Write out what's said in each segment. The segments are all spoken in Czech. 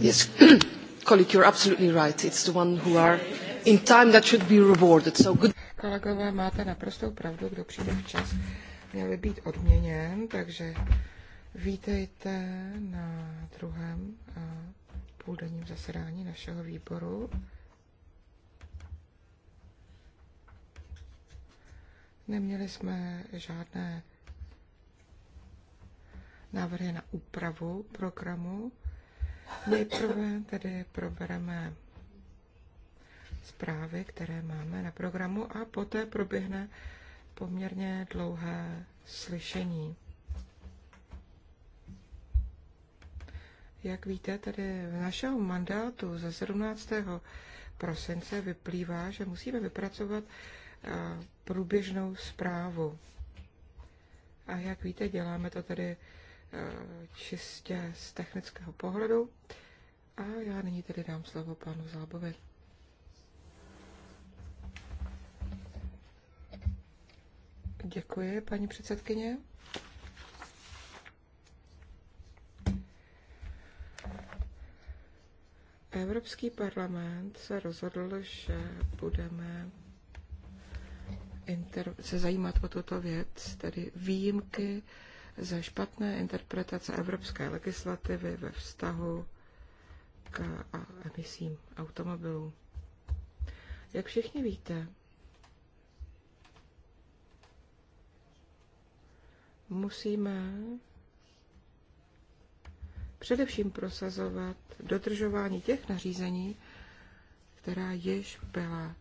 Yes, colleague, you're absolutely right. It's the one who are in time that should be rewarded. So good. Kolegové, máte naprostou pravdu, kdo přijde včas, měli být odměněn, takže vítejte na druhém eh, půldenním zasedání našeho výboru. Neměli jsme žádné návrhy na úpravu programu. Nejprve tedy probereme zprávy, které máme na programu a poté proběhne poměrně dlouhé slyšení. Jak víte, tedy v našeho mandátu ze 17. prosince vyplývá, že musíme vypracovat eh, průběžnou zprávu. A jak víte, děláme to tedy Eh, čistě z technického pohledu. A já nyní tedy dám slovo panu Zábovi. Děkuji, paní předsedkyně. Evropský parlament se rozhodl, že budeme inter- se zajímat o tuto věc, tedy výjimky za špatné interpretace evropské legislativy ve vztahu k emisím automobilů. Jak všichni víte, musíme především prosazovat dodržování těch nařízení, která již byla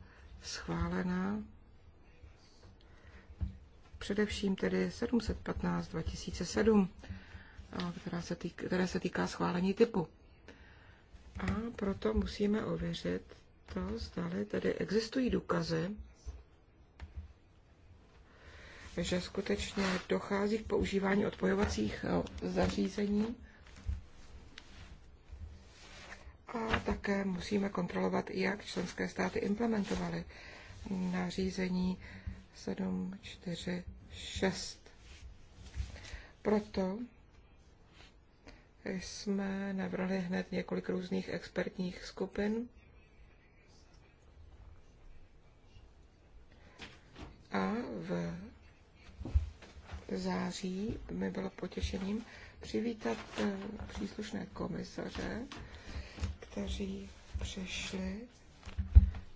schválena především tedy 715 2007, která se týk, které se týká schválení typu. A proto musíme ověřit to, zdali tedy existují důkazy, že skutečně dochází k používání odpojovacích eh, zařízení. A také musíme kontrolovat, jak členské státy implementovaly nařízení 7, 4, 6. Proto jsme navrhli hned několik různých expertních skupin a v září mi bylo potěšením přivítat eh, příslušné komisaře, kteří přišli.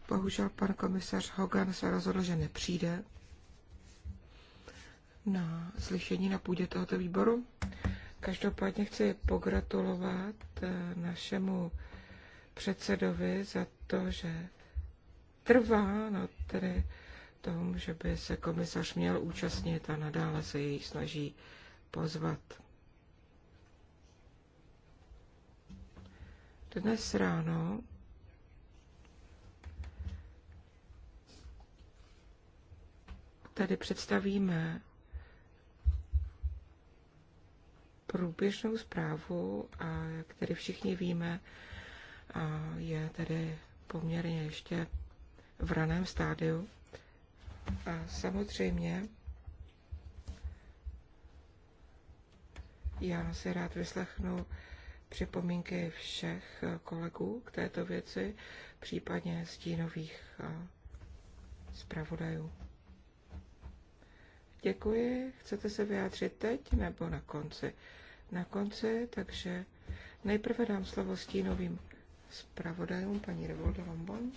Bohužel pan komisař Hogan se rozhodl, že nepřijde na slyšení na půdě tohoto výboru. Každopádně chci pogratulovat eh, našemu předsedovi za to, že trvá na tedy tom, že by se komisař měl účastnit a nadále se jej snaží pozvat. Dnes ráno tady představíme průběžnou zprávu a jak tedy všichni víme, je tedy poměrně ještě v raném stádiu. A samozřejmě já si rád vyslechnu připomínky všech kolegů k této věci, případně stínových zpravodajů. Děkuji. Chcete se vyjádřit teď nebo na konci? na konci, takže nejprve dám slovo stínovým zpravodajům paní Revolda Lombon.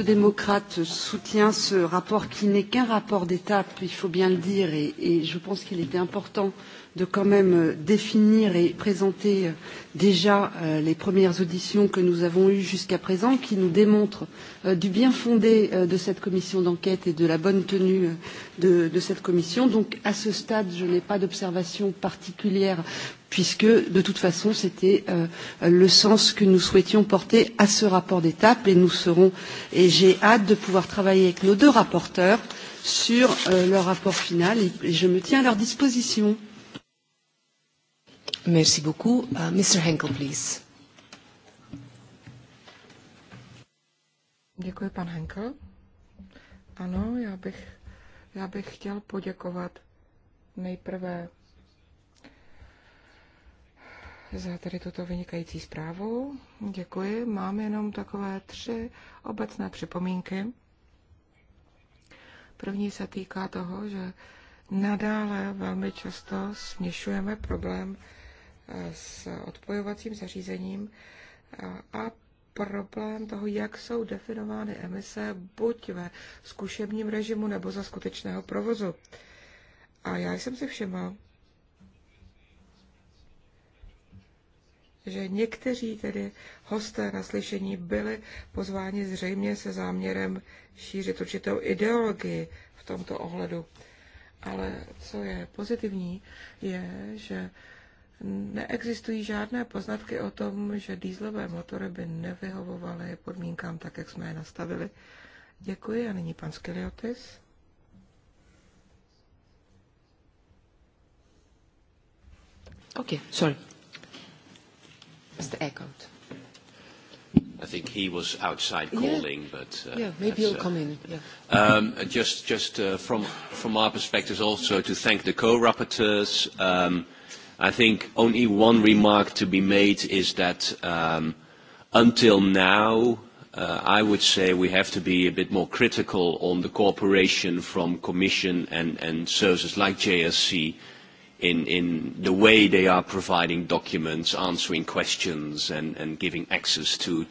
démocrates soutient ce rapport qui n'est qu'un rapport d'étape, il faut bien le dire, et, et je pense qu'il était important de quand même euh, définir et présenter euh, déjà euh, les premières auditions que nous avons eues jusqu'à présent, qui nous démontrent du bien fondé de cette commission d'enquête et de la bonne tenue de, de cette commission. Donc, à ce stade, je n'ai pas d'observation particulière puisque de toute façon c'était euh, le sens que nous souhaitions porter à ce rapport d'étape et nous serons et j'ai hâte de pouvoir travailler avec nos deux rapporteurs sur euh, leur rapport final et, et je me tiens à leur disposition. Merci beaucoup. Uh, Mr. Henkel, please. Děkuji, pan Henkel. Ano, já bych, já bych chtěl poděkovat nejprve za tady tuto vynikající zprávu. Děkuji. Mám jenom takové tři obecné připomínky. První se týká toho, že nadále velmi často směšujeme problém eh, s odpojovacím zařízením eh, a problém toho, jak jsou definovány emise buď ve zkušebním režimu nebo za skutečného provozu. A já jsem si všimla, že někteří tedy hosté na slyšení byli pozváni zřejmě se záměrem šířit určitou ideologii v tomto ohledu. Ale co je pozitivní, je, že neexistují žádné poznatky o tom, že dýzlové motory by nevyhovovaly podmínkám tak, jak jsme je nastavili. Děkuji a nyní pan Skeliotis. Okay, sorry. Mr. Eckhout. I think he was outside calling, yeah. but uh, yeah, maybe he'll uh, come in. Yeah. Um, just, just uh, from from our perspective, also to thank the co-rapporteurs. Um, I think only one remark to be made is that um, until now, uh, I would say we have to be a bit more critical on the cooperation from Commission and, and services like JSC in, the way they are providing documents, answering questions, and, giving access to,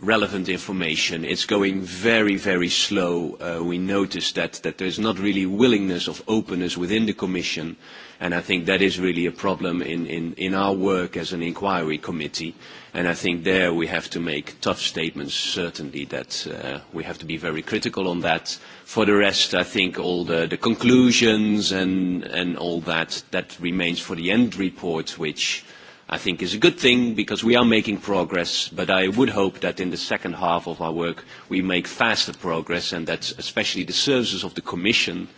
relevant information. It's going very, very slow. Uh, we notice that, there's not really willingness of openness within the Commission, and I think that is really a problem in, our work as an inquiry committee. And I think there we have to make tough statements, certainly, that uh, we have to be very critical on that, For the rest, I think all the, the conclusions and, and all that, that remains for the end report, which I think is a good thing because we are making progress, but I would hope that in the second half of our work, we make faster progress and that especially the services of the Commission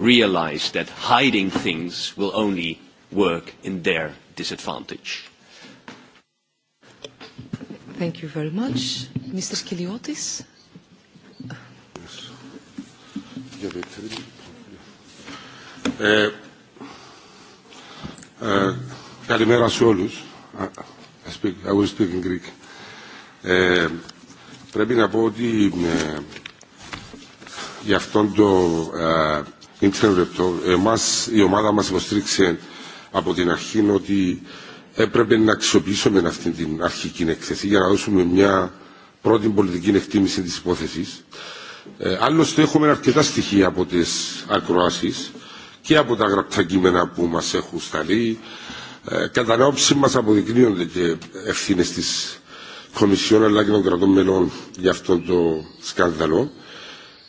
realize that hiding things will only work in their disadvantage. Thank you very much. Mr. Skiliotis? καλημέρα σε όλους. I, speak, I will speak in Greek. Ε, πρέπει να πω ότι ε, για αυτόν το ε, ίντερνετ λεπτό, εμάς, η ομάδα μας υποστήριξε από την αρχή ότι έπρεπε να αξιοποιήσουμε αυτή την αρχική εκθεσή για να δώσουμε μια πρώτη πολιτική εκτίμηση της υπόθεσης. Ε, άλλωστε έχουμε αρκετά στοιχεία από τις ακροάσεις και από τα γραπτά κείμενα που μας έχουν σταλεί. Ε, κατά νόψη μας αποδεικνύονται και ευθύνες της Κομισιόν αλλά και των κρατών μελών για αυτό το σκάνδαλο.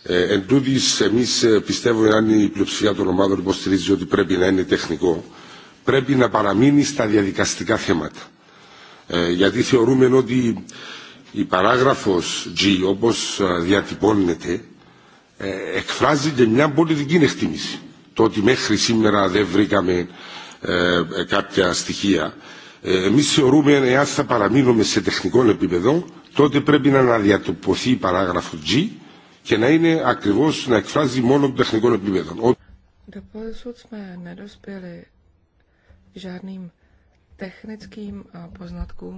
Ε, εν τούτης, εμείς πιστεύουμε αν η πλειοψηφία των ομάδων υποστηρίζει ότι πρέπει να είναι τεχνικό, πρέπει να παραμείνει στα διαδικαστικά θέματα. Ε, γιατί θεωρούμε ότι η παράγραφος G όπως διατυπώνεται εκφράζει και μια πολιτική εκτίμηση. Το ότι μέχρι σήμερα δεν βρήκαμε ε, κάποια στοιχεία. Ε, εμείς θεωρούμε εάν θα παραμείνουμε σε τεχνικό επίπεδο τότε πρέπει να αναδιατυπωθεί η παράγραφο G και να είναι ακριβώς να εκφράζει μόνο το τεχνικό επίπεδο. Doposud jsme nedospěli žádným technickým poznatkům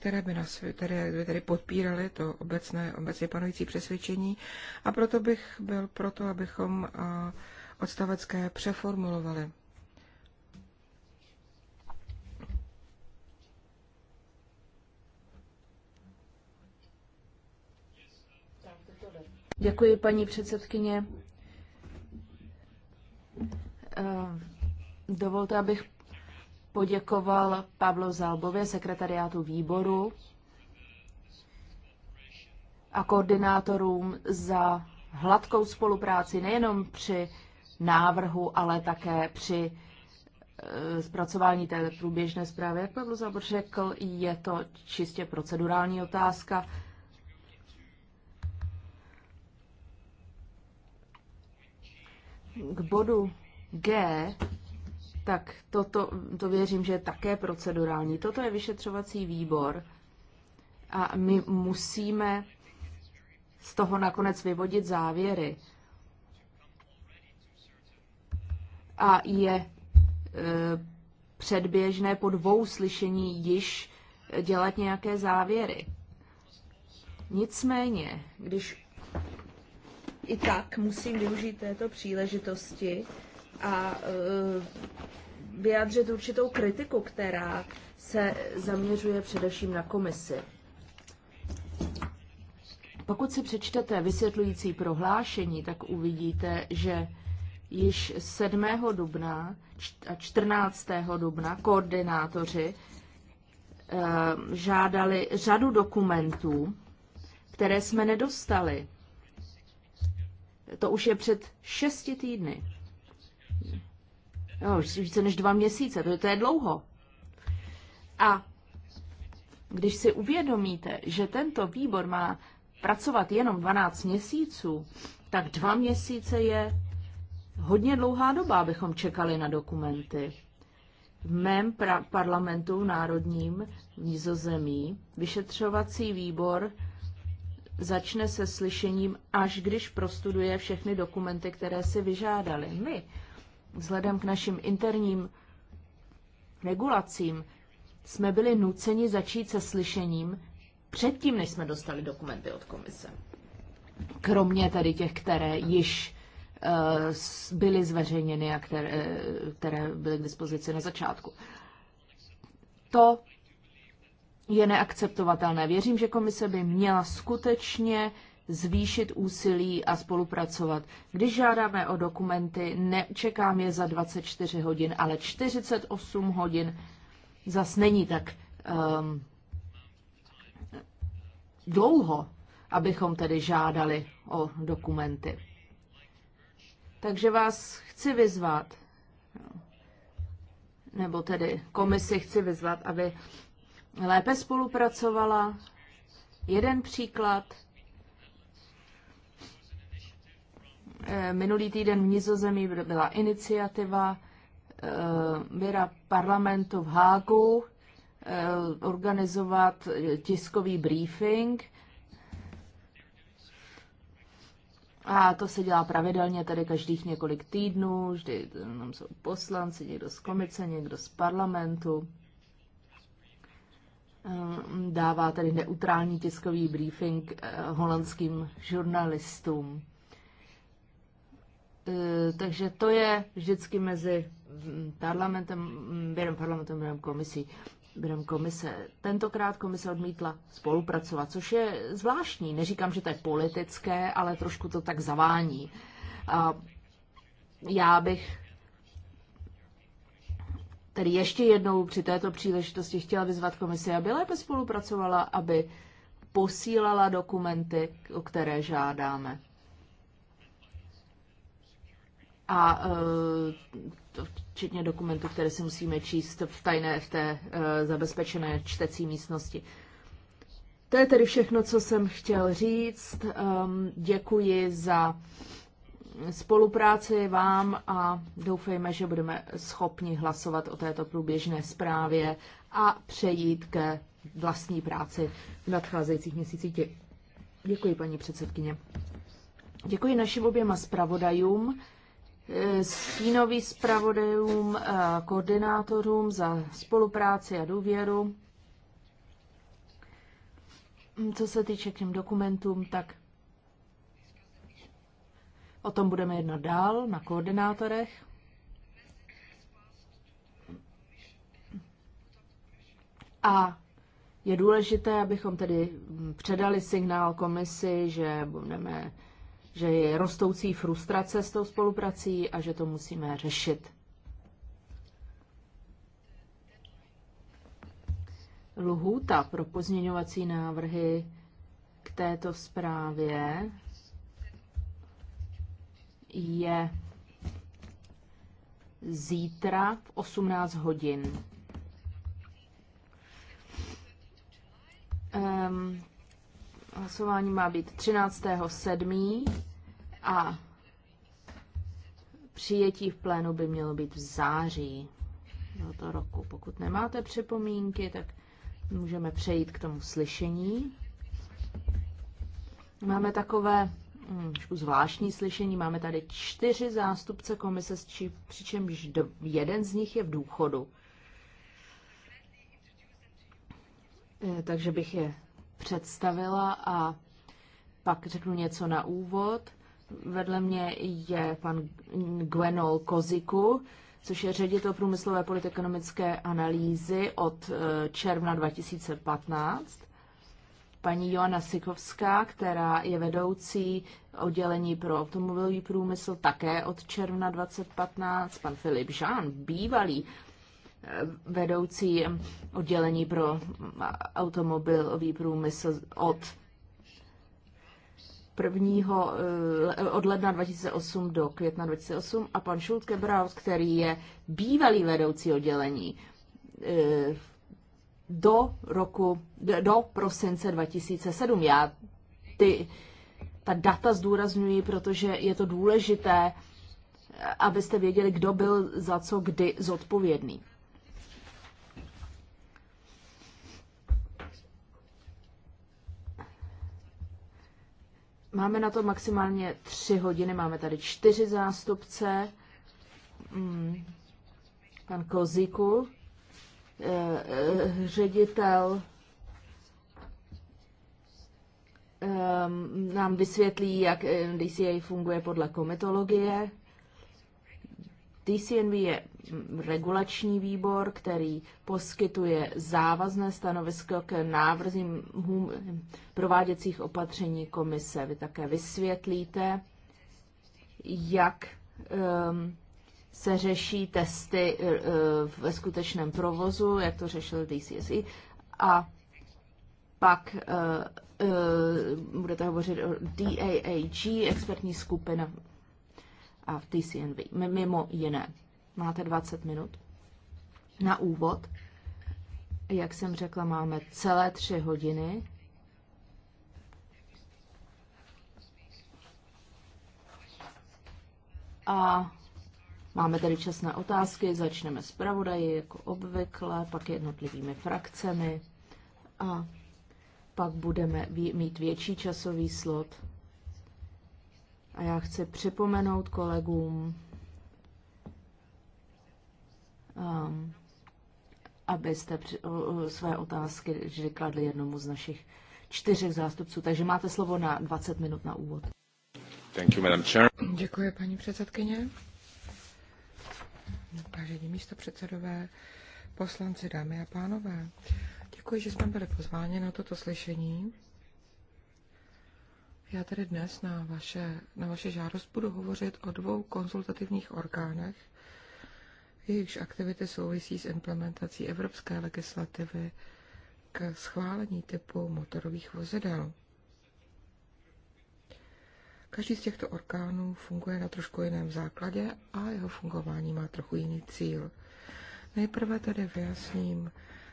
které by, nás, které by tedy podpíraly to obecné, obecně panující přesvědčení. A proto bych byl proto, abychom odstavecké přeformulovali. Děkuji, paní předsedkyně. Dovolte, abych poděkoval Pablo Zalbově, sekretariátu výboru a koordinátorům za hladkou spolupráci nejenom při návrhu, ale také při e, zpracování té průběžné zprávy. Jak Pavel Zabor řekl, je to čistě procedurální otázka. K bodu G tak toto, to věřím, že je také procedurální. Toto je vyšetřovací výbor a my musíme z toho nakonec vyvodit závěry. A je e, předběžné po dvou slyšení již dělat nějaké závěry. Nicméně, když i tak musím využít této příležitosti, a eh, vyjádřit určitou kritiku, která se zaměřuje především na komisi. Pokud si přečtete vysvětlující prohlášení, tak uvidíte, že již 7. dubna a 14. dubna koordinátoři eh, žádali řadu dokumentů, které jsme nedostali. To už je před šesti týdny no, více než dva měsíce, to, to je dlouho. A když si uvědomíte, že tento výbor má pracovat jenom 12 měsíců, tak dva měsíce je hodně dlouhá doba, abychom čekali na dokumenty. V mém pra- parlamentu národním v Nizozemí vyšetřovací výbor začne se slyšením, až když prostuduje všechny dokumenty, které si vyžádali. My vzhledem k našim interním regulacím jsme byli nuceni začít se slyšením předtím, než jsme dostali dokumenty od komise. Kromě tady těch, které již uh, byly zveřejněny a které, eh, které byly k dispozici na začátku. To je neakceptovatelné. Věřím, že komise by měla skutečně zvýšit úsilí a spolupracovat. Když žádáme o dokumenty, nečekám je za 24 hodin, ale 48 hodin zas není tak um, dlouho, abychom tedy žádali o dokumenty. Takže vás chci vyzvat, nebo tedy komisi chci vyzvat, aby lépe spolupracovala. Jeden příklad – Eh, minulý týden v Nizozemí byla iniciativa Mira eh, parlamentu v Hágu eh, organizovat tiskový briefing. A to se dělá pravidelně, tady každých několik týdnů, vždy tam jsou poslanci, někdo z komice, někdo z parlamentu. Dává tady neutrální tiskový briefing holandským žurnalistům. Eh, takže to je vždycky mezi mm, parlamentem, mm, během parlamentem, během komisí, během komise. Tentokrát komise odmítla spolupracovat, což je zvláštní. Neříkám, že to je politické, ale trošku to tak zavání. A já bych tedy ještě jednou při této příležitosti chtěla vyzvat komisi, aby lépe spolupracovala, aby posílala dokumenty, o které žádáme a eh, to včetně dokumentů, které si musíme číst v tajné, v té eh, zabezpečené čtecí místnosti. To je tedy všechno, co jsem chtěl říct. Ehm, děkuji za spolupráci vám a doufejme, že budeme schopni hlasovat o této průběžné zprávě a přejít ke vlastní práci v nadcházejících měsících. Děkuji, paní předsedkyně. Děkuji našim oběma zpravodajům. Eh, stínový zpravodajům a koordinátorům za spolupráci a důvěru. Co se týče k těm dokumentům, tak o tom budeme jednat dál na koordinátorech. A je důležité, abychom tedy předali signál komisi, že budeme že je rostoucí frustrace s tou spoluprací a že to musíme řešit. Lhůta pro pozměňovací návrhy k této zprávě je zítra v 18 hodin. Ehm, Hlasování má být 13.7. a přijetí v plénu by mělo být v září tohoto roku. Pokud nemáte připomínky, tak můžeme přejít k tomu slyšení. Máme takové hm, zvláštní slyšení. Máme tady čtyři zástupce komise, přičemž jeden z nich je v důchodu. Eh, takže bych je představila a pak řeknu něco na úvod. Vedle mě je pan Gwenol Koziku, což je ředitel průmyslové politekonomické analýzy od eh, června 2015. Paní Joana Sikovská, která je vedoucí oddělení pro automobilový průmysl také od června 2015. Pan Filip Žán, bývalý vedoucí oddělení pro automobilový průmysl od prvního, eh, od ledna 2008 do května 2008 a pan Schultke Braus, který je bývalý vedoucí oddělení eh, do roku, do prosince 2007. Já ty, ta data zdůrazňuji, protože je to důležité, abyste věděli, kdo byl za co kdy zodpovědný. Máme na to maximálně tři hodiny, máme tady čtyři zástupce. Mm. Pan Koziku, eh, eh, ředitel, ehm, nám vysvětlí, jak eh, DCA funguje podle komitologie. DCNV je regulační výbor, který poskytuje závazné stanovisko k návrzím prováděcích opatření komise. Vy také vysvětlíte, jak ehm, se řeší testy ve e, skutečném provozu, jak to řešil DCSI, a pak uh, uh, budete hovořit o DAAG, expertní skupina a v TCNV, mimo jiné. Máte 20 minut na úvod. Jak jsem řekla, máme celé tři hodiny. A máme tady čas na otázky. Začneme s pravodají, jako obvykle, pak jednotlivými frakcemi a pak budeme mít větší časový slot. A já chci připomenout kolegům, Um, abyste své otázky vždy kladli jednomu z našich čtyřech zástupců. Takže máte slovo na 20 minut na úvod. Thank you, Madam Chair. Děkuji, paní předsedkyně. Vážení místo předsedové, poslanci, dámy a pánové, děkuji, že jsme byli pozváni na toto slyšení. Já tady dnes na vaše, na vaše žádost budu hovořit o dvou konzultativních orgánech, jejichž aktivity souvisí s implementací evropské legislativy k schválení typu motorových vozidel. Každý z těchto orgánů funguje na trošku jiném základě a jeho fungování má trochu jiný cíl. Nejprve tedy vyjasním,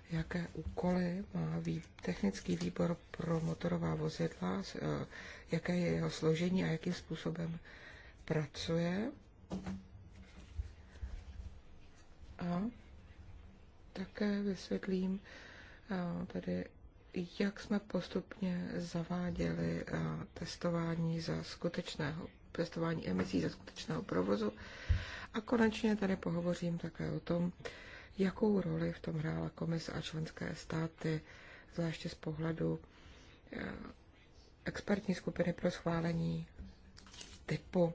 jaké úkoly má technický výbor pro motorová vozidla, eh, jaké je jeho složení a jakým způsobem pracuje. A také vysvětlím tady, jak jsme postupně zaváděli testování za skutečného testování emisí za skutečného provozu. A konečně tady pohovořím také o tom, jakou roli v tom hrála komise a členské státy, zvláště z pohledu expertní skupiny pro schválení typu.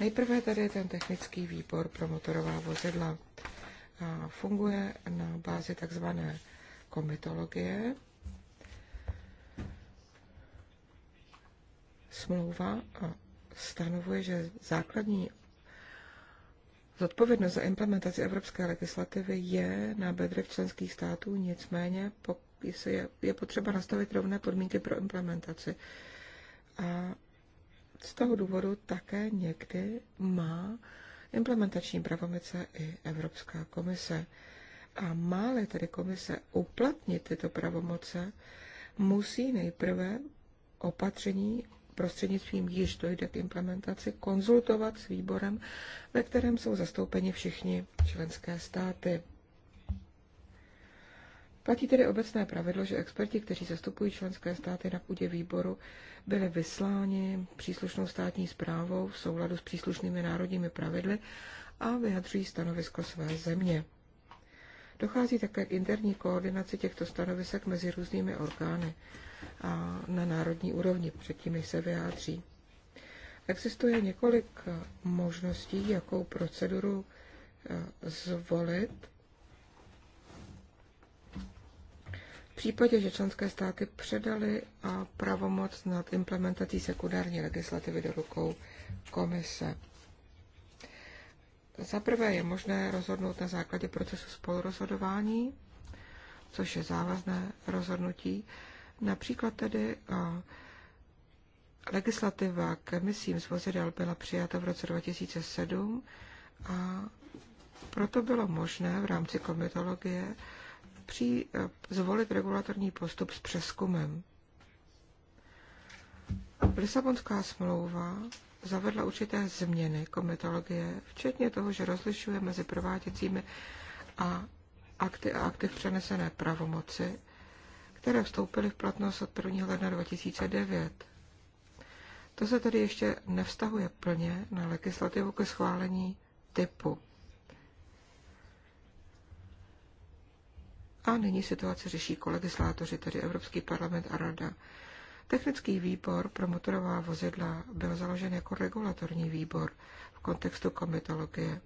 Nejprve tady je ten technický výbor pro motorová vozidla funguje na bázi takzvané komitologie. Smlouva stanovuje, že základní zodpovědnost za implementaci evropské legislativy je na bedrech členských států, nicméně je potřeba nastavit rovné podmínky pro implementaci. A z toho důvodu také někdy má implementační pravomice i Evropská komise. A má-li tedy komise uplatnit tyto pravomoce, musí nejprve opatření prostřednictvím již dojde k implementaci, konzultovat s výborem, ve kterém jsou zastoupeni všichni členské státy. Platí tedy obecné pravidlo, že experti, kteří zastupují členské státy na půdě výboru, byli vysláni příslušnou státní zprávou v souladu s příslušnými národními pravidly a vyjadřují stanovisko své země. Dochází také k interní koordinaci těchto stanovisek mezi různými orgány a na národní úrovni, předtím jich se vyjádří. Existuje několik možností, jakou proceduru eh, zvolit V případě, že členské státy předaly a pravomoc nad implementací sekundární legislativy do rukou komise. Za prvé je možné rozhodnout na základě procesu spolurozhodování, což je závazné rozhodnutí. Například tedy legislativa k emisím z vozidel byla přijata v roce 2007 a proto bylo možné v rámci komitologie při, eh, zvolit regulatorní postup s přeskumem. Lisabonská smlouva zavedla určité změny kometologie, včetně toho, že rozlišuje mezi prováděcími a akty a akty v přenesené pravomoci, které vstoupily v platnost od 1. ledna 2009. To se tedy ještě nevztahuje plně na legislativu ke schválení typu. a nyní situace řeší kolegislátoři, tedy Evropský parlament a Rada. Technický výbor pro motorová vozidla byl založen jako regulatorní výbor v kontextu komitologie.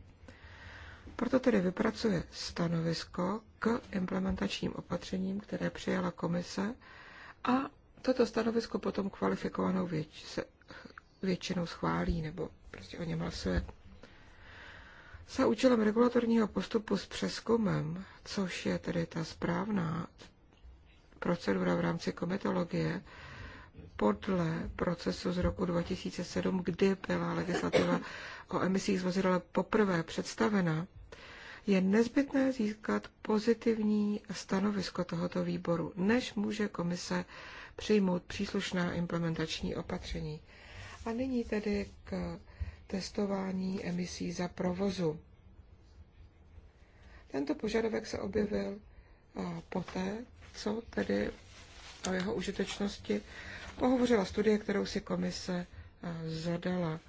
Proto tedy vypracuje stanovisko k implementačním opatřením, které přijala komise a toto stanovisko potom kvalifikovanou věč, většinou schválí nebo prostě o něm hlasuje za účelem regulatorního postupu s přeskumem, což je tedy ta správná procedura v rámci kometologie, podle procesu z roku 2007, kdy byla legislativa o emisích z vozidel poprvé představena, je nezbytné získat pozitivní stanovisko tohoto výboru, než může komise přijmout příslušná implementační opatření. A nyní tedy k testování emisí za provozu. Tento požadavek se objevil poté, co tedy o jeho užitečnosti pohovořila studie, kterou si komise zadala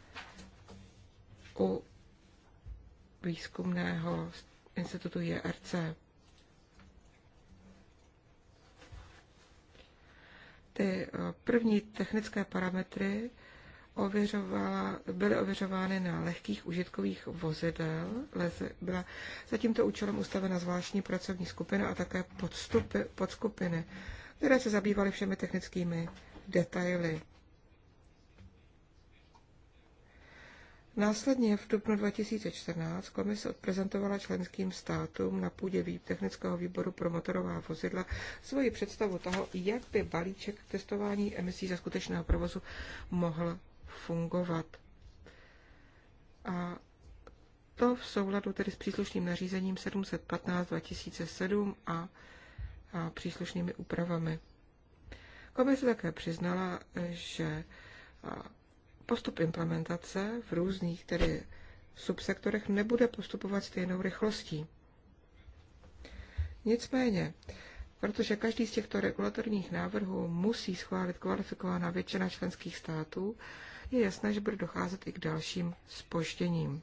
u výzkumného institutu JRC. Ty první technické parametry byly ověřovány na lehkých užitkových vozidel. Byla za tímto účelem ustavena zvláštní pracovní skupina a také podstupy, podskupiny, které se zabývaly všemi technickými detaily. Následně v dubnu 2014 komise odprezentovala členským státům na půdě technického výboru pro motorová vozidla svoji představu toho, jak by balíček testování emisí za skutečného provozu mohl fungovat. A to v souladu tedy s příslušným nařízením 715 2007 a, a příslušnými úpravami. Komise také přiznala, že postup implementace v různých tedy subsektorech nebude postupovat stejnou rychlostí. Nicméně, protože každý z těchto regulatorních návrhů musí schválit kvalifikovaná většina členských států je jasné, že bude docházet i k dalším spožděním.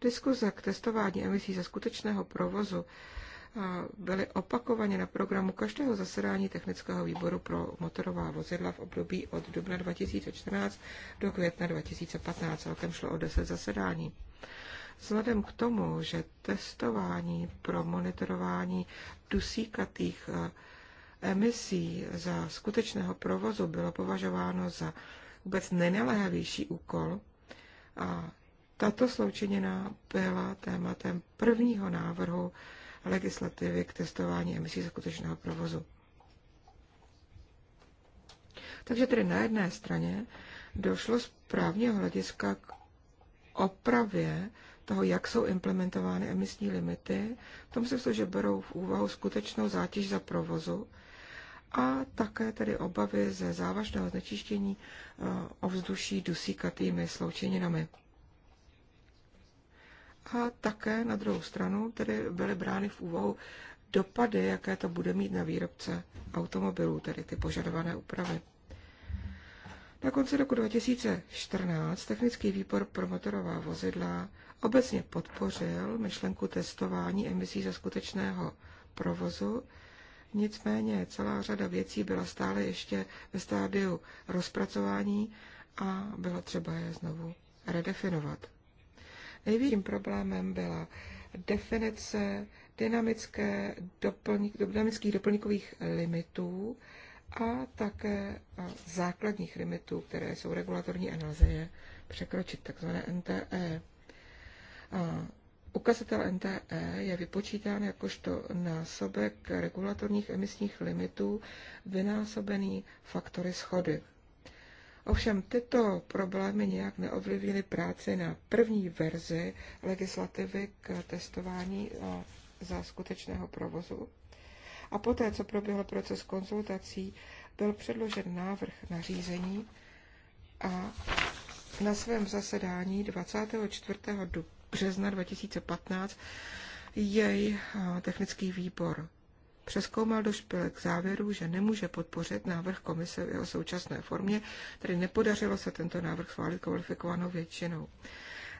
Diskuze k testování emisí ze skutečného provozu byly opakovaně na programu každého zasedání technického výboru pro motorová vozidla v období od dubna 2014 do května 2015. Celkem šlo o 10 zasedání. Vzhledem k tomu, že testování pro monitorování dusíkatých emisí za skutečného provozu bylo považováno za vůbec nenaléhavější úkol. A tato sloučenina byla tématem prvního návrhu legislativy k testování emisí skutečného provozu. Takže tedy na jedné straně došlo z právního hlediska k opravě toho, jak jsou implementovány emisní limity. V tom se že berou v úvahu skutečnou zátěž za provozu a také tedy obavy ze závažného znečištění eh, ovzduší dusíkatými sloučeninami. A také na druhou stranu tedy byly brány v úvahu dopady, jaké to bude mít na výrobce automobilů, tedy ty požadované úpravy. Na konci roku 2014 technický výbor pro motorová vozidla obecně podpořil myšlenku testování emisí ze skutečného provozu Nicméně celá řada věcí byla stále ještě ve stádiu rozpracování a bylo třeba je znovu redefinovat. Největším problémem byla definice dynamické doplník, dynamických doplňkových limitů a také základních limitů, které jsou regulatorní analýzy překročit, takzvané NTE. Ukazatel NTE je vypočítán jakožto násobek regulatorních emisních limitů vynásobený faktory schody. Ovšem tyto problémy nějak neovlivnily práci na první verzi legislativy k testování za skutečného provozu. A poté, co proběhl proces konzultací, byl předložen návrh na řízení a na svém zasedání 24. dubna března 2015 jej eh, technický výbor přeskoumal do k závěru, že nemůže podpořit návrh komise v jeho současné formě, tedy nepodařilo se tento návrh schválit kvalifikovanou většinou.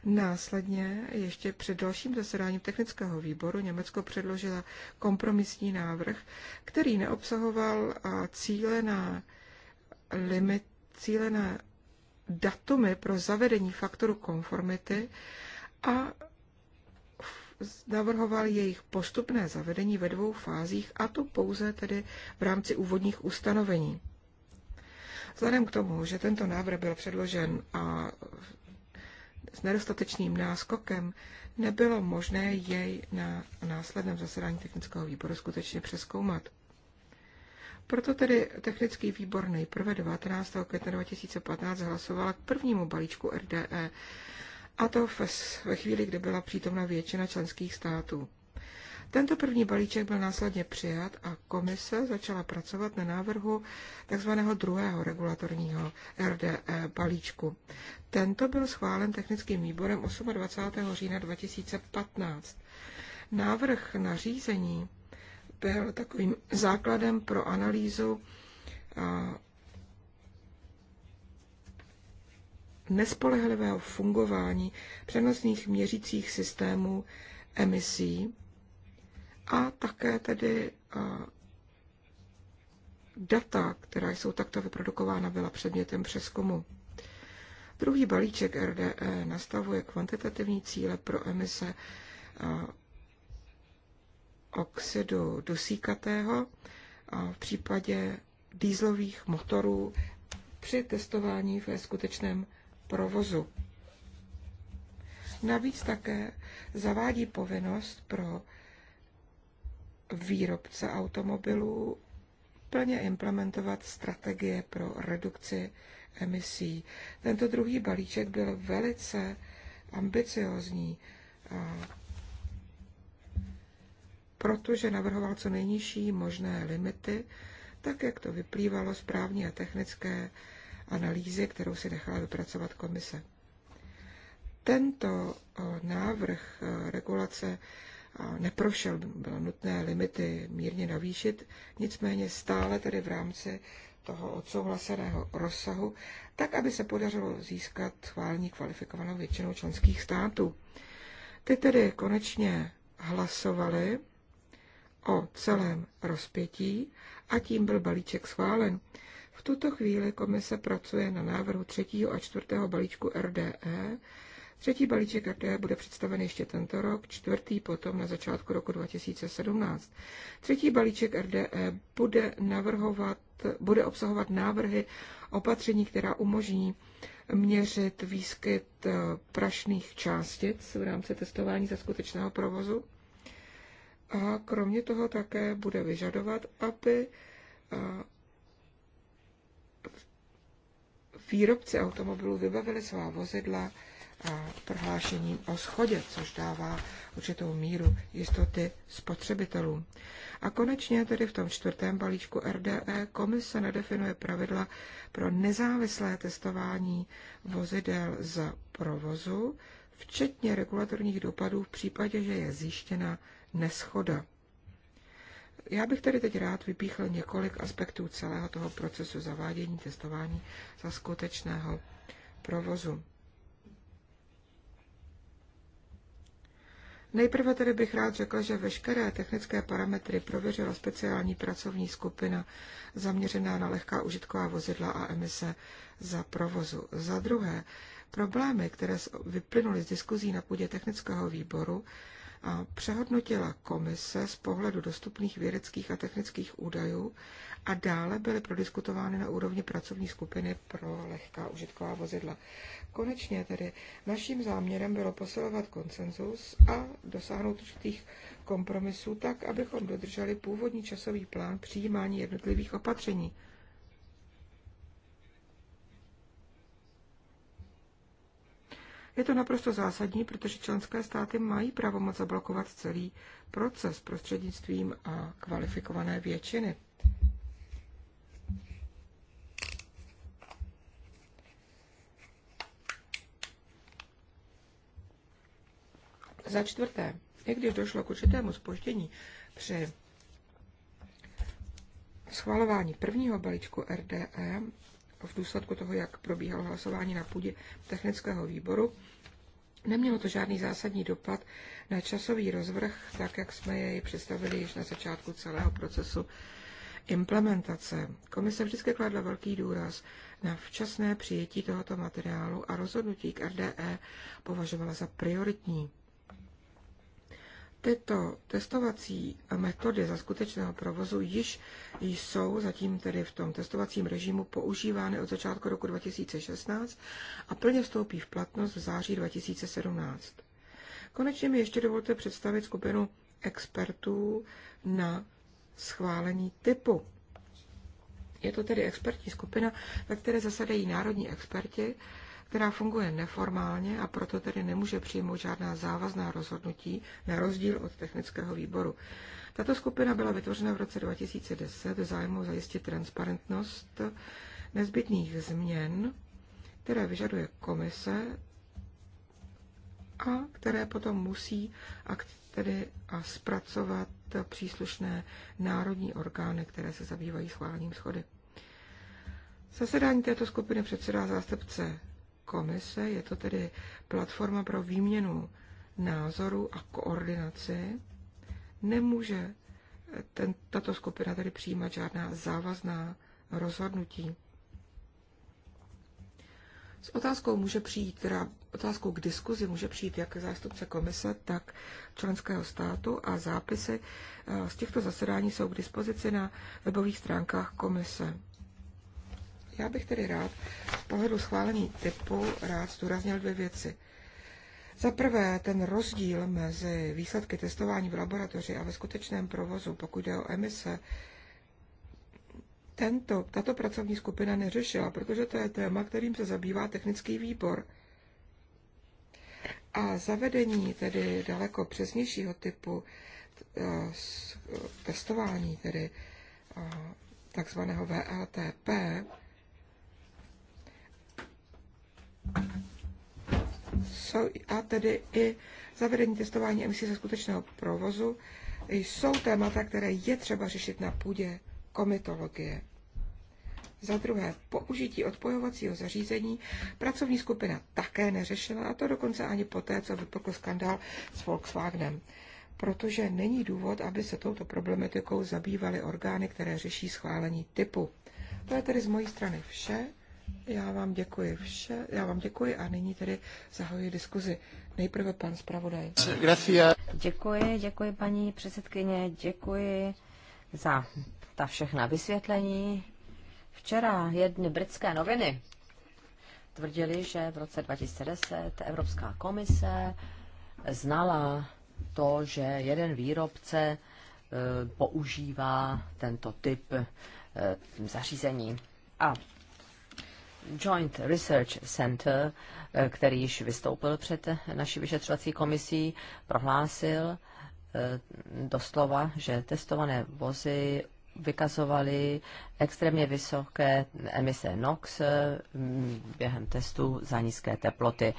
Následně ještě před dalším zasedáním technického výboru Německo předložila kompromisní návrh, který neobsahoval eh, cíle na limit, cíle na datumy pro zavedení faktoru konformity a navrhoval jejich postupné zavedení ve dvou fázích, a to pouze tedy v rámci úvodních ustanovení. Vzhledem k tomu, že tento návrh byl předložen a s nedostatečným náskokem, nebylo možné jej na následném zasedání technického výboru skutečně přeskoumat. Proto tedy technický výbor nejprve 19. května 2015 hlasoval k prvnímu balíčku RDE a to ve chvíli, kdy byla přítomna většina členských států. Tento první balíček byl následně přijat a komise začala pracovat na návrhu tzv. druhého regulatorního RDE balíčku. Tento byl schválen technickým výborem 28. října 2015. Návrh nařízení byl takovým základem pro analýzu nespolehlivého fungování přenosných měřících systémů emisí a také tedy data, která jsou takto vyprodukována, byla předmětem přeskumu. Druhý balíček RDE nastavuje kvantitativní cíle pro emise oxidu dusíkatého v případě dýzlových motorů při testování ve skutečném provozu. Navíc také zavádí povinnost pro výrobce automobilů plně implementovat strategie pro redukci emisí. Tento druhý balíček byl velice ambiciozní, protože navrhoval co nejnižší možné limity, tak jak to vyplývalo z právní a technické analýzy, kterou si nechala vypracovat komise. Tento eh, návrh eh, regulace eh, neprošel, bylo nutné limity mírně navýšit, nicméně stále tedy v rámci toho odsouhlaseného rozsahu, tak aby se podařilo získat schválení kvalifikovanou většinou členských států. Ty tedy konečně hlasovali o celém rozpětí a tím byl balíček schválen. V tuto chvíli komise pracuje na návrhu třetího a čtvrtého balíčku RDE. Třetí balíček RDE bude představen ještě tento rok, čtvrtý potom na začátku roku 2017. Třetí balíček RDE bude, navrhovat, bude obsahovat návrhy opatření, která umožní měřit výskyt eh, prašných částic v rámci testování za skutečného provozu. A kromě toho také bude vyžadovat, aby eh, výrobci automobilů vybavili svá vozidla prohlášením o schodě, což dává určitou míru jistoty spotřebitelům. A konečně tedy v tom čtvrtém balíčku RDE komise nedefinuje pravidla pro nezávislé testování vozidel z provozu, včetně regulatorních dopadů v případě, že je zjištěna neschoda. Já bych tedy teď rád vypíchl několik aspektů celého toho procesu zavádění testování za skutečného provozu. Nejprve tedy bych rád řekl, že veškeré technické parametry prověřila speciální pracovní skupina zaměřená na lehká užitková vozidla a emise za provozu. Za druhé, problémy, které vyplynuly z diskuzí na půdě technického výboru, přehodnotila komise z pohledu dostupných vědeckých a technických údajů a dále byly prodiskutovány na úrovni pracovní skupiny pro lehká užitková vozidla. Konečně tedy naším záměrem bylo posilovat konsenzus a dosáhnout určitých kompromisů tak, abychom dodrželi původní časový plán přijímání jednotlivých opatření. Je to naprosto zásadní, protože členské státy mají pravomoc zablokovat celý proces prostřednictvím a kvalifikované většiny. Za čtvrté, i když došlo k určitému spoždění při schvalování prvního balíčku RDE, v důsledku toho, jak probíhalo hlasování na půdě technického výboru. Nemělo to žádný zásadní dopad na časový rozvrh, tak jak jsme jej představili již na začátku celého procesu implementace. Komise vždycky kladla velký důraz na včasné přijetí tohoto materiálu a rozhodnutí k RDE považovala za prioritní. Tyto testovací metody za skutečného provozu již jsou zatím tedy v tom testovacím režimu používány od začátku roku 2016 a plně vstoupí v platnost v září 2017. Konečně mi ještě dovolte představit skupinu expertů na schválení typu. Je to tedy expertní skupina, ve které zasadají národní experti, která funguje neformálně a proto tedy nemůže přijmout žádná závazná rozhodnutí na rozdíl od technického výboru. Tato skupina byla vytvořena v roce 2010 v zájmu zajistit transparentnost nezbytných změn, které vyžaduje komise a které potom musí tedy a zpracovat příslušné národní orgány, které se zabývají schválením schody. Zasedání této skupiny předsedá zástupce komise. Je to tedy platforma pro výměnu názorů a koordinaci. Nemůže ten, tato skupina tedy přijímat žádná závazná rozhodnutí. S otázkou může přijít, teda otázkou k diskuzi může přijít jak zástupce komise, tak členského státu a zápisy eh, z těchto zasedání jsou k dispozici na webových stránkách komise. Já bych tedy rád z pohledu schválení typu rád zdůraznil dvě věci. Za prvé, ten rozdíl mezi výsledky testování v laboratoři a ve skutečném provozu, pokud jde o emise, tento, tato pracovní skupina neřešila, protože to je téma, kterým se zabývá technický výbor. A zavedení tedy daleko přesnějšího typu eh, eh, testování, tedy eh, takzvaného VLTP, a tedy i zavedení testování emisí ze skutečného provozu, jsou témata, které je třeba řešit na půdě komitologie. Za druhé, použití odpojovacího zařízení pracovní skupina také neřešila, a to dokonce ani poté, co vypukl skandál s Volkswagenem. Protože není důvod, aby se touto problematikou zabývaly orgány, které řeší schválení typu. To je tedy z mojí strany vše já vám děkuji vše, já vám děkuji a nyní tedy zahajuji diskuzi. Nejprve pan zpravodaj. Děkuji, děkuji paní předsedkyně, děkuji za ta všechna vysvětlení. Včera jedny britské noviny tvrdili, že v roce 2010 Evropská komise znala to, že jeden výrobce eh, používá tento typ eh, zařízení. A Joint Research Center, eh, který již vystoupil před naší vyšetřovací komisí, prohlásil eh, doslova, že testované vozy vykazovaly extrémně vysoké emise NOx eh, během testu za nízké teploty.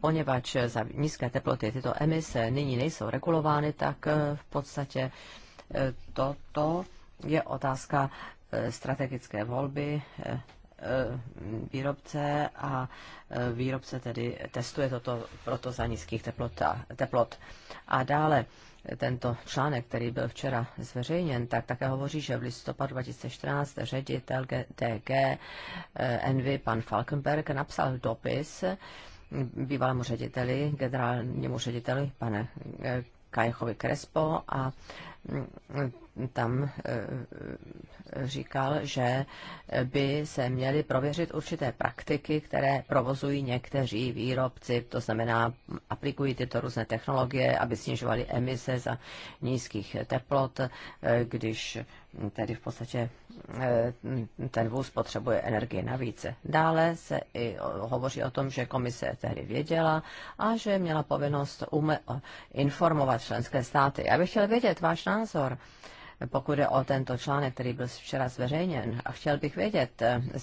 Poněvadž za nízké teploty tyto emise nyní nejsou regulovány, tak v podstatě toto je otázka strategické volby Eh, výrobce a eh, výrobce tedy testuje toto proto za nízkých teplot. A dále eh, tento článek, který byl včera zveřejněn, tak také hovoří, že v listopadu 2014 ředitel DG Envy pan Falkenberg napsal dopis bývalému řediteli, generálnímu řediteli, pane Kajechovi Krespo a tam eh, říkal, že by se měly prověřit určité praktiky, které provozují někteří výrobci, to znamená, aplikují tyto různé technologie, aby snižovali emise za nízkých teplot, eh, když tedy v podstatě Eh, ten vůz potřebuje energie navíc. Dále se i hovoří o tom, že komise tehdy věděla a že měla povinnost informovat členské státy. Já bych chtěl vědět váš názor pokud je o tento článek, který byl včera zveřejněn. A chtěl bych vědět,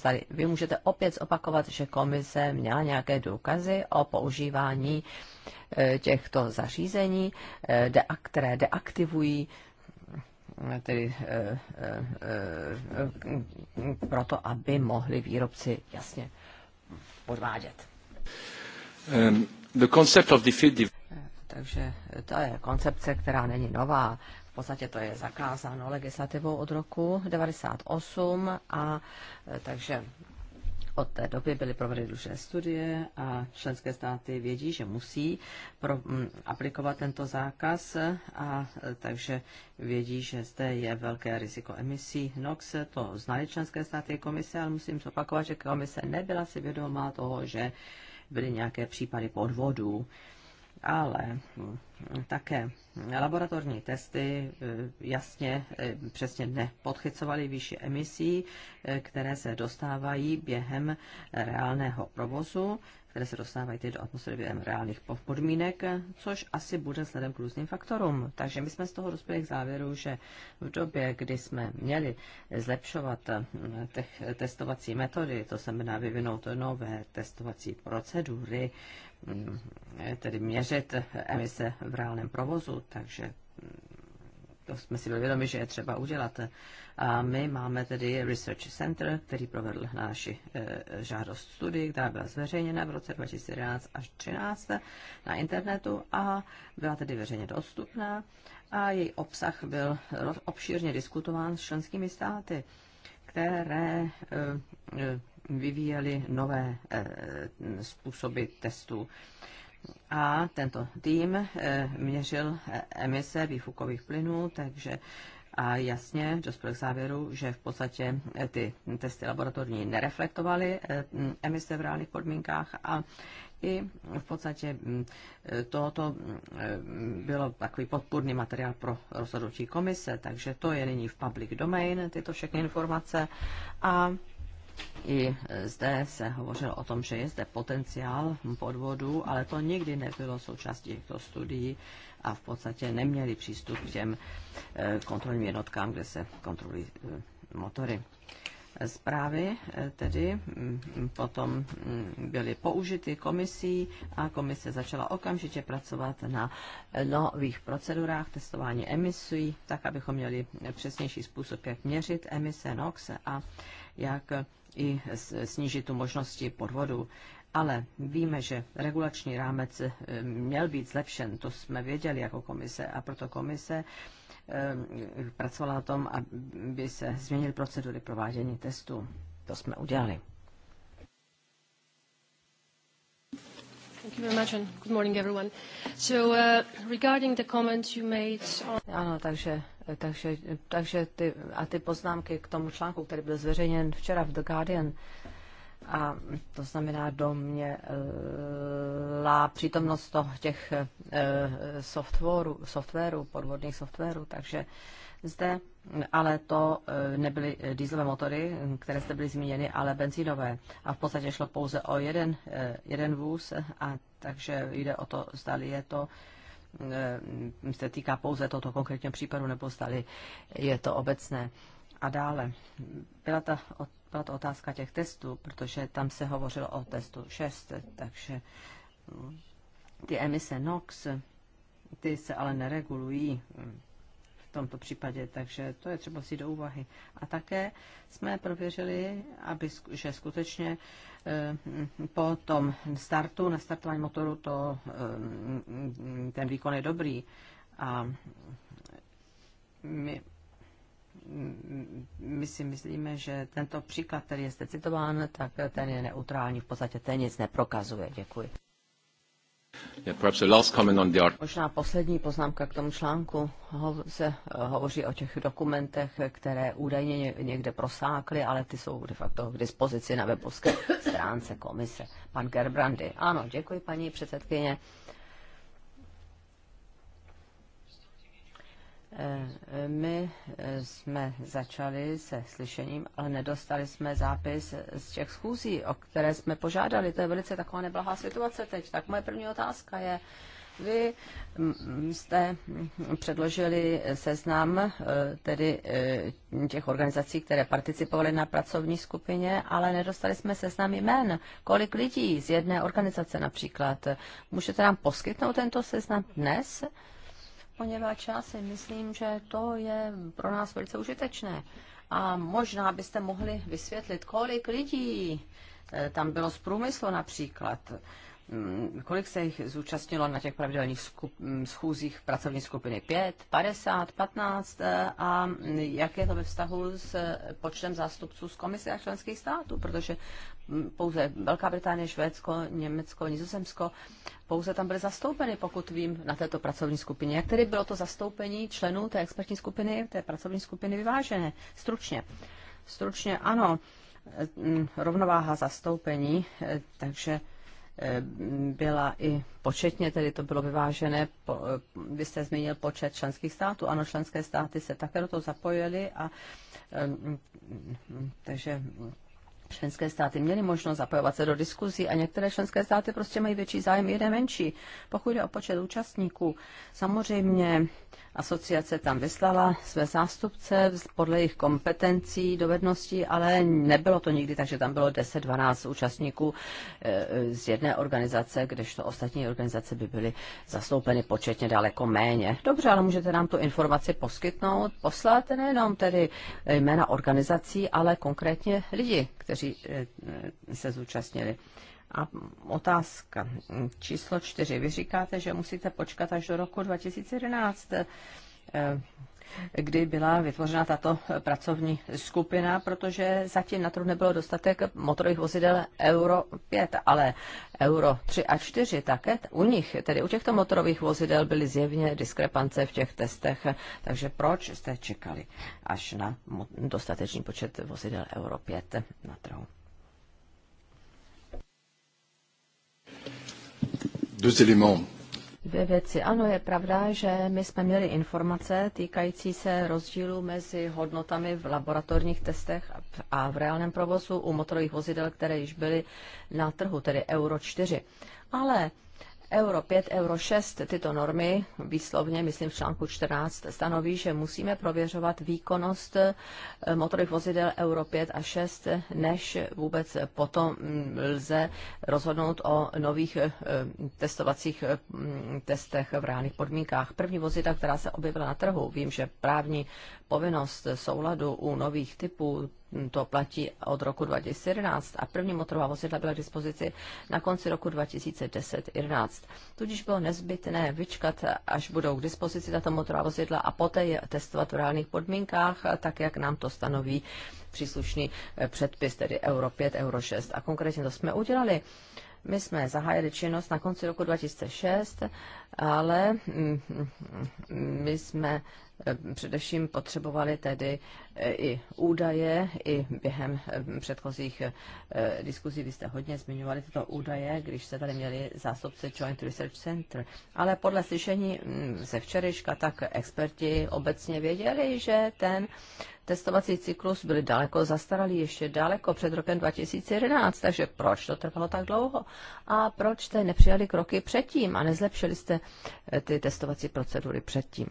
tady eh, vy můžete opět zopakovat, že komise měla nějaké důkazy o používání eh, těchto zařízení, které deaktivují tedy eh, eh, eh, proto, aby mohli výrobci jasně podvádět. Um, the concept of defeat... Takže to je koncepce, která není nová. V podstatě to je zakázáno legislativou od roku 98 a takže od té doby byly provedeny dlužné studie a členské státy vědí, že musí pro, m, mm, aplikovat tento zákaz a takže vědí, že zde je velké riziko emisí NOx. To znali členské státy komise, ale musím zopakovat, že komise nebyla si vědomá toho, že byly nějaké případy podvodů ale hm, také laboratorní testy eh, jasně eh, přesně nepodchycovaly výši emisí, eh, které se dostávají během reálného provozu, které se dostávají tedy do atmosféry během reálných podmínek, což asi bude vzhledem k různým faktorům. Takže my jsme z toho dospěli k závěru, že v době, kdy jsme měli zlepšovat hm, testovací metody, to znamená vyvinout nové testovací procedury, tedy měřit emise v reálném provozu, takže to jsme si byli vědomi, že je třeba udělat. A my máme tedy Research Center, který provedl naši e, žádost studii, která byla zveřejněna v roce 2011 až 2013 na internetu a byla tedy veřejně dostupná a její obsah byl obšírně diskutován s členskými státy, které e, e, vyvíjeli nové eh, způsoby testů. A tento tým eh, měřil eh, emise výfukových plynů, takže a jasně dospěl k závěru, že v podstatě ty testy laboratorní nereflektovaly mm, emise v reálných podmínkách a i v podstatě mm, tohoto mm, bylo takový podpůrný materiál pro rozhodnutí komise, takže to je nyní v public domain, tyto všechny informace. A i e, zde se hovořilo o tom, že je zde potenciál podvodu, ale to nikdy nebylo součástí těchto studií a v podstatě neměli přístup k těm e, kontrolním jednotkám, kde se kontrolují e, motory zprávy tedy potom byly použity komisí a komise začala okamžitě pracovat na nových procedurách testování emisí, tak abychom měli přesnější způsob, jak měřit emise NOx a jak i snížit tu možnosti podvodu. Ale víme, že regulační rámec eh, měl být zlepšen, to jsme věděli jako komise a proto komise eh, pracovala na tom, aby se změnil procedury provádění testů. To jsme udělali. Thank you very much and good morning everyone. So uh, regarding the comments you made on... Ano, takže takže, takže ty, a ty poznámky k tomu článku, který byl zveřejněn včera v The Guardian, a to znamená doměla eh, přítomnost toho, těch eh, softwaru, softwaru. podvodných softwarů, takže zde, ale to eh, nebyly dýzlové motory, které zde byly zmíněny, ale benzínové. A v podstatě šlo pouze o jeden, jeden vůz, a takže jde o to, zdali je to Eh, se týká pouze tohoto konkrétního případu, nebo stali je to obecné. A dále byla, ta, byla to otázka těch testů, protože tam se hovořilo o testu 6, takže mm, ty emise NOx, ty se ale neregulují mm, v tomto případě, takže to je třeba si do úvahy. A také jsme prověřili, aby, že skutečně uh, Eh, po tom startu, na startování motoru, to, eh, ten výkon je dobrý. A my, my si myslíme, že tento příklad, který je zde citován, tak ten je neutrální, v podstatě ten nic neprokazuje. Děkuji. Možná poslední poznámka k tomu článku. Ho, se eh, hovoří o těch dokumentech, které údajně někde prosákly, ale ty jsou de facto k dispozici na webovské stránce komise. Pan Gerbrandy. Ano, děkuji paní předsedkyně. My eh, jsme začali se slyšením, ale nedostali jsme zápis z těch schůzí, o které jsme požádali. To je velice taková neblahá situace teď. Tak moje první otázka je, vy mm, mm, jste předložili seznam eh, tedy eh, těch organizací, které participovaly na pracovní skupině, ale nedostali jsme seznam jmén. Kolik lidí z jedné organizace například? Můžete nám poskytnout tento seznam dnes? poněvadž já si myslím, že to je pro nás velice užitečné. A možná byste mohli vysvětlit, kolik lidí eh, tam bylo z průmyslu například, Mm, kolik se jich zúčastnilo na těch pravidelných mm, schůzích pracovní skupiny? 5, 50, 15? A jak je to ve vztahu s počtem zástupců z komise a členských států? Protože mm, pouze Velká Británie, Švédsko, Německo, Nizozemsko, pouze tam byly zastoupeny, pokud vím, na této pracovní skupině. Jak tedy bylo to zastoupení členů té expertní skupiny, té pracovní skupiny vyvážené? Stručně. Stručně ano, eh, rovnováha zastoupení, eh, takže Eh, byla i početně, tedy to bylo vyvážené, eh, vy jste zmínil počet členských států, ano, členské státy se také do toho zapojily a eh, takže členské státy měly možnost zapojovat se do diskuzí a některé členské státy prostě mají větší zájem, jeden menší. Pokud jde o počet účastníků, samozřejmě asociace tam vyslala své zástupce podle jejich kompetencí, dovedností, ale nebylo to nikdy, takže tam bylo 10-12 účastníků eh, z jedné organizace, kdežto ostatní organizace by byly zastoupeny početně daleko méně. Dobře, ale můžete nám tu informaci poskytnout, poslat nejenom tedy jména organizací, ale konkrétně lidi, kteří kteří eh, se zúčastnili. A otázka číslo čtyři. Vy říkáte, že musíte počkat až do roku 2011. Eh, kdy byla vytvořena tato pracovní skupina, protože zatím na trhu nebylo dostatek motorových vozidel Euro 5, ale Euro 3 a 4 také. U nich, tedy u těchto motorových vozidel, byly zjevně diskrepance v těch testech, takže proč jste čekali až na dostatečný počet vozidel Euro 5 na trhu? Deux éléments dvě věci. Ano, je pravda, že my jsme měli informace týkající se rozdílu mezi hodnotami v laboratorních testech a v reálném provozu u motorových vozidel, které již byly na trhu, tedy Euro 4. Ale Euro 5, Euro 6, tyto normy výslovně, myslím v článku 14, stanoví, že musíme prověřovat výkonnost eh, motorových vozidel Euro 5 a 6, než vůbec potom mm, lze rozhodnout o nových eh, testovacích eh, mm, testech v reálných podmínkách. První vozidla, která se objevila na trhu, vím, že právní povinnost souladu u nových typů to platí od roku 2011 a první motorová vozidla byla k dispozici na konci roku 2010-11. Tudíž bylo nezbytné vyčkat, až budou k dispozici tato motorová vozidla a poté je testovat v reálných podmínkách, tak jak nám to stanoví příslušný eh, předpis, tedy Euro 5, Euro 6. A konkrétně to jsme udělali. My jsme zahájili činnost na konci roku 2006 ale mm, mm, my jsme eh, především potřebovali tedy eh, i údaje, i během eh, předchozích diskuzí vy jste hodně zmiňovali tyto údaje, když se tady měli zástupce Joint Research Center. Ale podle slyšení mm, ze včerejška, tak experti obecně věděli, že ten testovací cyklus byl daleko zastaralý, ještě daleko před rokem 2011, takže proč to trvalo tak dlouho? A proč jste nepřijali kroky předtím a nezlepšili jste ty testovací procedury předtím.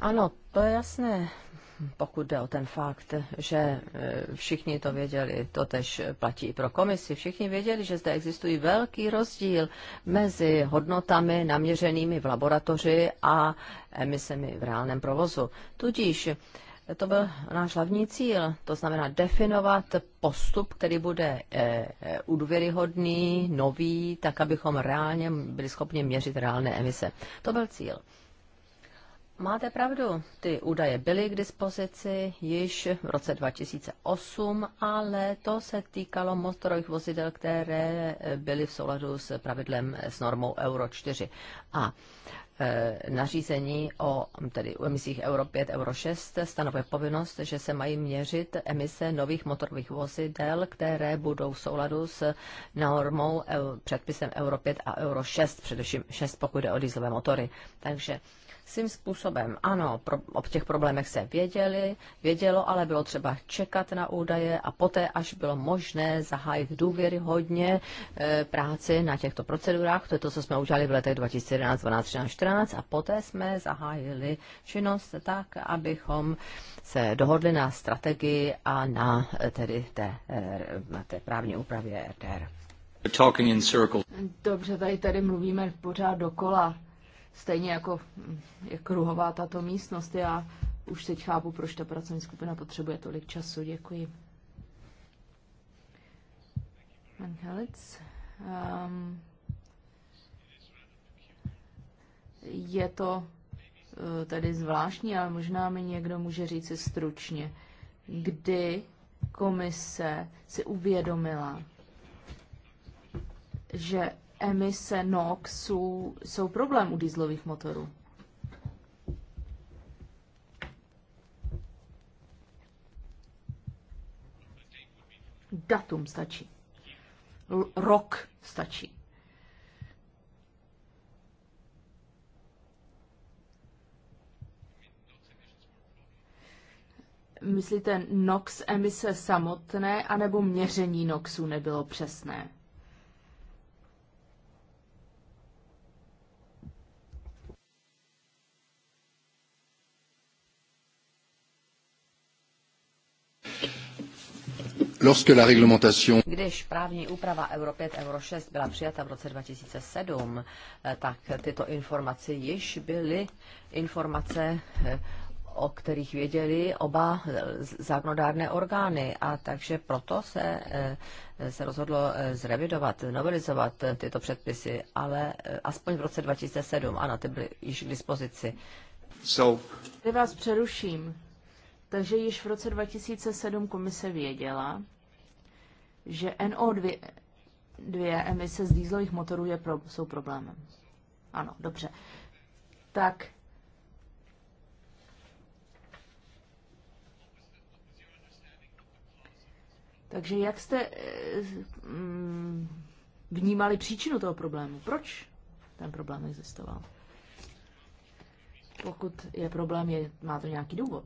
Ano, to je jasné, pokud jde o ten fakt, že e, všichni to věděli, to tež platí i pro komisi, všichni věděli, že zde existují velký rozdíl mezi hodnotami naměřenými v laboratoři a emisemi v reálném provozu. Tudíž to byl náš hlavní cíl, to znamená definovat postup, který bude eh, eh, udvěryhodný, nový, tak abychom reálně byli schopni měřit reálné emise. To byl cíl. Máte pravdu, ty údaje byly k dispozici již v roce 2008, ale to se týkalo motorových vozidel, které byly v souladu s pravidlem s normou Euro 4. A Eh, nařízení o tedy u emisích Euro 5, Euro 6 stanovuje povinnost, že se mají měřit emise nových motorových vozidel, které budou v souladu s normou eh, předpisem Euro 5 a Euro 6, především 6, pokud jde o dieselové motory. Takže svým způsobem. Ano, pro, o těch problémech se věděli, vědělo, ale bylo třeba čekat na údaje a poté, až bylo možné zahájit hodně e, práci na těchto procedurách, to je to, co jsme udělali v letech 2011, 12, 13, 14 a poté jsme zahájili činnost tak, abychom se dohodli na strategii a na e, tedy té, e, na té právní úpravě RDR. Dobře, tady tady mluvíme pořád dokola. Stejně jako mm, je kruhová tato místnost, já už teď chápu, proč ta pracovní skupina potřebuje tolik času. Děkuji. Pan Helec. Um, je to e, tedy zvláštní, ale možná mi někdo může říct stručně, kdy komise si uvědomila, že emise NOX jsou problém u dýzlových motorů. Datum stačí. L- rok stačí. Myslíte NOx emise samotné, anebo měření NOxu nebylo přesné? Lorsque la réglementation... Když právní úprava Euro 5, Euro 6 byla přijata v roce 2007, eh, tak tyto informace již byly informace eh, o kterých věděli oba eh, zákonodárné orgány a takže proto se, se rozhodlo zrevidovat, novelizovat tyto předpisy, ale aspoň v roce 2007, ano, ty byly již k dispozici. So. Kdy vás přeruším, takže již v roce 2007 komise věděla, že NO2 dvě emise z dýzlových motorů je pro, jsou problémem. Ano, dobře. Tak Takže jak jste eh, mm, vnímali příčinu toho problému? Proč ten problém existoval? Pokud je problém, je, má to nějaký důvod.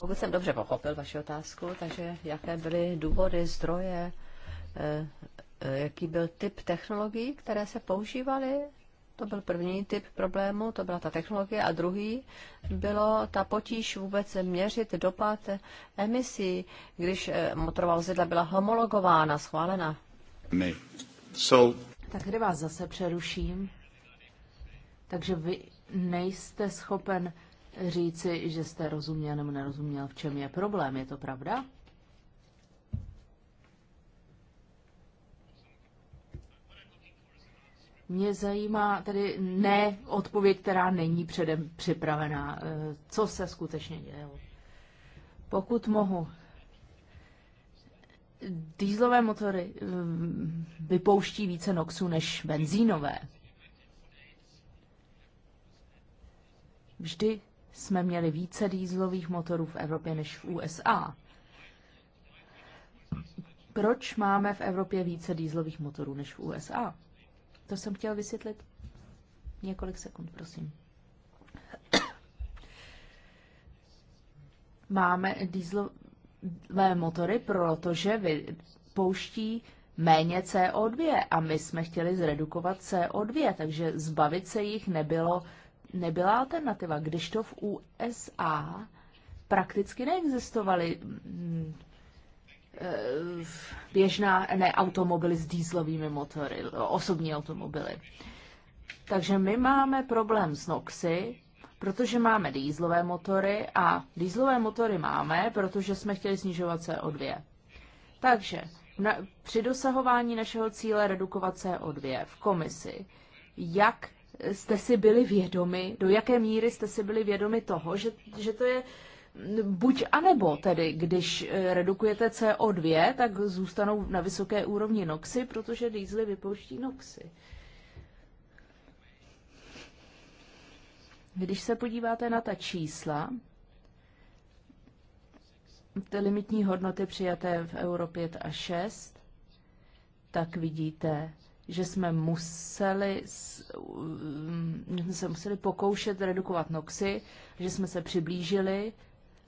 Pokud jsem dobře pochopil vaši otázku, takže jaké byly důvody, zdroje, eh, eh, jaký byl typ technologií, které se používaly? To byl první typ problému, to byla ta technologie. A druhý bylo ta potíž vůbec měřit dopad emisí, když eh, motorová vozidla byla homologována, schválena. My. So... Tak kdy vás zase přeruším? Takže vy nejste schopen říci, že jste rozuměl nebo nerozuměl, v čem je problém. Je to pravda? Mě zajímá tedy ne odpověď, která není předem připravená. Eh, co se skutečně dělo? Pokud mohu, dýzlové motory eh, vypouští více noxů než benzínové. Vždy jsme měli více dýzlových motorů v Evropě než v USA. Proč máme v Evropě více dýzlových motorů než v USA? To jsem chtěl vysvětlit. Několik sekund, prosím. Máme dýzlové motory, protože pouští méně CO2 a my jsme chtěli zredukovat CO2, takže zbavit se jich nebylo nebyla alternativa, když to v USA prakticky neexistovaly mm, eh, běžná, ne automobily s dýzlovými motory, osobní automobily. Takže my máme problém s NOXy, protože máme dýzlové motory a dýzlové motory máme, protože jsme chtěli snižovat CO2. Takže na, při dosahování našeho cíle redukovat CO2 v komisi, jak jste si byli vědomi, do jaké míry jste si byli vědomi toho, že, že to je buď a nebo tedy, když eh, redukujete CO2, tak zůstanou na vysoké úrovni noxy, protože dýzly vypouští noxy. Když se podíváte na ta čísla, ty limitní hodnoty přijaté v Euro 5 a 6, tak vidíte, že jsme museli, mm, že jsme se museli pokoušet redukovat noxy, že jsme se přiblížili,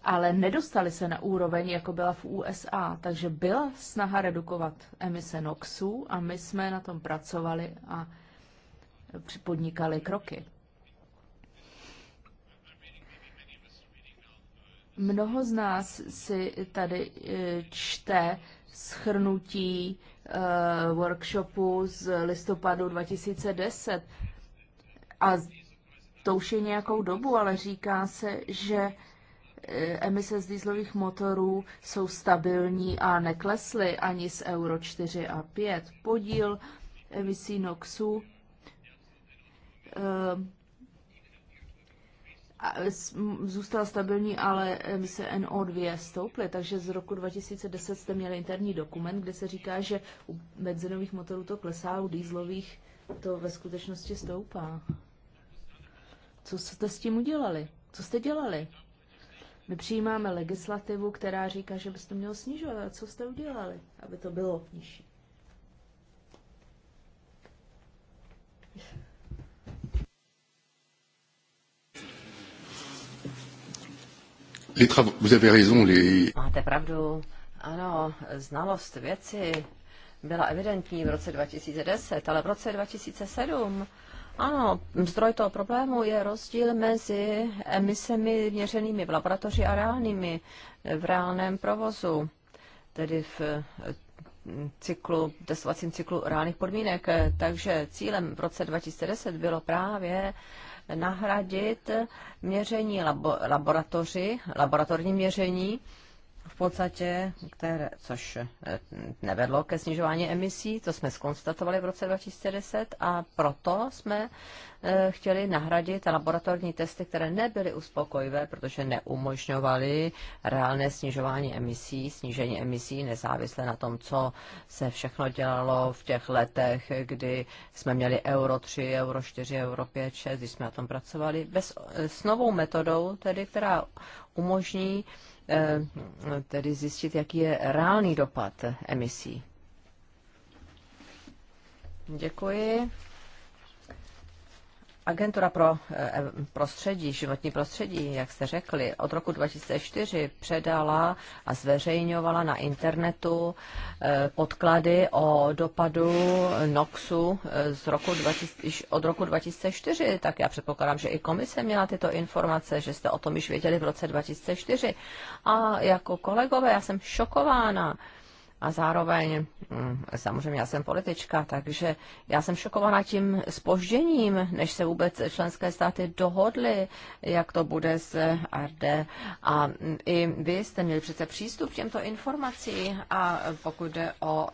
ale nedostali se na úroveň, jako byla v USA. Takže byla snaha redukovat emise NOXů a my jsme na tom pracovali a podnikali kroky. Mnoho z nás si tady eh, čte schrnutí Eh, workshopu z listopadu 2010. A to už je nějakou dobu, ale říká se, že eh, emise z dýzlových motorů jsou stabilní a neklesly ani z Euro 4 a 5. Podíl emisí NOXu eh, Eh, zůstal stabilní, ale se NO2 stouply, takže z roku 2010 jste měli interní dokument, kde se říká, že u benzinových motorů to klesá, u dýzlových to ve skutečnosti stoupá. Co jste s tím udělali? Co jste dělali? My přijímáme legislativu, která říká, že byste měl snižovat. A co jste udělali, aby to bylo nižší? vous avez raison, les... Máte pravdu, ano, znalost věci byla evidentní v roce 2010, ale v roce 2007 ano, zdroj toho problému je rozdíl mezi emisemi měřenými v laboratoři a reálnými v reálném provozu, tedy v eh, cyklu, testovacím cyklu reálných podmínek. Eh, takže cílem v roce 2010 bylo právě nahradit měření labo, laboratoři, laboratorní měření v podstatě, které, což eh, nevedlo ke snižování emisí, to jsme skonstatovali v roce 2010 a proto jsme eh, chtěli nahradit laboratorní testy, které nebyly uspokojivé, protože neumožňovaly reálné snižování emisí, snížení emisí nezávisle na tom, co se všechno dělalo v těch letech, kdy jsme měli euro 3, euro 4, euro 5, 6, když jsme na tom pracovali, bez, eh, s novou metodou, tedy, která umožní Eh, tedy zjistit, jaký je reálný dopad emisí. Děkuji. Agentura pro eh, prostředí, životní prostředí, jak jste řekli, od roku 2004 předala a zveřejňovala na internetu eh, podklady o dopadu NOXu eh, z roku 2000, od roku 2004. Tak já předpokládám, že i komise měla tyto informace, že jste o tom již věděli v roce 2004. A jako kolegové, já jsem šokována a zároveň, mm, samozřejmě já jsem politička, takže já jsem šokovaná tím spožděním, než se vůbec členské státy dohodly, jak to bude s RD. A mm, i vy jste měli přece přístup k těmto informací a pokud jde o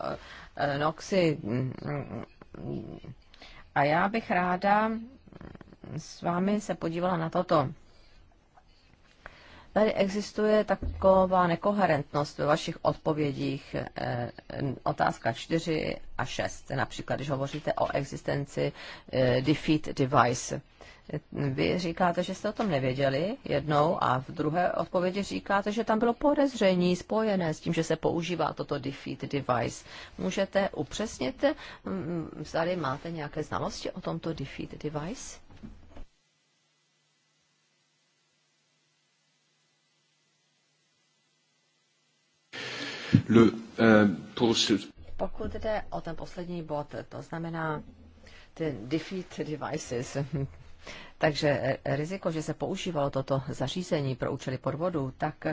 e, NOXy, mm, a já bych ráda s vámi se podívala na toto. Tady existuje taková nekoherentnost ve vašich odpovědích. Eh, otázka 4 a 6, například, když hovoříte o existenci eh, defeat device. Vy říkáte, že jste o tom nevěděli jednou a v druhé odpovědi říkáte, že tam bylo podezření spojené s tím, že se používá toto defeat device. Můžete upřesnit, mm, zda máte nějaké znalosti o tomto defeat device? Le, eh, pour ce... Pokud jde o ten poslední bod, to znamená ty defeat devices, takže eh, riziko, že se používalo toto zařízení pro účely podvodu, tak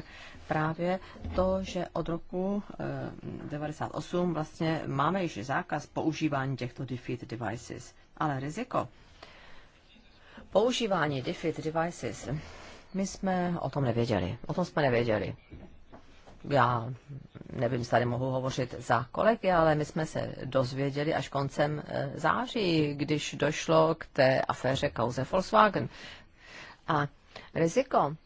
právě to, že od roku 1998 eh, vlastně máme již zákaz používání těchto defeat devices. Ale riziko používání defeat devices, my jsme o tom nevěděli. O tom jsme nevěděli já nevím, zda mohu hovořit za kolegy, ale my jsme se dozvěděli až koncem eh, září, když došlo k té aféře kauze Volkswagen. A riziko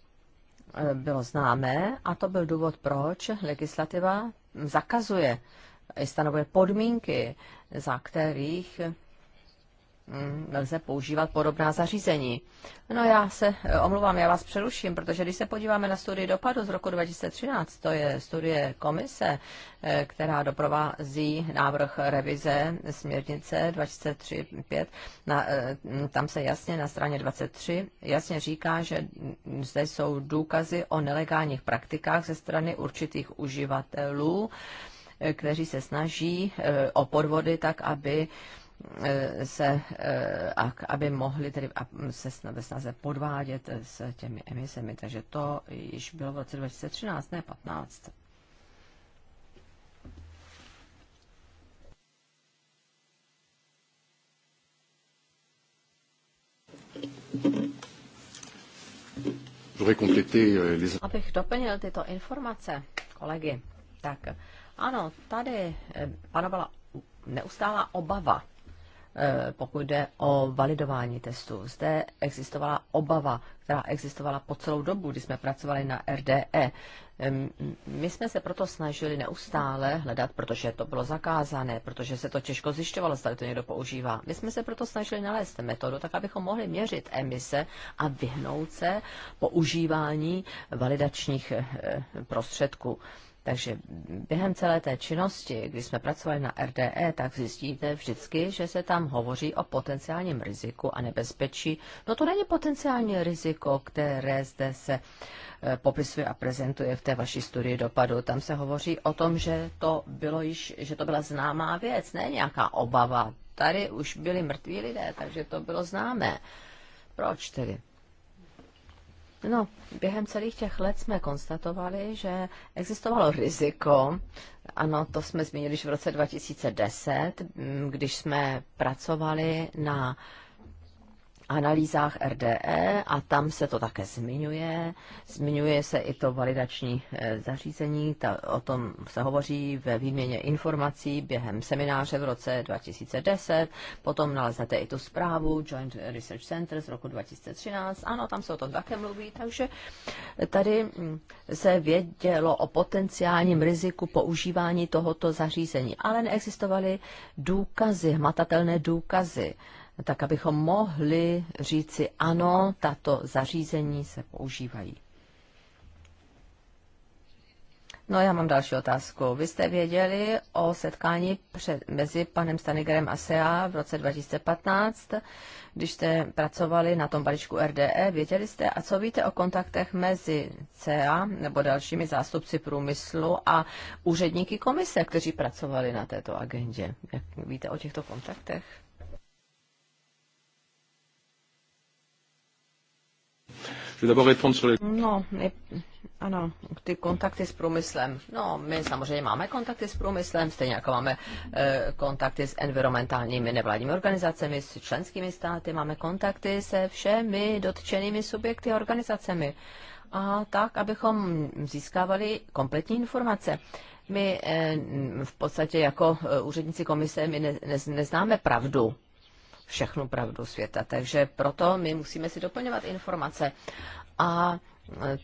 eh, bylo známé a to byl důvod, proč legislativa zakazuje, stanovuje podmínky, za kterých Mm, lze používat podobná zařízení. No já se eh, omluvám, já vás přeruším, protože když se podíváme na studii dopadu z roku 2013, to je studie komise, eh, která doprovází návrh revize směrnice 235, na, eh, tam se jasně na straně 23 jasně říká, že zde jsou důkazy o nelegálních praktikách ze strany určitých uživatelů, kteří se snaží o podvody tak, aby Eh, se, eh, aby mohli tedy se ve snaze podvádět eh, s těmi emisemi. Takže to již bylo v roce 2013, ne 15. Euh, Abych doplnil tyto informace, kolegy, tak ano, tady panovala neustálá obava Eh, pokud jde o validování testů. Zde existovala obava, která existovala po celou dobu, kdy jsme pracovali na RDE. My jsme se proto snažili neustále hledat, protože to bylo zakázané, protože se to těžko zjišťovalo, zda to někdo používá. My jsme se proto snažili nalézt metodu, tak abychom mohli měřit emise a vyhnout se používání validačních eh, prostředků. Takže během celé té činnosti, kdy jsme pracovali na RDE, tak zjistíte vždycky, že se tam hovoří o potenciálním riziku a nebezpečí. No to není potenciální riziko, které zde se eh, popisuje a prezentuje v té vaší studii dopadu. Tam se hovoří o tom, že to, bylo již, že to byla známá věc, ne nějaká obava. Tady už byli mrtví lidé, takže to bylo známé. Proč tedy? No, během celých těch let jsme konstatovali, že existovalo riziko, ano, to jsme zmínili v roce 2010, když jsme pracovali na uh, analýzách RDE a tam se to také zmiňuje. Zmiňuje se i to validační e, zařízení, ta, o tom se hovoří ve výměně informací během semináře v roce 2010, potom naleznete i tu zprávu Joint Research Center z roku 2013, ano, tam se o tom také mluví, takže tady mm, se vědělo o potenciálním riziku používání tohoto zařízení, ale neexistovaly důkazy, hmatatelné důkazy, tak abychom mohli říci ano, tato zařízení se používají. No já mám další otázku. Vy jste věděli o setkání před, mezi panem Stanigerem a SEA v roce 2015, když jste pracovali na tom balíčku RDE, věděli jste a co víte o kontaktech mezi CEA nebo dalšími zástupci průmyslu a úředníky komise, kteří pracovali na této agendě? Jak víte o těchto kontaktech? No, my, ano, ty kontakty s průmyslem. No, my samozřejmě máme kontakty s průmyslem, stejně jako máme e, kontakty s environmentálními nevládními organizacemi, s členskými státy, máme kontakty se všemi dotčenými subjekty a organizacemi. A tak, abychom získávali kompletní informace my eh, v podstatě jako eh, úředníci komise my neznáme pravdu všechnu pravdu světa. Takže proto my musíme si doplňovat informace. A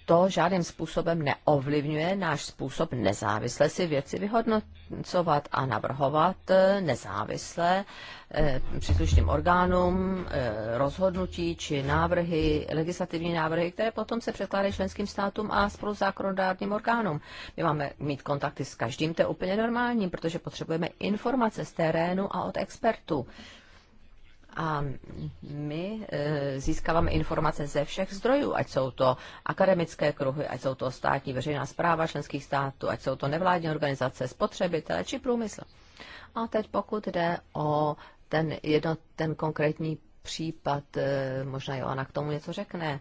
to žádným způsobem neovlivňuje náš způsob nezávisle si věci vyhodnocovat a navrhovat eh, nezávisle eh, příslušným orgánům eh, rozhodnutí či návrhy, legislativní návrhy, které potom se překládají členským státům a spolu zákonodárným orgánům. My máme mít kontakty s každým, to je úplně normální, protože potřebujeme informace z terénu a od expertů. A my eh, získáváme informace ze všech zdrojů, ať jsou to akademické kruhy, ať jsou to státní veřejná zpráva členských států, ať jsou to nevládní organizace, spotřebitele či průmysl. A teď pokud jde o ten, jedno, ten konkrétní případ, eh, možná Joana k tomu něco řekne.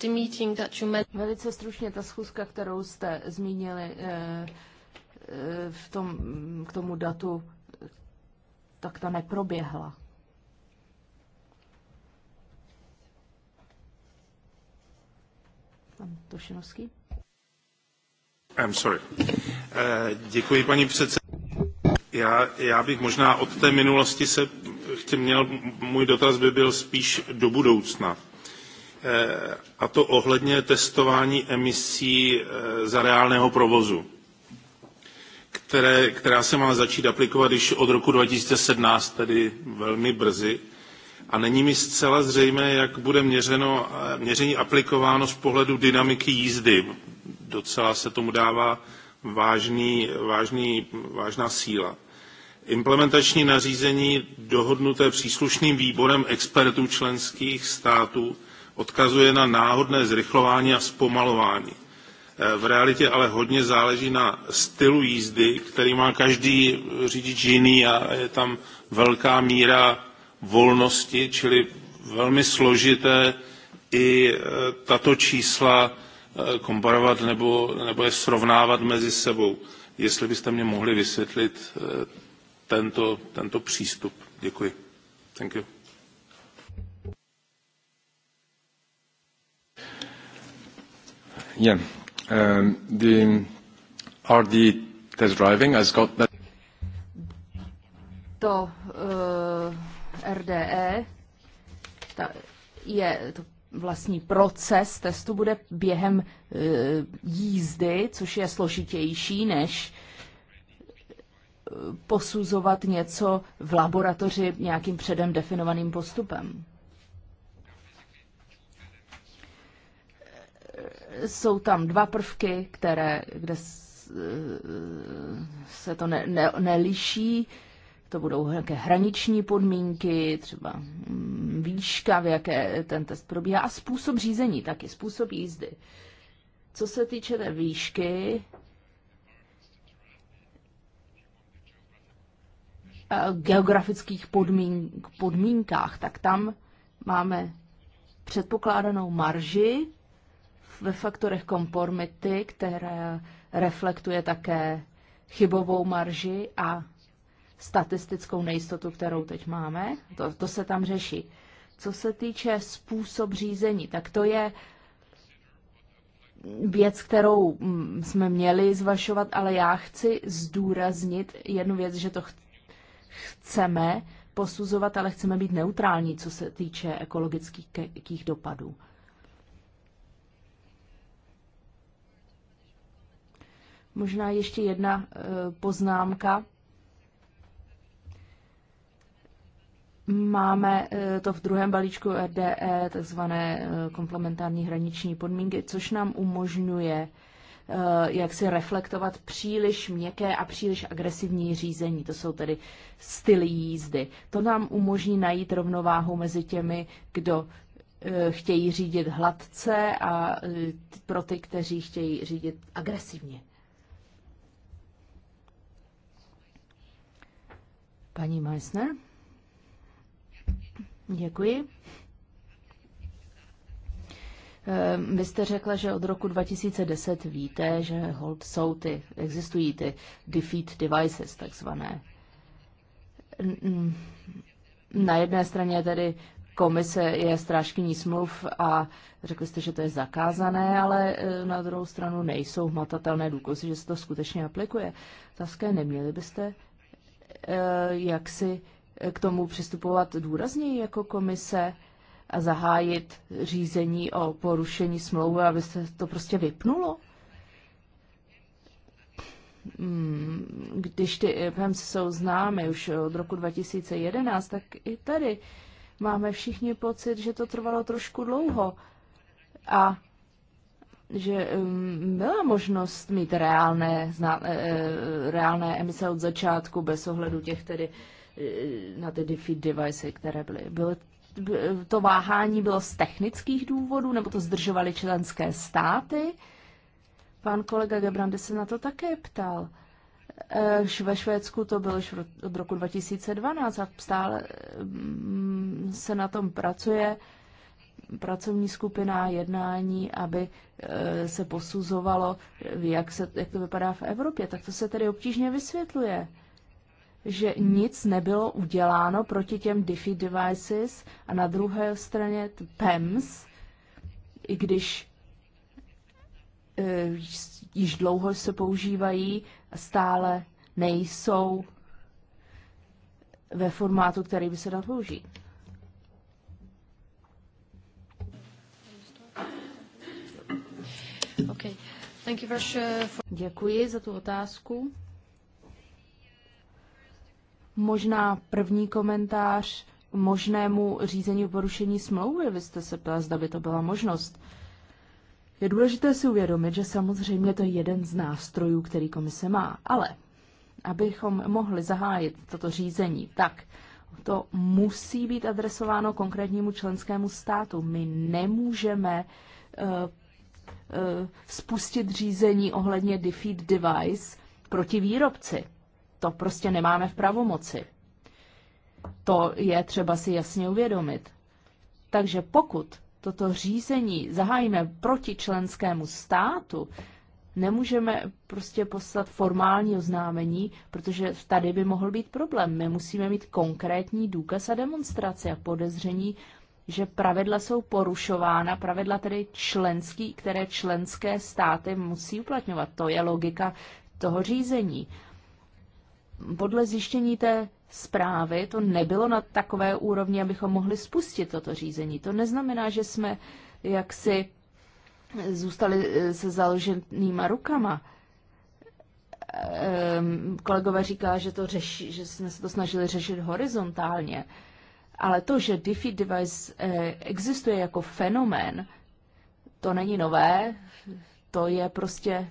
The meeting that you met... Velice stručně ta schůzka, kterou jste zmínili eh, v tom, k tomu datu, tak ta neproběhla. Pan I'm sorry. Eh, děkuji, paní předsedkyně. Já, já bych možná od té minulosti se chtěl, měl, můj dotaz by byl spíš do budoucna. Eh, a to ohledně testování emisí eh, za reálného provozu, které, která se má začít aplikovat již od roku 2017, tedy velmi brzy a není mi zcela zřejmé, jak bude měřeno, měření aplikováno z pohledu dynamiky jízdy. Docela se tomu dává vážný, vážný, vážná síla. Implementační nařízení dohodnuté příslušným výborem expertů členských států odkazuje na náhodné zrychlování a zpomalování. V realitě ale hodně záleží na stylu jízdy, který má každý řidič jiný a je tam velká míra volnosti, čili velmi složité i e, tato čísla e, komparovat nebo, nebo je srovnávat mezi sebou. Jestli byste mě mohli vysvětlit e, tento, tento přístup. Děkuji. Thank you. Yeah. Um, the RD test driving has got that. To uh RDE, ta je to vlastní proces testu bude během e, jízdy, což je složitější než e, posuzovat něco v laboratoři nějakým předem definovaným postupem. Jsou tam dva prvky, které, kde e, se to ne, ne, neliší to budou nějaké hraniční podmínky, třeba mm, výška, v jaké ten test probíhá a způsob řízení taky, způsob jízdy. Co se týče té výšky, eh, geografických podmínk podmínkách, tak tam máme předpokládanou marži ve faktorech konformity, které reflektuje také chybovou marži a statistickou nejistotu, kterou teď máme. To, to se tam řeší. Co se týče způsob řízení, tak to je věc, kterou mm, jsme měli zvažovat, ale já chci zdůraznit jednu věc, že to ch- chceme posuzovat, ale chceme být neutrální, co se týče ekologických dopadů. Možná ještě jedna e, poznámka Máme eh, to v druhém balíčku RDE, takzvané eh, komplementární hraniční podmínky, což nám umožňuje eh, jak si reflektovat příliš měkké a příliš agresivní řízení. To jsou tedy styly jízdy. To nám umožní najít rovnováhu mezi těmi, kdo chtějí řídit hladce a pro ty, kteří chtějí řídit agresivně. Paní Meissner? Děkuji. Ehm, vy jste řekla, že od roku 2010 víte, že hold jsou ty, existují ty defeat devices takzvané. Na jedné straně tedy komise je strážkyní smluv a řekli jste, že to je zakázané, ale e, na druhou stranu nejsou hmatatelné důkazy, že se to skutečně aplikuje. Také neměli byste e, jak si k tomu přistupovat důrazněji jako komise a zahájit řízení o porušení smlouvy, aby se to prostě vypnulo? Hmm, když ty e PEMS jsou známy už od roku 2011, tak i tady máme všichni pocit, že to trvalo trošku dlouho a že um, byla možnost mít reálné, e, e, reálné emise od začátku bez ohledu těch tedy na ty defeat device, které byly. Bylo, to váhání bylo z technických důvodů, nebo to zdržovaly členské státy? Pan kolega Gebrande se na to také ptal. Ve Švédsku to bylo od roku 2012 a stále mm, se na tom pracuje pracovní skupina jednání, aby e, se posuzovalo, jak, se, jak to vypadá v Evropě. Tak to se tedy obtížně vysvětluje že nic nebylo uděláno proti těm DeFi devices a na druhé straně PEMS, i když e, již dlouho se používají, stále nejsou ve formátu, který by se dal použít. Uh, Děkuji za tu otázku možná první komentář k možnému řízení o porušení smlouvy. Vy jste se ptala, zda by to byla možnost. Je důležité si uvědomit, že samozřejmě to je jeden z nástrojů, který komise má, ale abychom mohli zahájit toto řízení, tak to musí být adresováno konkrétnímu členskému státu. My nemůžeme uh, uh, spustit řízení ohledně defeat device proti výrobci to prostě nemáme v pravomoci. To je třeba si jasně uvědomit. Takže pokud toto řízení zahájíme proti členskému státu, nemůžeme prostě poslat formální oznámení, protože tady by mohl být problém. My musíme mít konkrétní důkaz a demonstraci a podezření, že pravidla jsou porušována, pravidla tedy členský, které členské státy musí uplatňovat. To je logika toho řízení podle zjištění té zprávy to nebylo na takové úrovni, abychom mohli spustit toto řízení. To neznamená, že jsme jaksi zůstali eh, se založenýma rukama. Ehm, kolegové říká, že, to řeši, že jsme se to snažili řešit horizontálně, ale to, že Defeat device eh, existuje jako fenomén, to není nové, to je prostě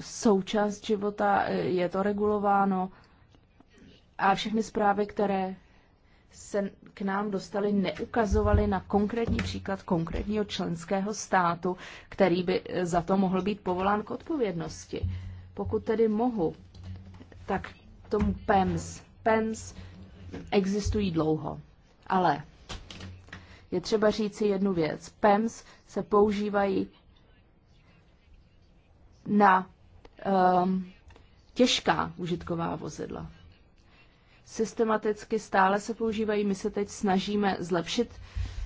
součást života, eh, je to regulováno a všechny zprávy, které se k nám dostali, neukazovali na konkrétní příklad konkrétního členského státu, který by eh, za to mohl být povolán k odpovědnosti. Pokud tedy mohu, tak tomu PEMS. PEMS existují dlouho, ale je třeba říci jednu věc. PEMS se používají na Ehm, těžká užitková vozidla. Systematicky stále se používají, my se teď snažíme zlepšit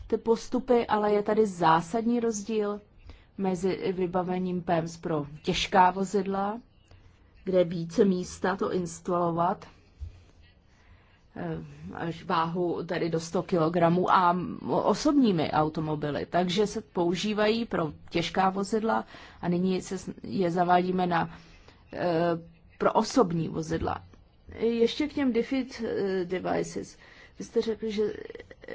ty postupy, ale je tady zásadní rozdíl mezi vybavením PEMS pro těžká vozidla, kde je více místa to instalovat, váhu tedy do 100 kg a osobními automobily. Takže se používají pro těžká vozidla a nyní se je zavádíme na, eh, pro osobní vozidla. Ještě k těm defeat eh, devices. Vy jste řekli, že eh,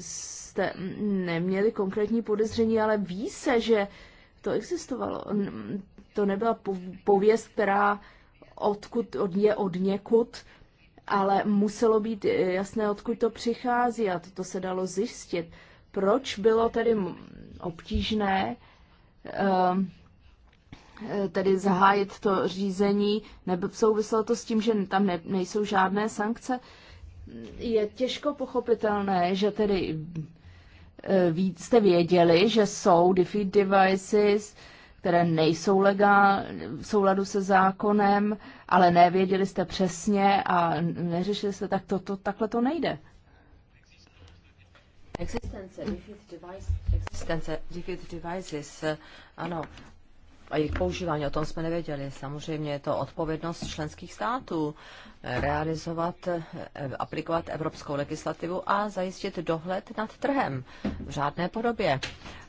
jste neměli konkrétní podezření, ale ví se, že to existovalo. To nebyla pověst, která odkud, od, je od někud, ale muselo být eh, jasné, odkud to přichází a toto se dalo zjistit. Proč bylo tedy obtížné ehm, eh, tedy zahájit to řízení, nebo souviselo to s tím, že tam ne, nejsou žádné sankce? Je těžko pochopitelné, že tedy eh, víc jste věděli, že jsou defeat devices, které nejsou legál, v souladu se zákonem, ale nevěděli jste přesně a neřešili jste, tak to, to, takhle to nejde. Existence, defeat device, existence, devices, ano, a jejich používání, o tom jsme nevěděli. Samozřejmě je to odpovědnost členských států eh, realizovat, eh, aplikovat evropskou legislativu a zajistit dohled nad trhem v řádné podobě.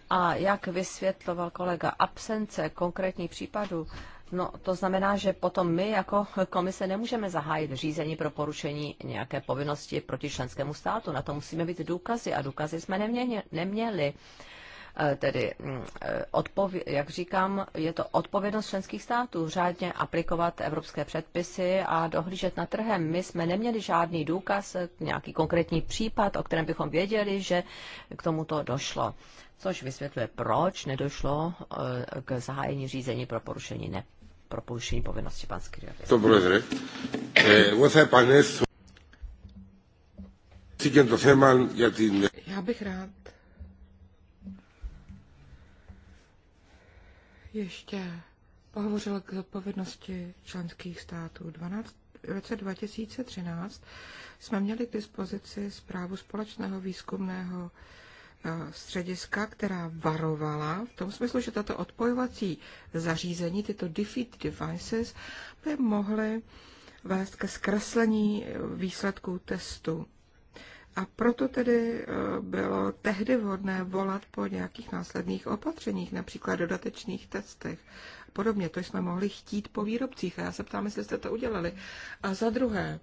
A jak vysvětloval kolega, absence konkrétních případů, no to znamená, že potom my jako komise nemůžeme zahájit řízení pro porušení nějaké povinnosti proti členskému státu. Na to musíme být důkazy a důkazy jsme neměli. neměli. Eh, tedy mm, eh, odpově- jak říkám, je to odpovědnost členských států řádně aplikovat evropské předpisy a dohlížet na trhem. My jsme neměli žádný důkaz, nějaký konkrétní případ, o kterém bychom věděli, že k tomuto došlo. Což vysvětluje, proč nedošlo eh, k zahájení řízení pro porušení ne pro porušení povinnosti pan Skryvěř. To bude Já bych rád ještě pohovořil k zodpovědnosti členských států. 12, v roce 2013 jsme měli k dispozici zprávu společného výzkumného eh, střediska, která varovala v tom smyslu, že tato odpojovací zařízení, tyto defeat devices, by mohly vést ke zkreslení eh, výsledků testu. A proto tedy eh, bylo tehdy vhodné volat po nějakých následných opatřeních, například dodatečných testech. Podobně to jsme mohli chtít po výrobcích a já se ptám, jestli jste to udělali. A za druhé,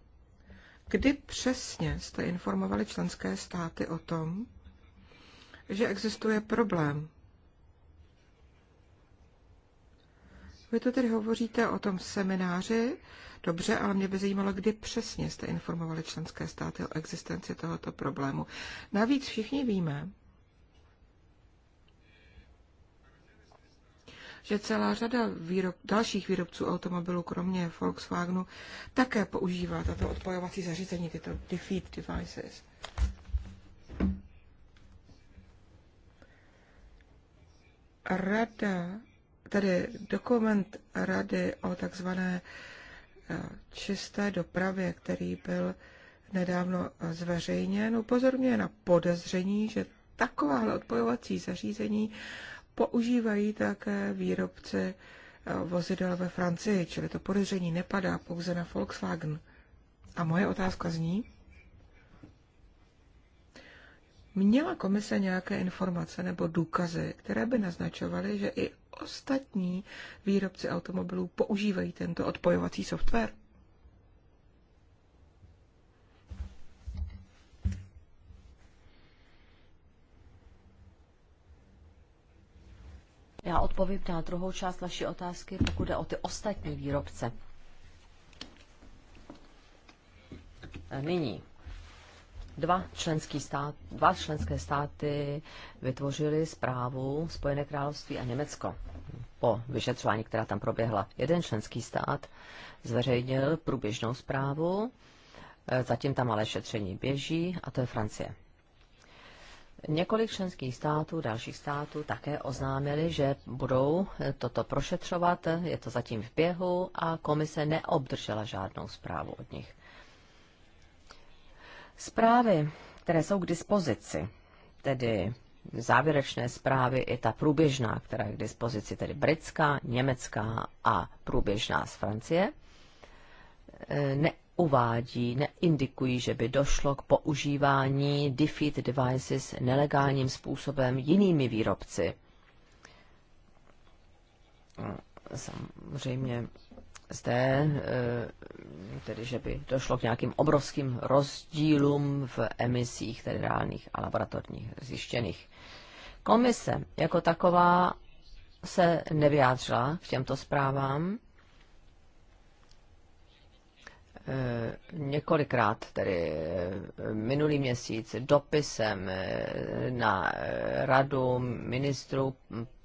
kdy přesně jste informovali členské státy o tom, že existuje problém Vy to tedy hovoříte o tom semináři, dobře, ale mě by zajímalo, kdy přesně jste informovali členské státy o existenci tohoto problému. Navíc všichni víme, že celá řada výrob, dalších výrobců automobilů, kromě Volkswagenu, také používá tato odpojovací zařízení, tyto defeat devices. Rada tedy dokument rady o takzvané eh, čisté dopravě, který byl nedávno eh, zveřejněn, upozorňuje na podezření, že takováhle odpojovací zařízení používají také výrobci eh, vozidel ve Francii, čili to podezření nepadá pouze na Volkswagen. A moje otázka zní, měla komise nějaké informace nebo důkazy, které by naznačovaly, že i ostatní výrobci automobilů používají tento odpojovací software? Já odpovím na druhou část vaší otázky, pokud jde o ty ostatní výrobce. Nyní Dva, členský stát, dva členské státy vytvořily zprávu Spojené království a Německo po vyšetřování, která tam proběhla. Jeden členský stát zveřejnil průběžnou zprávu, e, zatím tam ale šetření běží, a to je Francie. Několik členských států, dalších států také oznámili, že budou e, toto prošetřovat, je to zatím v běhu a komise neobdržela žádnou zprávu od nich. Zprávy, které jsou k dispozici, tedy závěrečné zprávy i ta průběžná, která je k dispozici, tedy britská, německá a průběžná z Francie, e, neuvádí, neindikují, že by došlo k používání defeat devices nelegálním způsobem jinými výrobci. E, samozřejmě zde, eh, tedy že by došlo k nějakým obrovským rozdílům v emisích, tedy reálných a laboratorních zjištěných. Komise jako taková se nevyjádřila k těmto zprávám. Eh, několikrát, tedy eh, minulý měsíc, dopisem na radu ministrů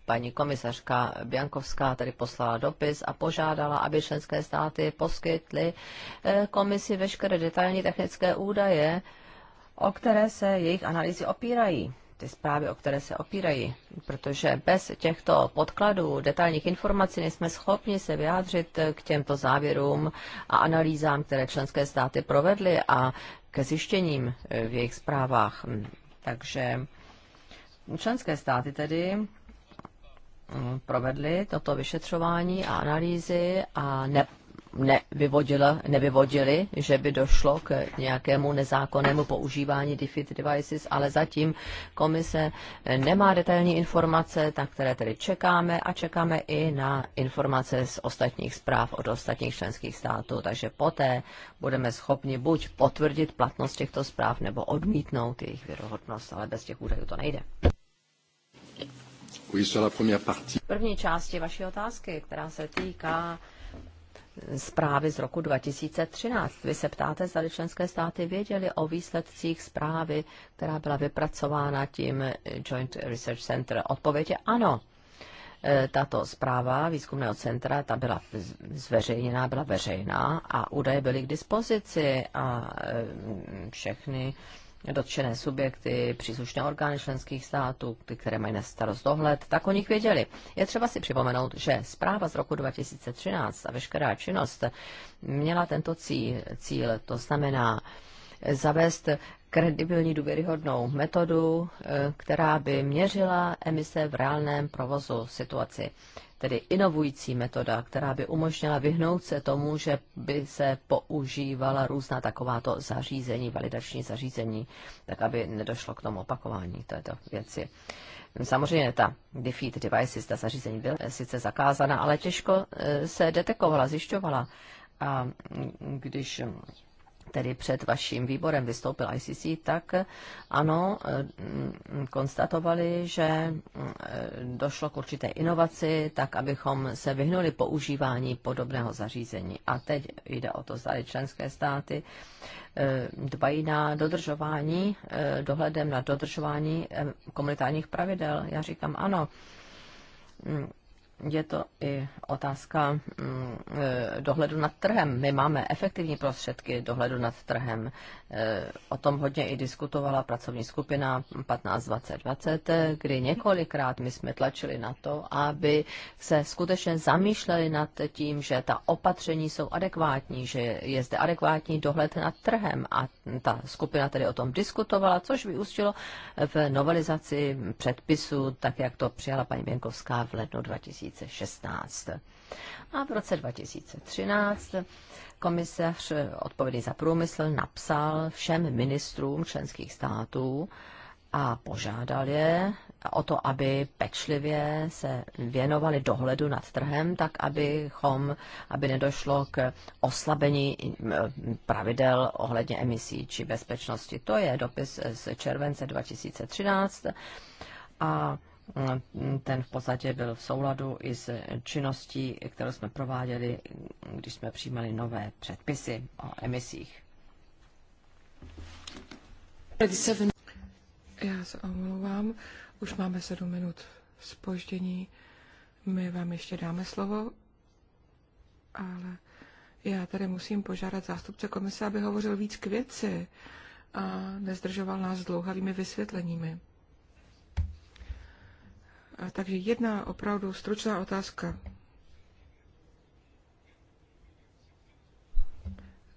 Paní komisařka Biankovská tedy poslala dopis a požádala, aby členské státy poskytly eh, komisi veškeré detailní technické údaje, o které se jejich analýzy opírají ty zprávy, o které se opírají, protože bez těchto podkladů, detailních informací nejsme schopni se vyjádřit eh, k těmto závěrům a analýzám, které členské státy provedly a ke zjištěním eh, v jejich zprávách. Hm, takže členské státy tedy Mm, provedli toto vyšetřování a analýzy a ne, nevyvodila, nevyvodili, že by došlo k nějakému nezákonnému používání defeat devices, ale zatím komise nemá detailní informace, na které tedy čekáme a čekáme i na informace z ostatních zpráv od ostatních členských států, takže poté budeme schopni buď potvrdit platnost těchto zpráv nebo odmítnout jejich věrohodnost, ale bez těch údajů to nejde. První části vaší otázky, která se týká zprávy z roku 2013. Vy se ptáte, zda členské státy věděly o výsledcích zprávy, která byla vypracována tím Joint Research Center. Odpověď je ano. E, tato zpráva výzkumného centra, ta byla zveřejněná, byla veřejná a údaje byly k dispozici a e, všechny dotčené subjekty, příslušné orgány členských států, ty, které mají na starost dohled, tak o nich věděli. Je třeba si připomenout, že zpráva z roku 2013 a veškerá činnost měla tento cíl, cíl to znamená zavést kredibilní důvěryhodnou metodu, eh, která by měřila emise v reálném provozu situaci tedy inovující metoda, která by umožnila vyhnout se tomu, že by se používala různá takováto zařízení, validační zařízení, tak aby nedošlo k tomu opakování této věci. Samozřejmě ta defeat devices, ta zařízení byla sice zakázána, ale těžko eh, se detekovala, zjišťovala. A mm, když tedy před vaším výborem vystoupil ICC, tak eh, ano, eh, konstatovali, že eh, došlo k určité inovaci, tak abychom se vyhnuli používání podobného zařízení. A teď jde o to, zda členské státy dbají na dodržování, dohledem na dodržování komunitárních pravidel. Já říkám ano mm, je to i otázka mm, e, dohledu nad trhem. My máme efektivní prostředky dohledu nad trhem. E, o tom hodně i diskutovala pracovní skupina 152020, e, kdy několikrát my jsme tlačili na to, aby se skutečně zamýšleli nad tím, že ta opatření jsou adekvátní, že je zde adekvátní dohled nad trhem. A ta skupina tedy o tom diskutovala, což vyústilo v novelizaci předpisu, tak jak to přijala paní Věnkovská v lednu 2000. 2016. A v roce 2013 komisař odpovědný za průmysl napsal všem ministrům členských států a požádal je o to, aby pečlivě se věnovali dohledu nad trhem, tak abychom, aby nedošlo k oslabení eh, pravidel ohledně emisí či bezpečnosti. To je dopis z července 2013 a ten v podstatě byl v souladu i s činností, kterou jsme prováděli, když jsme přijímali nové předpisy o emisích. Já se omlouvám, už máme sedm minut spoždění. My vám ještě dáme slovo, ale já tady musím požádat zástupce komise, aby hovořil víc k věci a nezdržoval nás dlouhavými vysvětleními. Takže jedna opravdu stručná otázka.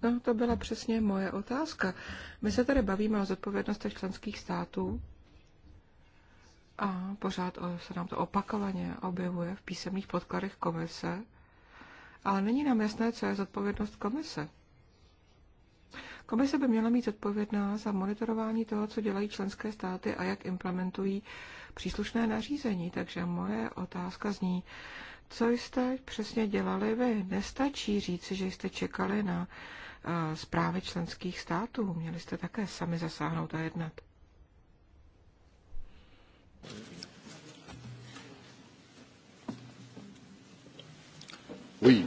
No, to byla přesně moje otázka. My se tady bavíme o zodpovědnostech členských států a pořád se nám to opakovaně objevuje v písemných podkladech komise, ale není nám jasné, co je zodpovědnost komise. Komise by měla mít odpovědná za monitorování toho, co dělají členské státy a jak implementují příslušné nařízení. Takže moje otázka zní, co jste přesně dělali vy? Nestačí říci, že jste čekali na eh, zprávy členských států. Měli jste také sami zasáhnout a jednat. Oui.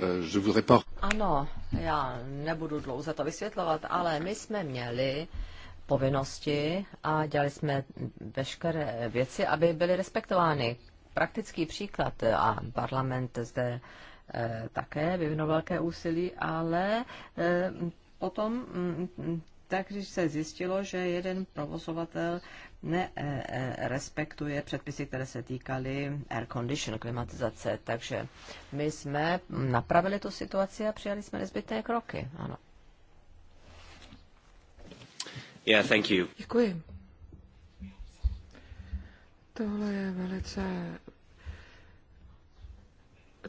Eh, je Ano, já nebudu dlouze to vysvětlovat, ale my jsme měli povinnosti a dělali jsme veškeré věci, aby byly respektovány. Praktický příklad a parlament zde e, také vyvinul velké úsilí, ale e, potom m, mm, mm, tak, když se zjistilo, že jeden provozovatel nerespektuje předpisy, které se týkaly air condition, klimatizace. Takže my jsme napravili tu situaci a přijali jsme nezbytné kroky. Ano. Yeah, thank you. Děkuji. Tohle je velice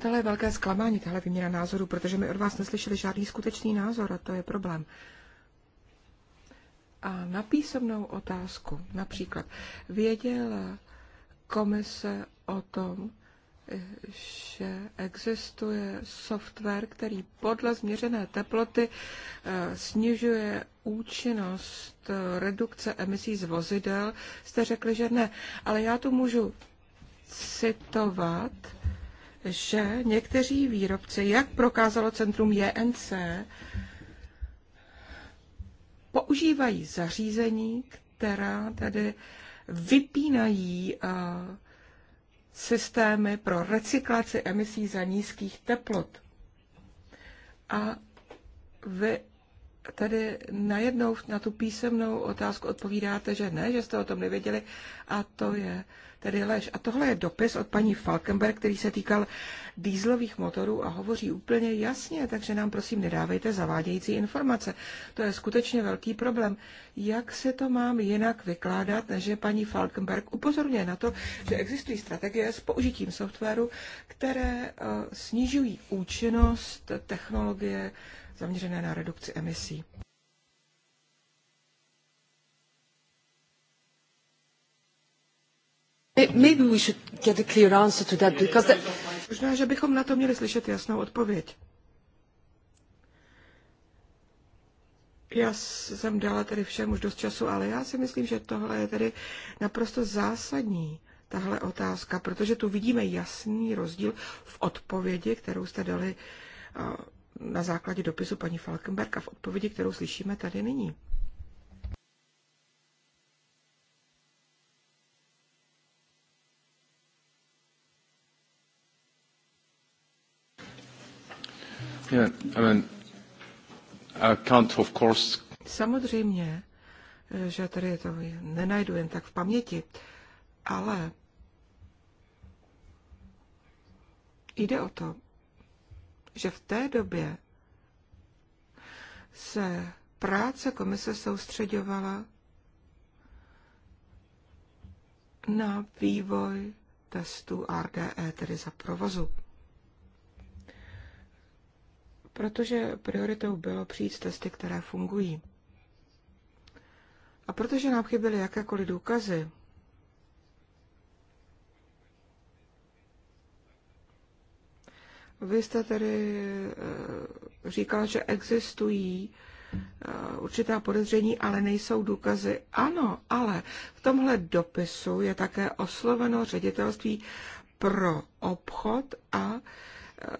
Tohle je velké zklamání, tahle výměna názoru, protože my od vás neslyšeli žádný skutečný názor a to je problém. Uh, a na písemnou otázku například věděla komise o tom, eh, že existuje software, který podle změřené teploty eh, snižuje účinnost eh, redukce emisí z vozidel. Jste řekli, že ne, ale já tu můžu citovat, že někteří výrobci, jak prokázalo centrum JNC, používají zařízení, která tedy vypínají systémy pro recyklaci emisí za nízkých teplot. A vy tedy najednou na tu písemnou otázku odpovídáte, že ne, že jste o tom nevěděli a to je tedy lež. A tohle je dopis od paní Falkenberg, který se týkal dýzlových motorů a hovoří úplně jasně, takže nám prosím nedávejte zavádějící informace. To je skutečně velký problém. Jak se to mám jinak vykládat, než paní Falkenberg upozorňuje na to, že existují strategie s použitím softwaru, které eh, snižují účinnost technologie zaměřené na redukci emisí. Eh, maybe we should get a clear answer to that, because that... Možná, že bychom na to měli slyšet jasnou odpověď. Já jsem dala tedy všem už dost času, ale já si myslím, že tohle je tedy naprosto zásadní, tahle otázka, protože tu vidíme jasný rozdíl v odpovědi, kterou jste dali eh, na základě dopisu paní Falkenberg a v odpovědi, kterou slyšíme tady nyní. Samozřejmě, že tady to nenajdu jen tak v paměti, ale jde o to, že v té době se práce komise soustředovala na vývoj testů RDE, tedy za provozu protože prioritou bylo přijít s testy, které fungují. A protože nám chyběly jakékoliv důkazy, Vy jste tedy eh, říkal, že existují eh, určitá podezření, ale nejsou důkazy. Ano, ale v tomhle dopisu je také osloveno ředitelství pro obchod a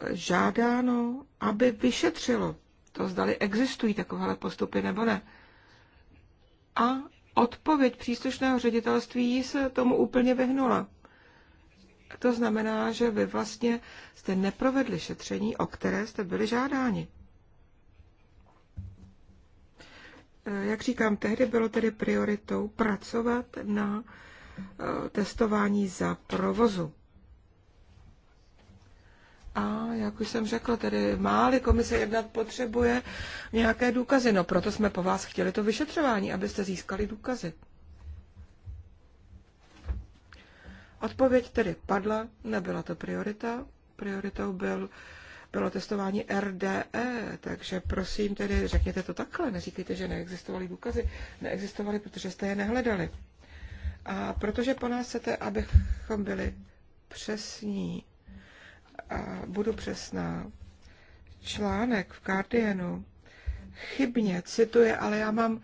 žádáno, aby vyšetřilo to, zdali existují takovéhle postupy nebo ne. A odpověď příslušného ředitelství se tomu úplně vyhnula. To znamená, že vy vlastně jste neprovedli šetření, o které jste byli žádáni. Eh, jak říkám, tehdy bylo tedy prioritou pracovat na eh, testování za provozu. A jak už jsem řekl, tedy máli komise jednat potřebuje nějaké důkazy. No proto jsme po vás chtěli to vyšetřování, abyste získali důkazy. Odpověď tedy padla, nebyla to priorita. Prioritou byl, bylo testování RDE, takže prosím tedy řekněte to takhle, neříkejte, že neexistovaly důkazy. Neexistovaly, protože jste je nehledali. A protože po nás chcete, abychom byli přesní, a budu přesná, článek v Guardianu chybně cituje, ale já mám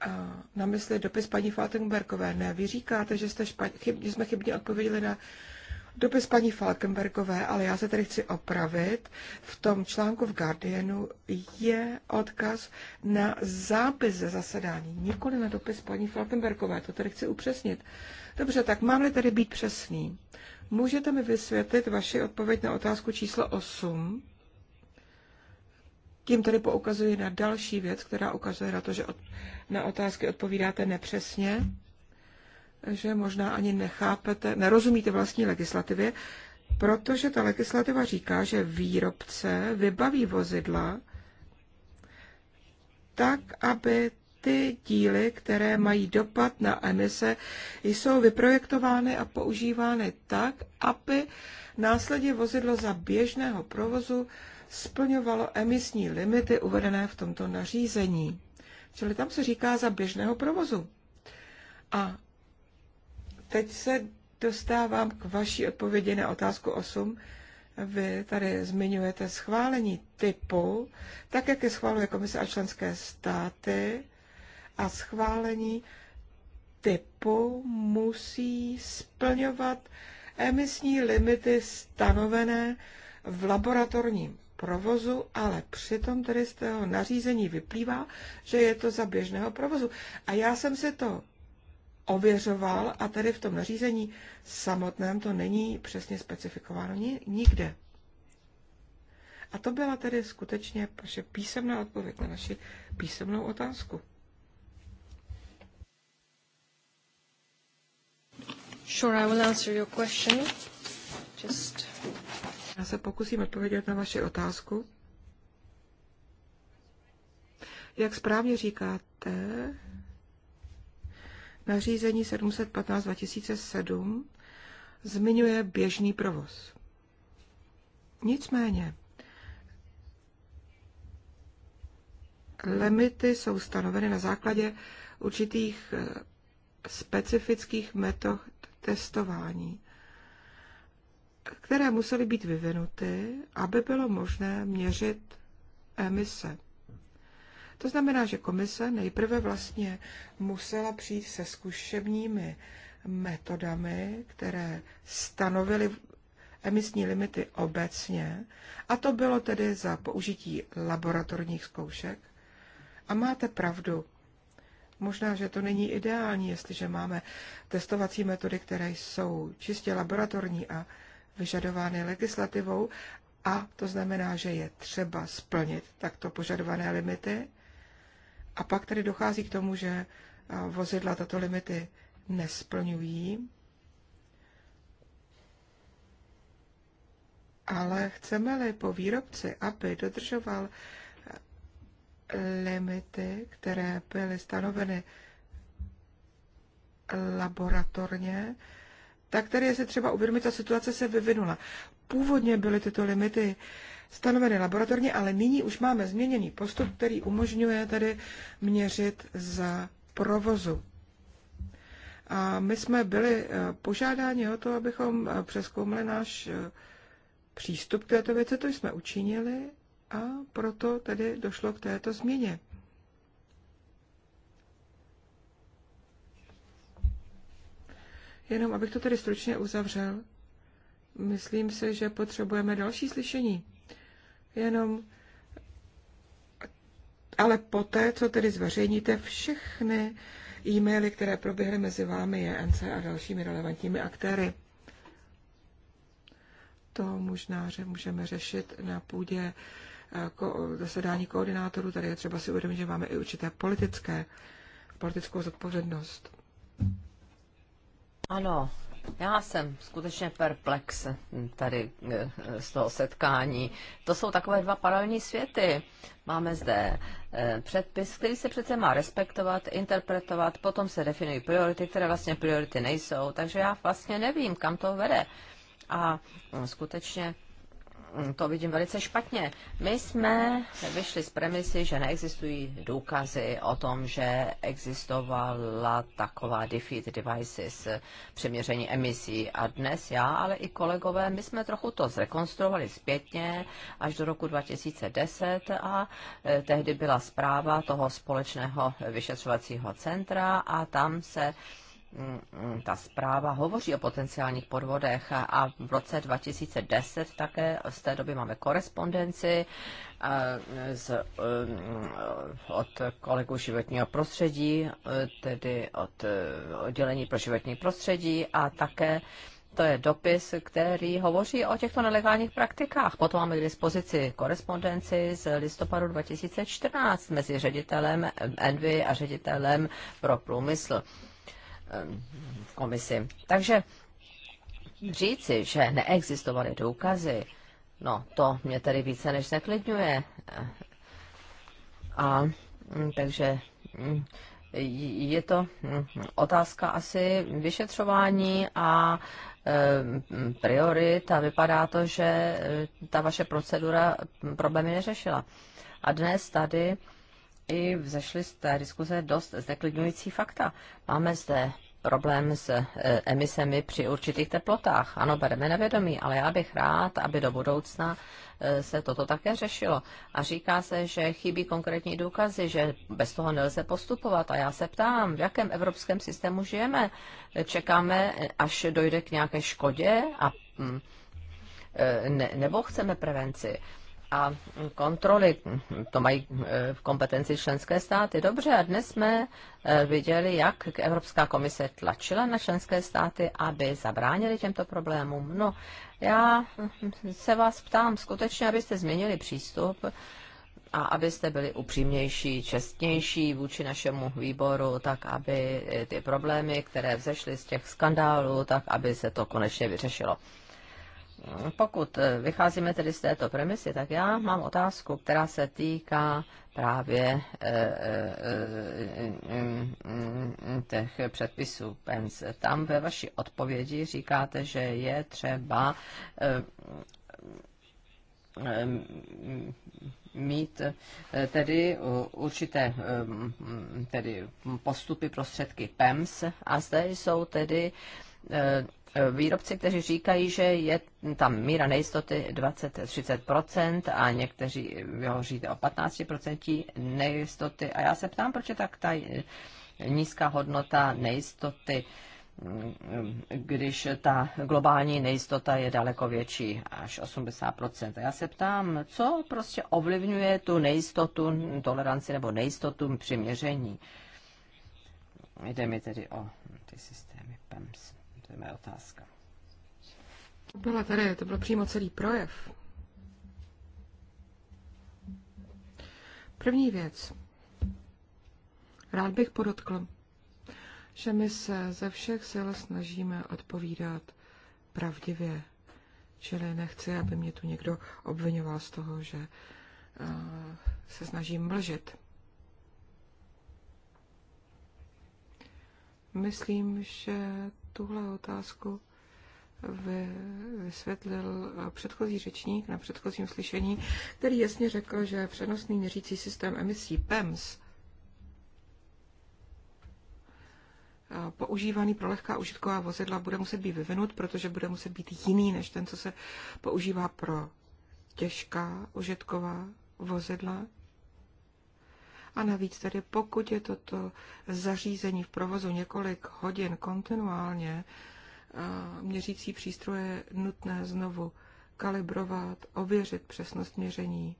eh, na mysli dopis paní Falkenbergové. Ne, vy říkáte, že, jste špa, chyb, že jsme chybně odpověděli na dopis paní Falkenbergové, ale já se tady chci opravit. V tom článku v Guardianu je odkaz na zápis ze zasedání, nikoli na dopis paní Falkenbergové. To tady chci upřesnit. Dobře, tak mám-li tady být přesný. Můžete mi vysvětlit vaši odpověď na otázku číslo 8? Tím tedy poukazuji na další věc, která ukazuje na to, že od, na otázky odpovídáte nepřesně, že možná ani nechápete, nerozumíte vlastní legislativě, protože ta legislativa říká, že výrobce vybaví vozidla tak, aby ty díly, které mají dopad na emise, jsou vyprojektovány a používány tak, aby následně vozidlo za běžného provozu splňovalo emisní limity uvedené v tomto nařízení. Čili tam se říká za běžného provozu. A teď se dostávám k vaší odpovědi na otázku 8. Vy tady zmiňujete schválení typu, tak jak je schváluje komise a členské státy a schválení typu musí splňovat emisní limity stanovené v laboratorním provozu, ale přitom tedy z toho nařízení vyplývá, že je to za běžného provozu. A já jsem si to ověřoval a tedy v tom nařízení samotném to není přesně specifikováno nikde. A to byla tedy skutečně vaše písemná odpověď na naši písemnou otázku. Sure, I will answer your question. Just... Já se pokusím odpovědět na vaši otázku. Jak správně říkáte, nařízení 715 2007 zmiňuje běžný provoz. Nicméně, limity jsou stanoveny na základě určitých eh, specifických metod testování, které musely být vyvinuty, aby bylo možné měřit emise. To znamená, že komise nejprve vlastně musela přijít se zkušebními metodami, které stanovily emisní limity obecně, a to bylo tedy za použití laboratorních zkoušek. A máte pravdu, Možná, že to není ideální, jestliže máme testovací metody, které jsou čistě laboratorní a vyžadovány legislativou, a to znamená, že je třeba splnit takto požadované limity. A pak tedy dochází k tomu, že vozidla tato limity nesplňují. Ale chceme-li po výrobci, aby dodržoval limity, které byly stanoveny laboratorně, tak tady je se třeba uvědomit, ta situace se vyvinula. Původně byly tyto limity stanoveny laboratorně, ale nyní už máme změněný postup, který umožňuje tady měřit za provozu. A my jsme byli eh, požádáni o to, abychom eh, přeskoumali náš eh, přístup k této věci, to jsme učinili a proto tedy došlo k této změně. Jenom abych to tedy stručně uzavřel, myslím si, že potřebujeme další slyšení. Jenom ale poté, co tedy zveřejníte všechny e-maily, které proběhly mezi vámi, JNC a dalšími relevantními aktéry. To možná že můžeme řešit na půdě zasedání koordinátorů. Tady je třeba si uvědomit, že máme i určité politické, politickou zodpovědnost. Ano, já jsem skutečně perplex tady eh, z toho setkání. To jsou takové dva paralelní světy. Máme zde eh, předpis, který se přece má respektovat, interpretovat, potom se definují priority, které vlastně priority nejsou, takže já vlastně nevím, kam to vede. A hm, skutečně to vidím velice špatně. My jsme vyšli z premisy, že neexistují důkazy o tom, že existovala taková defeat devices, přeměření emisí. A dnes já, ale i kolegové, my jsme trochu to zrekonstruovali zpětně až do roku 2010 a e, tehdy byla zpráva toho společného vyšetřovacího centra a tam se ta zpráva hovoří o potenciálních podvodech a v roce 2010 také z té doby máme korespondenci z, e, od kolegů životního prostředí, e, tedy od e, oddělení pro životní prostředí a také to je dopis, který hovoří o těchto nelegálních praktikách. Potom máme k dispozici korespondenci z listopadu 2014 mezi ředitelem Envy a ředitelem pro průmysl v komisi. Takže říci, že neexistovaly důkazy, no to mě tady více než neklidňuje. A mm, takže mm, je to mm, otázka asi vyšetřování a priorit a vypadá to, že e, ta vaše procedura problémy neřešila. A dnes tady i vzešly z té diskuze dost zdeklidňující fakta. Máme zde problém s e, emisemi při určitých teplotách. Ano, bereme na vědomí, ale já bych rád, aby do budoucna e, se toto také řešilo. A říká se, že chybí konkrétní důkazy, že bez toho nelze postupovat. A já se ptám, v jakém evropském systému žijeme? Čekáme, e, až dojde k nějaké škodě a mm, ne, nebo chceme prevenci a kontroly, to mají e, v kompetenci členské státy. Dobře, a dnes jsme e, viděli, jak Evropská komise tlačila na členské státy, aby zabránili těmto problémům. No, já se vás ptám skutečně, abyste změnili přístup a abyste byli upřímnější, čestnější vůči našemu výboru, tak aby ty problémy, které vzešly z těch skandálů, tak aby se to konečně vyřešilo. Pokud eh, vycházíme tedy z této premisy, tak já mám otázku, která se týká právě eh, eh, těch předpisů PENS. Tam ve vaší odpovědi říkáte, že je třeba mít tedy určité tedy postupy prostředky PEMS a zde jsou tedy výrobci, kteří říkají, že je tam míra nejistoty 20-30% a někteří hovoříte o 15% nejistoty. A já se ptám, proč je tak ta nízká hodnota nejistoty, když ta globální nejistota je daleko větší, až 80%. A já se ptám, co prostě ovlivňuje tu nejistotu, toleranci nebo nejistotu přiměření. Jde mi tedy o ty systémy PEMS. To je mé otázka. To byla tady, to byl přímo celý projev. První věc. Rád bych podotkl, že my se ze všech sil snažíme odpovídat pravdivě. Čili nechci, aby mě tu někdo obvinoval z toho, že uh, se snažím mlžit. Myslím, že tuhle otázku vysvětlil předchozí řečník na předchozím slyšení, který jasně řekl, že přenosný měřící systém emisí PEMS eh, používaný pro lehká užitková vozidla bude muset být vyvinut, protože bude muset být jiný než ten, co se používá pro těžká užitková vozidla. A navíc tedy, pokud je toto zařízení v provozu několik hodin kontinuálně, měřící přístroje nutné znovu kalibrovat, ověřit přesnost měření,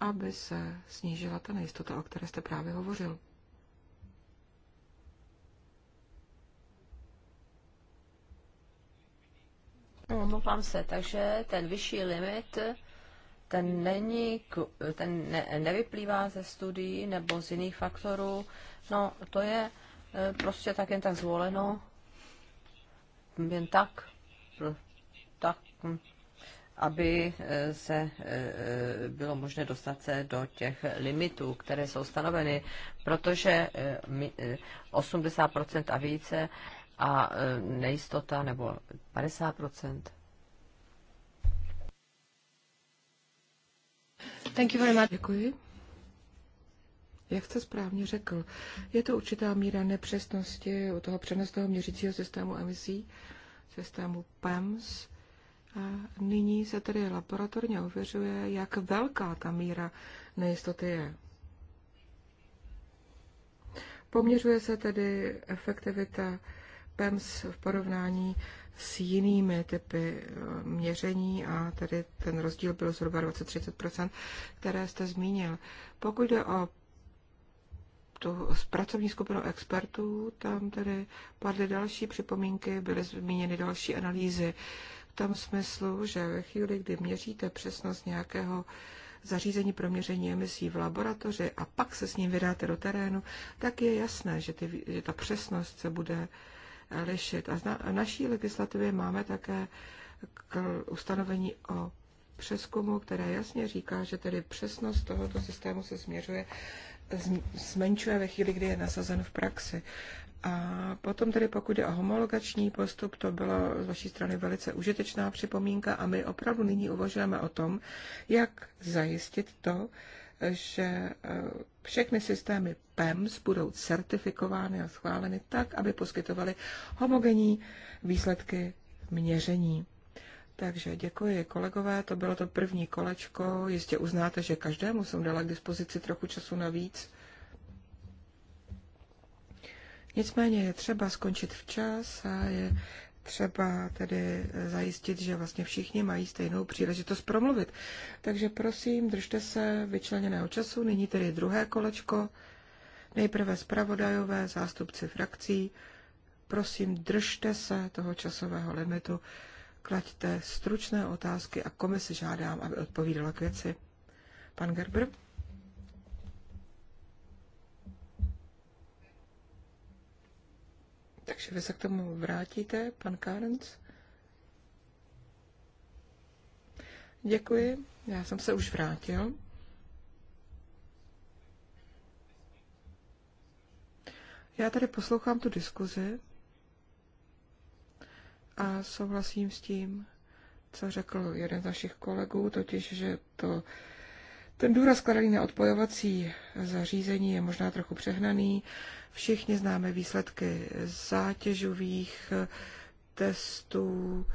aby se snížila ta nejistota, o které jste právě hovořil. Omlouvám se, takže ten vyšší limit ten, není, ten ne, nevyplývá ze studií nebo z jiných faktorů. No, to je e, prostě tak jen tak zvoleno. Jen tak. Tak, hm, aby e, se e, bylo možné dostat se do těch limitů, které jsou stanoveny, protože 80% a více a nejistota nebo 50%. Thank you very much. Děkuji. Jak jste správně řekl, je to určitá míra nepřesnosti u toho přenosného měřicího systému emisí, systému PEMS. A nyní se tedy laboratorně ověřuje, jak velká ta míra nejistoty je. Poměřuje se tedy efektivita PEMS v porovnání s jinými typy eh, měření a tady ten rozdíl byl zhruba 20-30%, které jste zmínil. Pokud jde o tu pracovní skupinu expertů, tam tedy padly další připomínky, byly zmíněny další analýzy v tom smyslu, že ve chvíli, kdy měříte přesnost nějakého zařízení pro měření emisí v laboratoři a pak se s ním vydáte do terénu, tak je jasné, že, ty, že ta přesnost se bude lišit. A v naší legislativě máme také k ustanovení o přeskumu, které jasně říká, že tedy přesnost tohoto systému se směřuje, zmenšuje ve chvíli, kdy je nasazen v praxi. A potom tedy pokud je o homologační postup, to byla z vaší strany velice užitečná připomínka a my opravdu nyní uvažujeme o tom, jak zajistit to, že eh, všechny systémy PEMS budou certifikovány a schváleny tak, aby poskytovaly homogenní výsledky měření. Takže děkuji kolegové, to bylo to první kolečko. Jistě uznáte, že každému jsem dala k dispozici trochu času navíc. Nicméně je třeba skončit včas a je třeba tedy eh, zajistit, že vlastně všichni mají stejnou příležitost promluvit. Takže prosím, držte se vyčleněného času. Nyní tedy druhé kolečko. Nejprve zpravodajové, zástupci frakcí. Prosím, držte se toho časového limitu. Klaďte stručné otázky a komisi žádám, aby odpovídala k věci. Pan Gerber? Takže vy se k tomu vrátíte, pan Kárenc? Děkuji, já jsem se už vrátil. Já tady poslouchám tu diskuzi a souhlasím s tím, co řekl jeden z našich kolegů, totiž, že to ten důraz kladený na odpojovací zařízení je možná trochu přehnaný. Všichni známe výsledky zátěžových testů.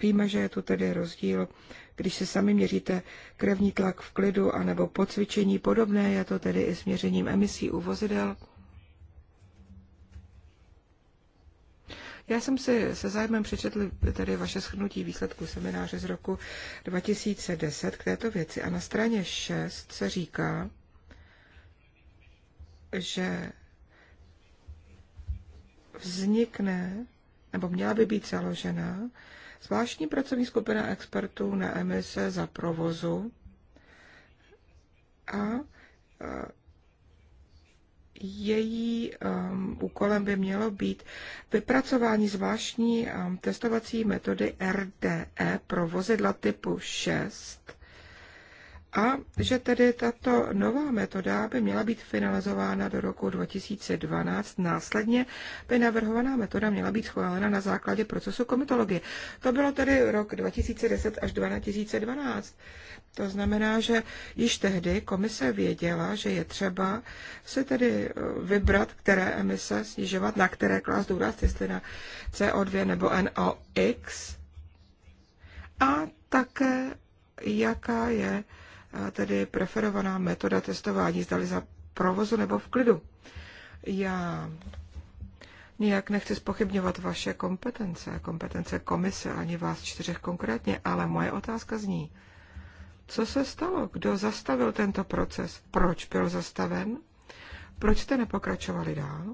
Víme, že je tu tedy rozdíl, když si sami měříte krevní tlak v klidu anebo po cvičení podobné, je to tedy i s měřením emisí u vozidel. Já jsem si se zájmem přečetl tady vaše shrnutí výsledku semináře z roku 2010 k této věci a na straně 6 se říká, že vznikne nebo měla by být založena zvláštní pracovní skupina expertů na emise za provozu a její um, úkolem by mělo být vypracování zvláštní um, testovací metody RDE pro vozidla typu 6 a že tedy tato nová metoda by měla být finalizována do roku 2012. Následně by navrhovaná metoda měla být schválena na základě procesu komitologie. To bylo tedy rok 2010 až 2012. To znamená, že již tehdy komise věděla, že je třeba se tedy eh, vybrat, které emise snižovat, na které klás důraz, jestli na CO2 nebo NOx. A také, jaká je tedy preferovaná metoda testování, zdali za provozu nebo v klidu. Já nijak nechci spochybňovat vaše kompetence, kompetence komise, ani vás čtyřech konkrétně, ale moje otázka zní, co se stalo? Kdo zastavil tento proces? Proč byl zastaven? Proč jste nepokračovali dál?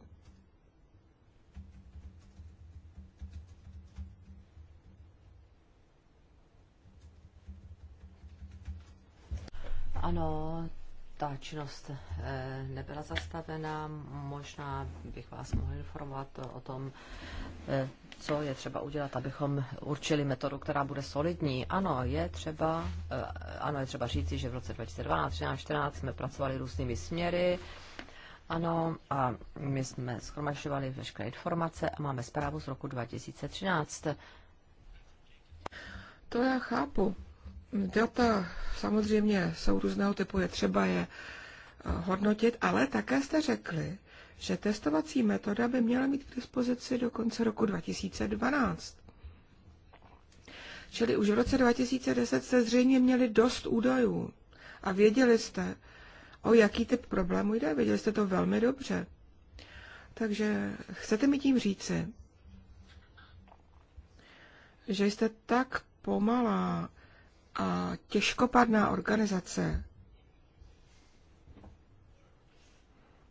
Ano, ta činnost eh, nebyla zastavená. Možná bych vás mohl informovat o tom, eh, co je třeba udělat, abychom určili metodu, která bude solidní. Ano, je třeba, eh, ano, je třeba říci, že v roce 2012, 2013, 2014 jsme pracovali různými směry. Ano, a my jsme schromažďovali veškeré informace a máme zprávu z roku 2013. To já chápu. Data samozřejmě jsou různého typu, je třeba je eh, hodnotit, ale také jste řekli, že testovací metoda by měla mít k dispozici do konce roku 2012. Čili už v roce 2010 jste zřejmě měli dost údajů a věděli jste, o jaký typ problému jde, věděli jste to velmi dobře. Takže chcete mi tím říci, že jste tak pomalá, a těžkopádná organizace,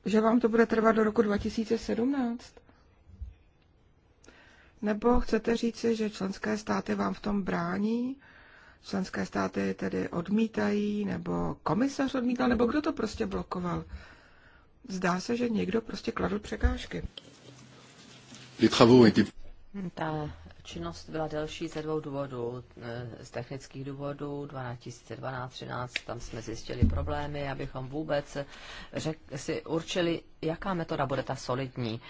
že vám to bude trvat do roku 2017? Nebo chcete říci, že členské státy vám v tom brání? Členské státy tedy odmítají, nebo komisař odmítal, nebo kdo to prostě blokoval? Zdá se, že někdo prostě kladl překážky. Ta činnost byla delší ze dvou důvodů. Eh, z technických důvodů 2012-2013, tam jsme zjistili problémy, abychom vůbec řek, si určili, jaká metoda bude ta solidní.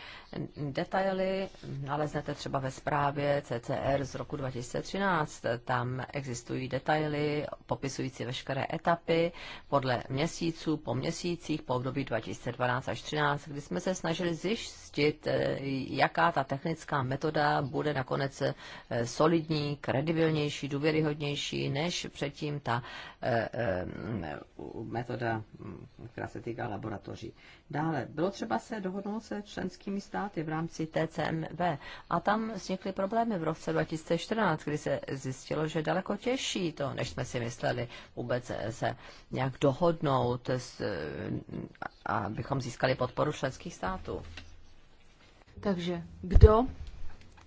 Detaily naleznete třeba ve zprávě CCR z roku 2013. Tam existují detaily popisující veškeré etapy podle měsíců, po měsících, po období 2012 až 2013, kdy jsme se snažili zjistit, eh, jaká ta technická metoda bude nakonec Eh, solidní, kredibilnější, důvěryhodnější než předtím ta eh, eh, metoda, hm, která se týká laboratoří. Dále, bylo třeba se dohodnout se členskými státy v rámci TCMV a tam vznikly problémy v roce 2014, kdy se zjistilo, že daleko těžší to, než jsme si mysleli, vůbec se nějak dohodnout, s, abychom získali podporu členských států. Takže kdo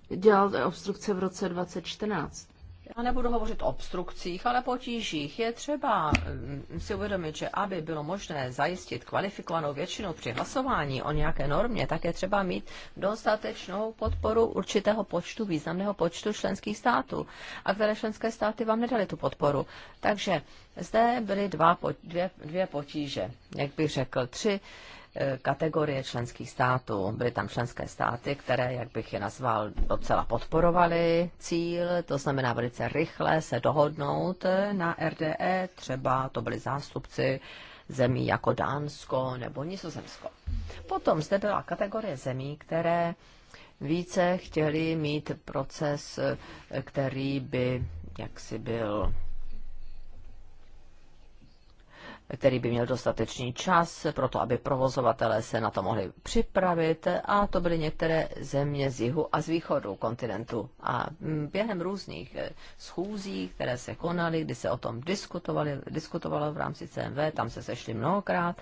dělal obstrukce v roce 2014. Já nebudu hovořit o obstrukcích, ale potížích. Je třeba mm, si uvědomit, že aby bylo možné zajistit kvalifikovanou většinu při hlasování o nějaké normě, tak je třeba mít dostatečnou podporu určitého počtu, významného počtu členských států. A které členské státy vám nedali tu podporu. Takže zde byly dva, dvě, dvě potíže, jak bych řekl, tři Eh, kategorie členských států. Byly tam členské státy, které, jak bych je nazval, docela podporovaly cíl, to znamená velice rychle se dohodnout eh, na RDE, třeba to byli zástupci zemí jako Dánsko nebo Nizozemsko. Potom zde byla kategorie zemí, které více chtěli mít proces, eh, který by jaksi byl který by měl dostatečný čas pro to, aby provozovatelé se na to mohli připravit a to byly některé země z jihu a z východu kontinentu. A během různých eh, schůzí, které se konaly, kdy se o tom diskutovali, diskutovalo v rámci CMV, tam se sešli mnohokrát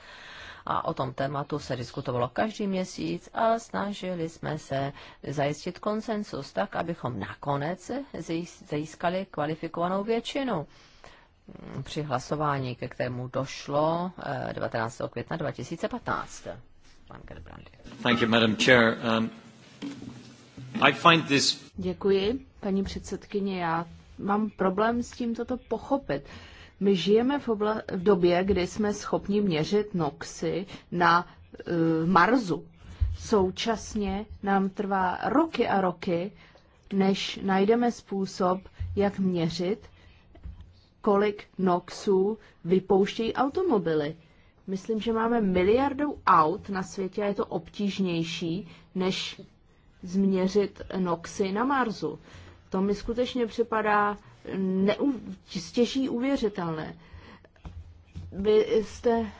a o tom tématu se diskutovalo každý měsíc a snažili jsme se zajistit konsensus tak, abychom nakonec získali kvalifikovanou většinu při hlasování, ke kterému došlo 19. Eh, května 2015. Pan Thank you, Madam Chair. Um, I find this... Děkuji, paní předsedkyně. Já mám problém s tím toto pochopit. My žijeme v, obla- v době, kdy jsme schopni měřit noxy na uh, Marsu. Současně nám trvá roky a roky, než najdeme způsob, jak měřit kolik NOXů vypouštějí automobily. Myslím, že máme miliardu aut na světě a je to obtížnější, než změřit NOXy na Marsu. To mi skutečně připadá neu, stěží uvěřitelné. Vy jste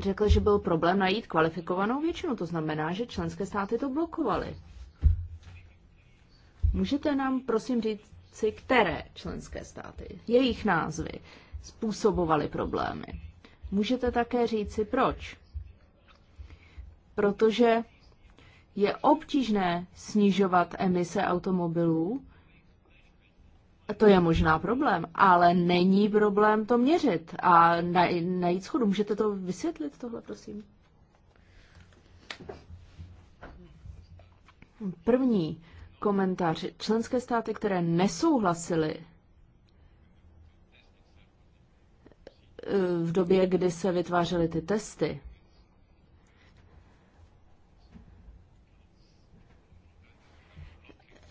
řekl, že byl problém najít kvalifikovanou většinu. To znamená, že členské státy to blokovaly. Můžete nám prosím říct, si které členské státy, jejich názvy, způsobovaly problémy. Můžete také říci proč. Protože je obtížné snižovat emise automobilů, to je možná problém, ale není problém to měřit a najít schodu. Můžete to vysvětlit, tohle, prosím? První komentář. Členské státy, které nesouhlasily eh, v době, kdy se vytvářely ty testy,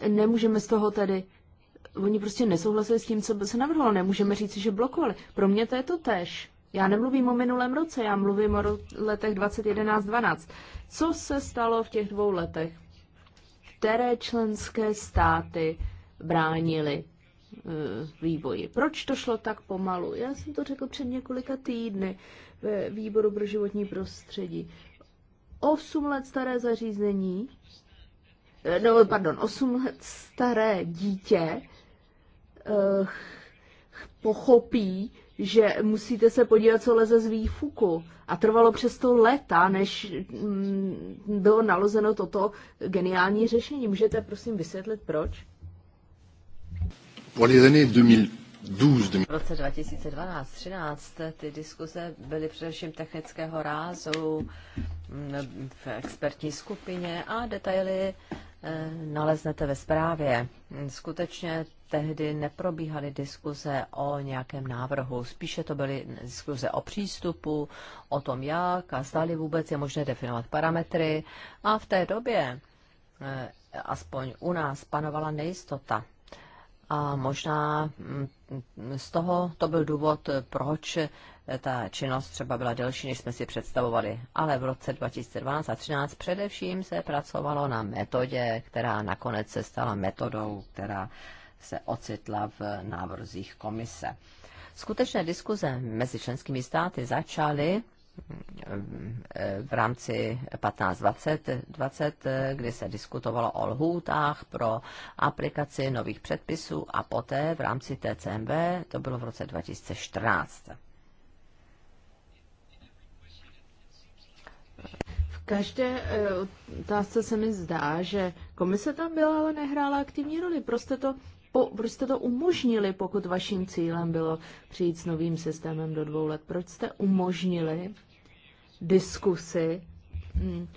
nemůžeme z toho tedy oni prostě nesouhlasili s tím, co se navrhlo. Nemůžeme říct, že blokovali. Pro mě to je to tež. Já nemluvím o minulém roce, já mluvím o letech 2011 2012 Co se stalo v těch dvou letech? které členské státy bránily eh, vývoji. Proč to šlo tak pomalu? Já jsem to řekl před několika týdny ve výboru pro životní prostředí. Osm let staré zařízení, eh, no pardon, osm let staré dítě eh, pochopí, že musíte se podívat, co leze z výfuku. A trvalo přesto léta, než mm, bylo nalozeno toto geniální řešení. Můžete prosím vysvětlit, proč? Pour v roce 2012 13 ty diskuze byly především technického rázu mm, v expertní skupině a detaily Eh, naleznete ve zprávě. Skutečně tehdy neprobíhaly diskuze o nějakém návrhu, spíše to byly diskuze o přístupu, o tom jak a zdali vůbec je možné definovat parametry. A v té době, eh, aspoň u nás, panovala nejistota. A možná hm, z toho to byl důvod, proč ta činnost třeba byla delší, než jsme si představovali. Ale v roce 2012 a 2013 především se pracovalo na metodě, která nakonec se stala metodou, která se ocitla v návrzích komise. Skutečné diskuze mezi členskými státy začaly mm, v rámci 15.20, kdy se diskutovalo o lhůtách pro aplikaci nových předpisů a poté v rámci TCMB, to bylo v roce 2014. V každé eh, otázce se mi zdá, že komise tam byla, ale nehrála aktivní roli. Prostě to po, proč jste to umožnili, pokud vaším cílem bylo přijít s novým systémem do dvou let? Proč jste umožnili diskusy hm,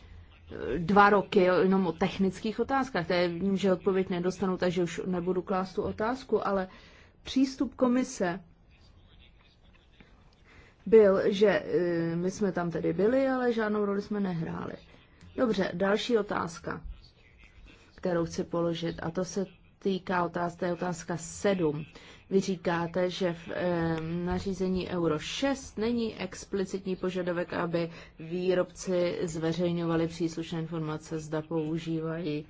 dva roky jenom o technických otázkách? To je, vím, že odpověď nedostanu, takže už nebudu klást tu otázku, ale přístup komise byl, že e, my jsme tam tedy byli, ale žádnou roli jsme nehráli. Dobře, další otázka, kterou chci položit, a to se týká otázka, je otázka 7. Vy říkáte, že v e, nařízení Euro 6 není explicitní požadavek, aby výrobci zveřejňovali příslušné informace, zda používají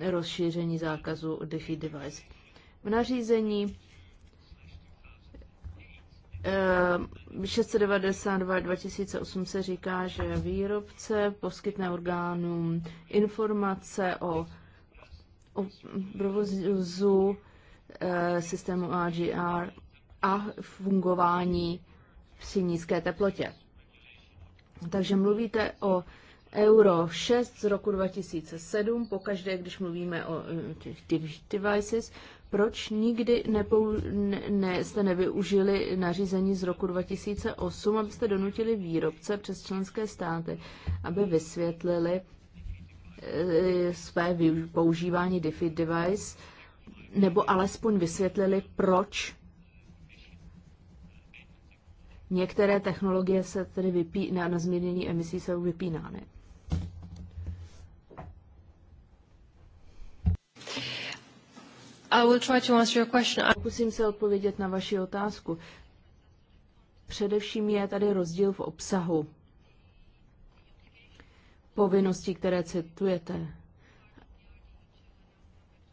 rozšíření zákazu Diffie Device. V nařízení 692-2008 eh, se říká, že výrobce poskytne orgánům informace o, o provozu e, systému AGR a fungování při nízké teplotě. Takže mluvíte o Euro 6 z roku 2007, pokaždé, když mluvíme o e, těch devices, proč nikdy nepou, ne, ne, jste nevyužili nařízení z roku 2008, abyste donutili výrobce přes členské státy, aby vysvětlili e, své používání DeFi device, nebo alespoň vysvětlili, proč některé technologie se tedy vypí, na, na změnění emisí jsou vypínány. Pokusím se odpovědět na vaši otázku. Především je tady rozdíl v obsahu povinností, které citujete.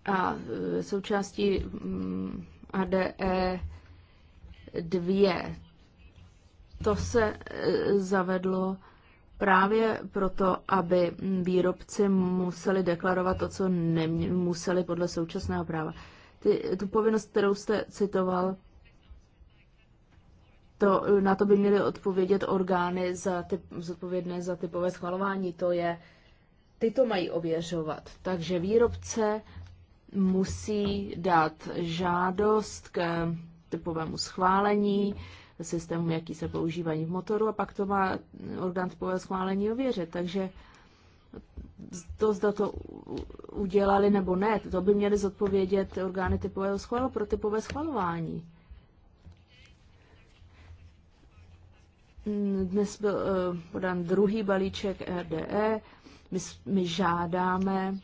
A e, součástí mm, ADE 2. To se e, zavedlo Právě proto, aby výrobci museli deklarovat to, co nemuseli podle současného práva. Ty, tu povinnost, kterou jste citoval, to, na to by měly odpovědět orgány za typ, zodpovědné za typové schvalování. To je, ty to mají ověřovat. Takže výrobce musí dát žádost k typovému schválení, systémům, jaký se používají v motoru a pak to má orgán typové schválení ověřit. Takže to, zda to udělali nebo ne, to by měly zodpovědět orgány typového schvalu pro typové schvalování. Dnes byl eh, podán druhý balíček RDE. My, my žádáme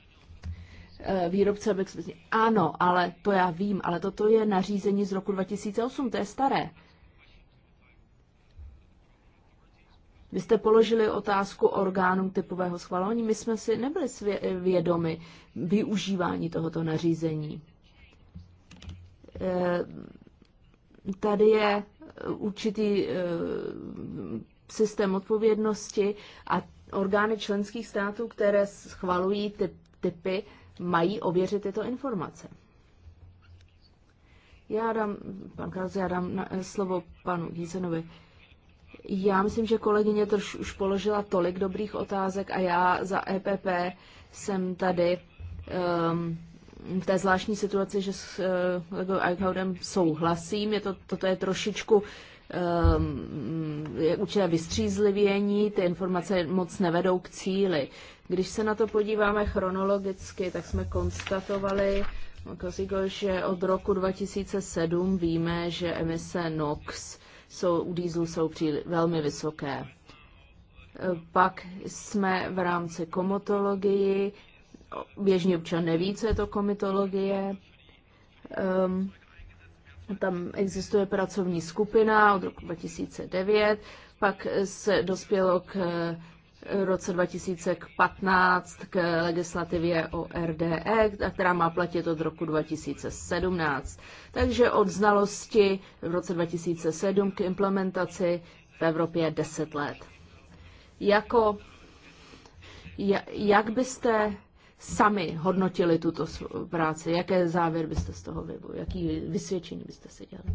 eh, výrobce aby... Ano, ale to já vím, ale toto je nařízení z roku 2008, to je staré. Vy jste položili otázku orgánům typového schvalování. My jsme si nebyli vědomi využívání tohoto nařízení. Eh, tady je určitý eh, systém odpovědnosti a orgány členských států, které schvalují ty typy, mají ověřit tyto informace. Já dám, pan Karls, já dám na, slovo panu Gízenovi. Já myslím, že kolegyně to už položila tolik dobrých otázek a já za EPP jsem tady um, v té zvláštní situaci, že s eh, kolegou uh, Eichhoudem souhlasím. Je to, toto je trošičku ehm, je určité vystřízlivění, ty informace moc nevedou k cíli. Když se na to podíváme chronologicky, tak jsme konstatovali, že od roku 2007 víme, že emise NOx jsou, u dýzlu jsou příli, velmi vysoké. E, pak jsme v rámci komotologii, běžný občan neví, co je to komitologie, um, tam existuje pracovní skupina od roku 2009, pak se dospělo k roce 2015 k legislativě o RDE, která má platit od roku 2017. Takže od znalosti v roce 2007 k implementaci v Evropě 10 let. Jako, jak byste sami hodnotili tuto práci? Jaké závěr byste z toho vyvodili? Jaký vysvědčení byste si dělali?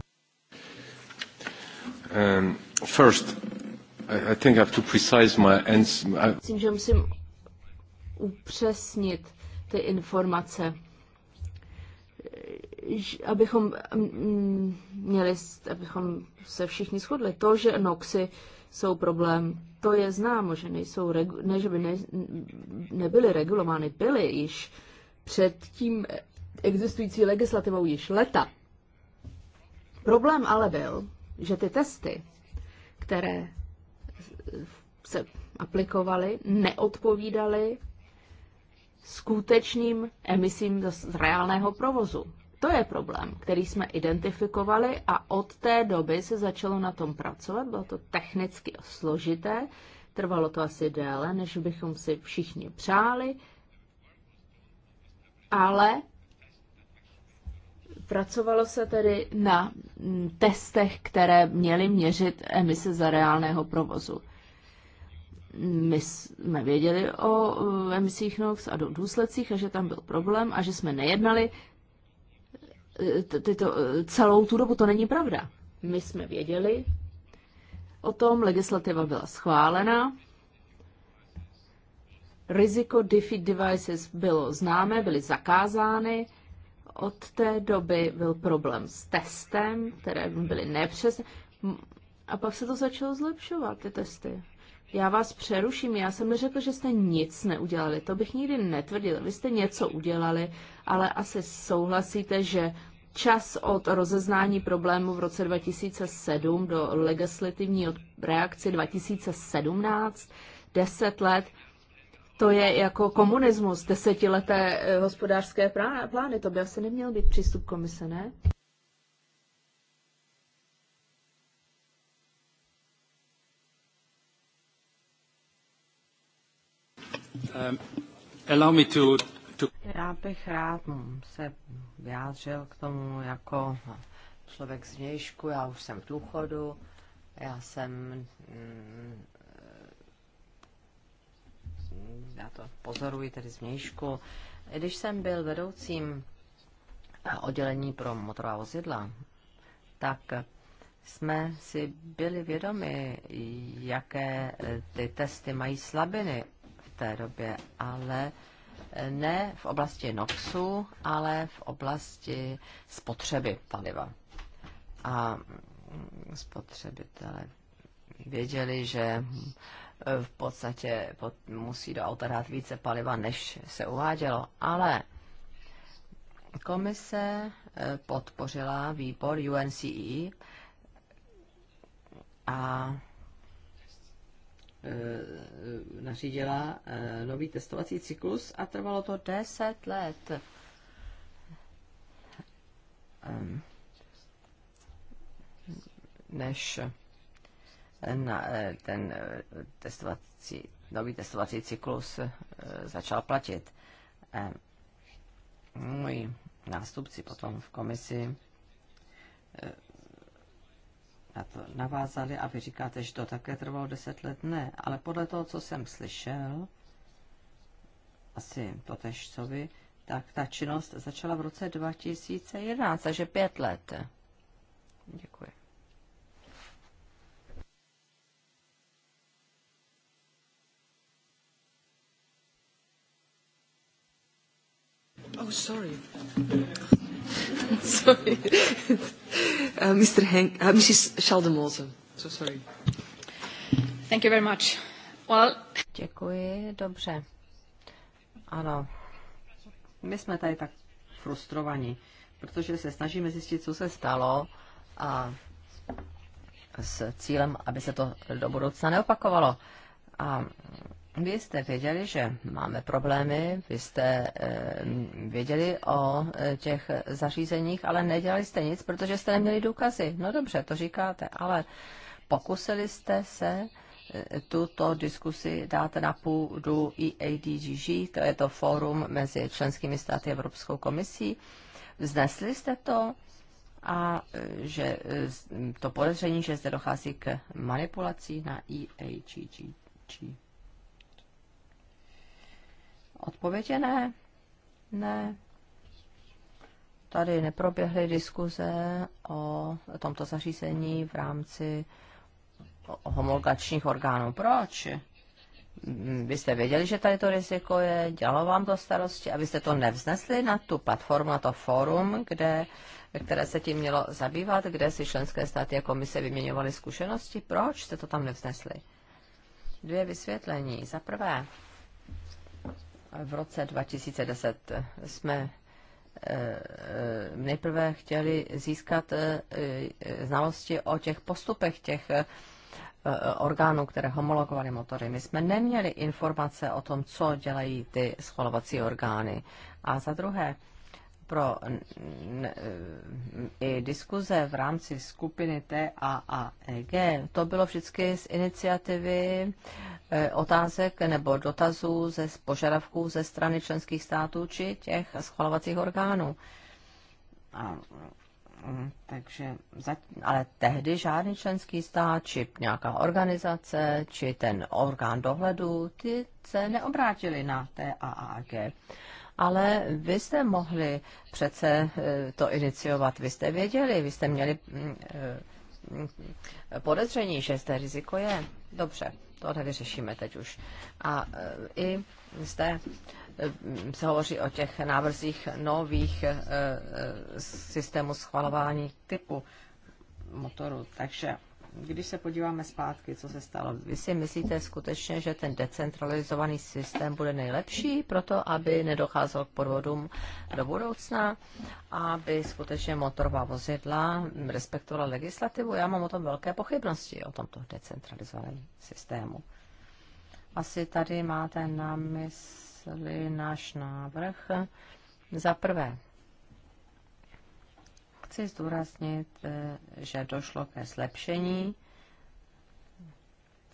Um, first, Myslím, že musím upřesnit ty informace, abychom mm, měli, abychom se všichni shodli. To, že noxy jsou problém, to je známo, že nejsou, ne, že by ne, nebyly regulovány, byly již před tím existující legislativou již leta. Problém ale byl, že ty testy, které se aplikovaly, neodpovídaly skutečným emisím z reálného provozu. To je problém, který jsme identifikovali a od té doby se začalo na tom pracovat. Bylo to technicky složité, trvalo to asi déle, než bychom si všichni přáli, ale pracovalo se tedy na testech, které měly měřit emise za reálného provozu my jsme věděli o eh, emisích NOx a do důsledcích a že tam byl problém a že jsme nejednali eh, tyto, eh, celou tu dobu. To není pravda. My jsme věděli o tom, legislativa byla schválena, riziko defeat devices bylo známé, byly zakázány, od té doby byl problém s testem, které byly nepřesné. A pak se to začalo zlepšovat, ty testy. Já vás přeruším, já jsem neřekl, že jste nic neudělali, to bych nikdy netvrdil. Vy jste něco udělali, ale asi souhlasíte, že čas od rozeznání problému v roce 2007 do legislativní reakce 2017, 10 let, to je jako komunismus, desetileté eh, hospodářské plány, to by asi neměl být přístup komise, ne? Um, já bych rád no, se vyjádřil k tomu jako člověk z vnějšku, já už jsem v důchodu, já jsem mm, já to pozoruji tedy vnějšku. Když jsem byl vedoucím oddělení pro motorová vozidla, tak jsme si byli vědomi, jaké ty testy mají slabiny té době, ale eh, ne v oblasti NOXu, ale v oblasti spotřeby paliva. A mm, spotřebitele věděli, že eh, v podstatě musí do auta dát více paliva, než se uvádělo. Ale komise eh, podpořila výbor UNCE a Eh, nařídila eh, nový testovací cyklus a trvalo to 10 let. Než na, eh, ten testovací, nový testovací cyklus začal platit. Můj nástupci potom v komisi na to navázali a vy říkáte, že to také trvalo deset let. Ne, ale podle toho, co jsem slyšel, asi to tež co vy, tak ta činnost začala v roce 2011, takže pět let. Děkuji. Oh, sorry. Uh, Mr. Henk, uh, Mrs. Schaldemose. So sorry. Thank you very much. Well... Děkuji, dobře. Ano. My jsme tady tak frustrovaní, protože se snažíme zjistit, co se stalo a s cílem, aby se to do budoucna neopakovalo. A vy jste věděli, že máme problémy, vy jste eh, věděli o eh, těch zařízeních, ale nedělali jste nic, protože jste neměli důkazy. No dobře, to říkáte, ale pokusili jste se eh, tuto diskusi dát na půdu EADGG, to je to fórum mezi členskými státy Evropskou komisí. Vznesli jste to a že to podezření, že zde dochází k manipulací na EADGG. Odpověď je ne. Ne. Tady neproběhly diskuze o tomto zařízení v rámci homologačních orgánů. Proč? Vy jste věděli, že tady to riziko je, dělalo vám to starosti, abyste to nevznesli na tu platformu, na to fórum, kde, které se tím mělo zabývat, kde si členské státy a komise vyměňovaly zkušenosti. Proč jste to tam nevznesli? Dvě vysvětlení. Za prvé, v roce 2010 jsme eh, eh, nejprve chtěli získat eh, znalosti o těch postupech těch orgánů, které homologovaly motory. My jsme neměli informace o tom, co dělají ty schvalovací orgány. A za druhé, pro i diskuze v rámci skupiny TAAEG, to bylo vždycky z iniciativy e, otázek nebo dotazů ze požadavků ze strany členských států či těch schvalovacích orgánů. A, mm, takže, ale tehdy žádný členský stát, či nějaká organizace, či ten orgán dohledu, ty se neobrátili na TAAG. E ale vy jste mohli přece eh, to iniciovat. Vy jste věděli, vy jste měli mm, eh, podezření, že zde riziko je. Dobře, to nevyřešíme teď už. A eh, i zde se hovoří o těch návrzích nových systémů schvalování typu motoru. Takže když se podíváme zpátky, co se stalo, vy si myslíte skutečně, že ten decentralizovaný systém bude nejlepší pro to, aby nedocházelo k podvodům do budoucna, aby skutečně motorová vozidla respektovala legislativu? Já mám o tom velké pochybnosti, o tomto decentralizovaném systému. Asi tady máte na mysli náš návrh. Za prvé, Chci zdůraznit, eh, že došlo ke zlepšení,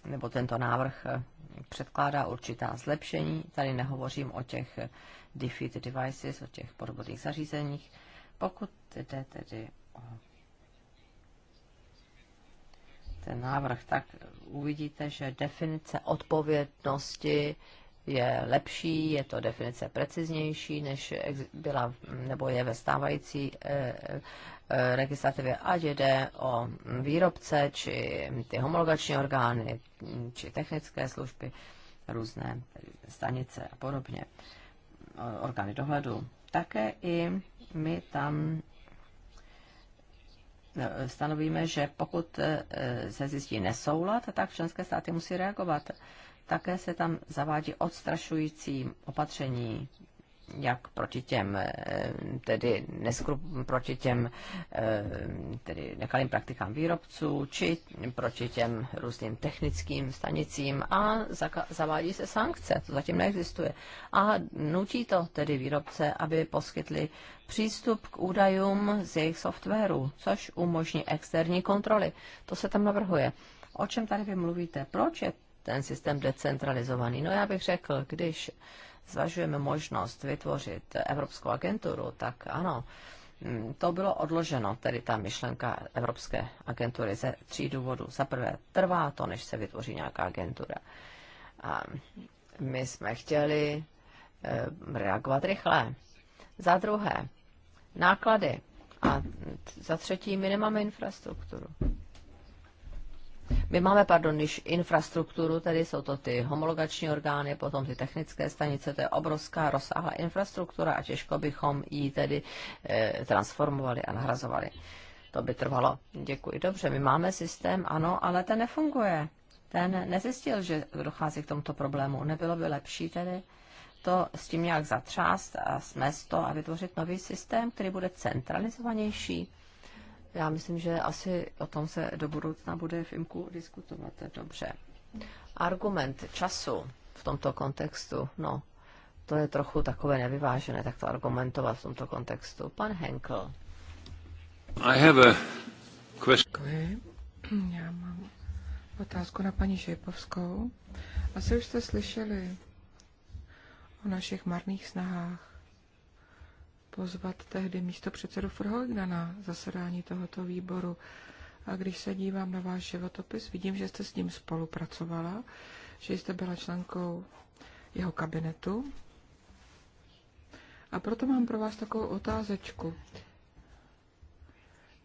nebo tento návrh eh, předkládá určitá zlepšení. Tady nehovořím o těch eh, defeat devices, o těch podvodných zařízeních. Pokud jde tedy o ten návrh, tak uvidíte, že definice odpovědnosti je lepší, je to definice preciznější, než byla nebo je ve stávající eh, eh, legislativě, ať jde o výrobce, či ty homologační orgány, či technické služby, různé stanice a podobně, eh, orgány dohledu. Také i my tam stanovíme, že pokud se zjistí nesoulad, tak členské státy musí reagovat. Také se tam zavádí odstrašující opatření, jak proti těm, eh, tedy neskrup, proti těm eh, tedy nekalým praktikám výrobců, či proti těm různým technickým stanicím a zavádí se sankce, to zatím neexistuje. A nutí to tedy výrobce, aby poskytli přístup k údajům z jejich softwaru, což umožní externí kontroly. To se tam navrhuje. O čem tady vy mluvíte? Proč je ten systém decentralizovaný. No já bych řekl, když zvažujeme možnost vytvořit Evropskou agenturu, tak ano, mm, to bylo odloženo, tedy ta myšlenka Evropské agentury ze tří důvodů. Za prvé, trvá to, než se vytvoří nějaká agentura. A my jsme chtěli eh, reagovat rychle. Za druhé, náklady. A za třetí, my nemáme infrastrukturu. My máme, pardon, již infrastrukturu, tedy jsou to ty homologační orgány, potom ty technické stanice, to je obrovská rozsáhlá infrastruktura a těžko bychom ji tedy e, transformovali a nahrazovali. To by trvalo. Děkuji. Dobře, my máme systém, ano, ale ten nefunguje. Ten nezjistil, že dochází k tomuto problému. Nebylo by lepší tedy to s tím nějak zatřást a smést to a vytvořit nový systém, který bude centralizovanější? Já myslím, že asi o tom se do budoucna bude v IMKU diskutovat dobře. Argument času v tomto kontextu, no, to je trochu takové nevyvážené, tak to argumentovat v tomto kontextu. Pan Henkel. I have a question. Já mám otázku na paní Šejpovskou. Asi už jste slyšeli o našich marných snahách pozvat tehdy místo předsedu Frhojna na zasedání tohoto výboru. A když se dívám na váš životopis, vidím, že jste s ním spolupracovala, že jste byla členkou jeho kabinetu. A proto mám pro vás takovou otázečku.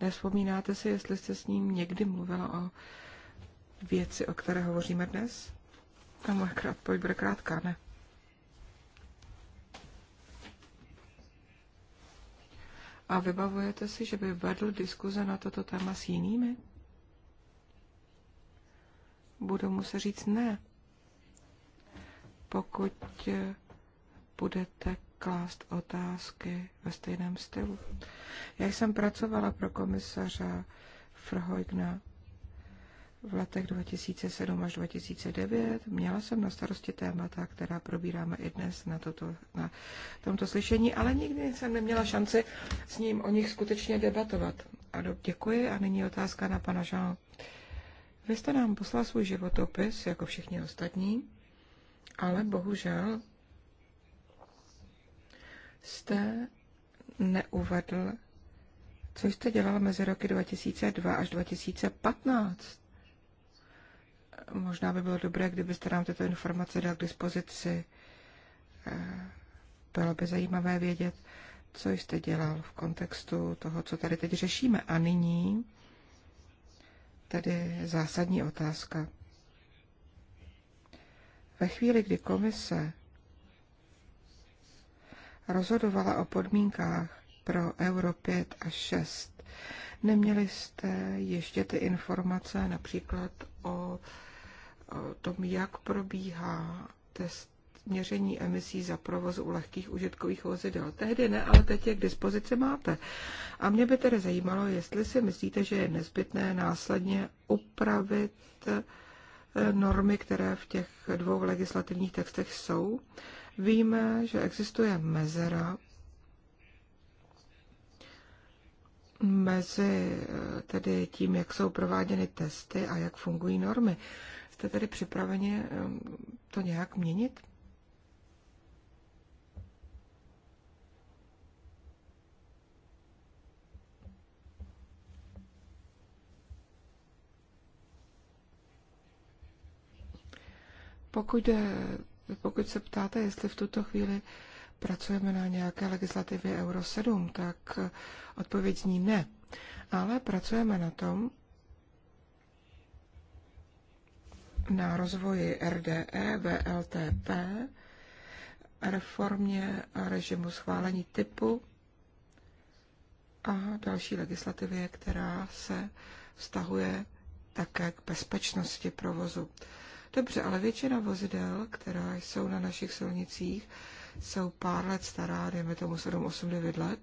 Nespomínáte si, jestli jste s ním někdy mluvila o věci, o které hovoříme dnes? A moje odpověď bude krátká, ne. A vybavujete si, že by vedl diskuze na toto téma s jinými? Budu muset říct ne. Pokud budete klást otázky ve stejném stylu. Já jsem pracovala pro komisaře Frhojgna v letech 2007 až 2009. Měla jsem na starosti témata, která probíráme i dnes na, toto, na tomto slyšení, ale nikdy jsem neměla šanci s ním o nich skutečně debatovat. A do, děkuji a nyní otázka na pana Žano. Vy jste nám poslal svůj životopis, jako všichni ostatní, ale bohužel jste neuvedl, co jste dělal mezi roky 2002 až 2015 možná by bylo dobré, kdybyste nám tyto informace dal k dispozici. Eh, bylo by zajímavé vědět, co jste dělal v kontextu toho, co tady teď řešíme. A nyní tedy zásadní otázka. Ve chvíli, kdy komise rozhodovala o podmínkách pro Euro 5 a 6, neměli jste ještě ty informace například o tom, jak probíhá test měření emisí za provoz u lehkých užitkových vozidel. Tehdy ne, ale teď je k dispozici máte. A mě by tedy zajímalo, jestli si myslíte, že je nezbytné následně upravit eh, normy, které v těch dvou legislativních textech jsou. Víme, že existuje mezera mezi eh, tedy tím, jak jsou prováděny testy a jak fungují normy. Jste tedy připraveni to nějak měnit? Pokud, eh, pokud se ptáte, jestli v tuto chvíli pracujeme na nějaké legislativě Euro 7, tak odpověď zní ne. Ale pracujeme na tom, na rozvoji RDE, VLTP, reformě a režimu schválení typu a další legislativě, která se vztahuje také k bezpečnosti provozu. Dobře, ale většina vozidel, která jsou na našich silnicích, jsou pár let stará, dejme tomu 7, 8, 9 let.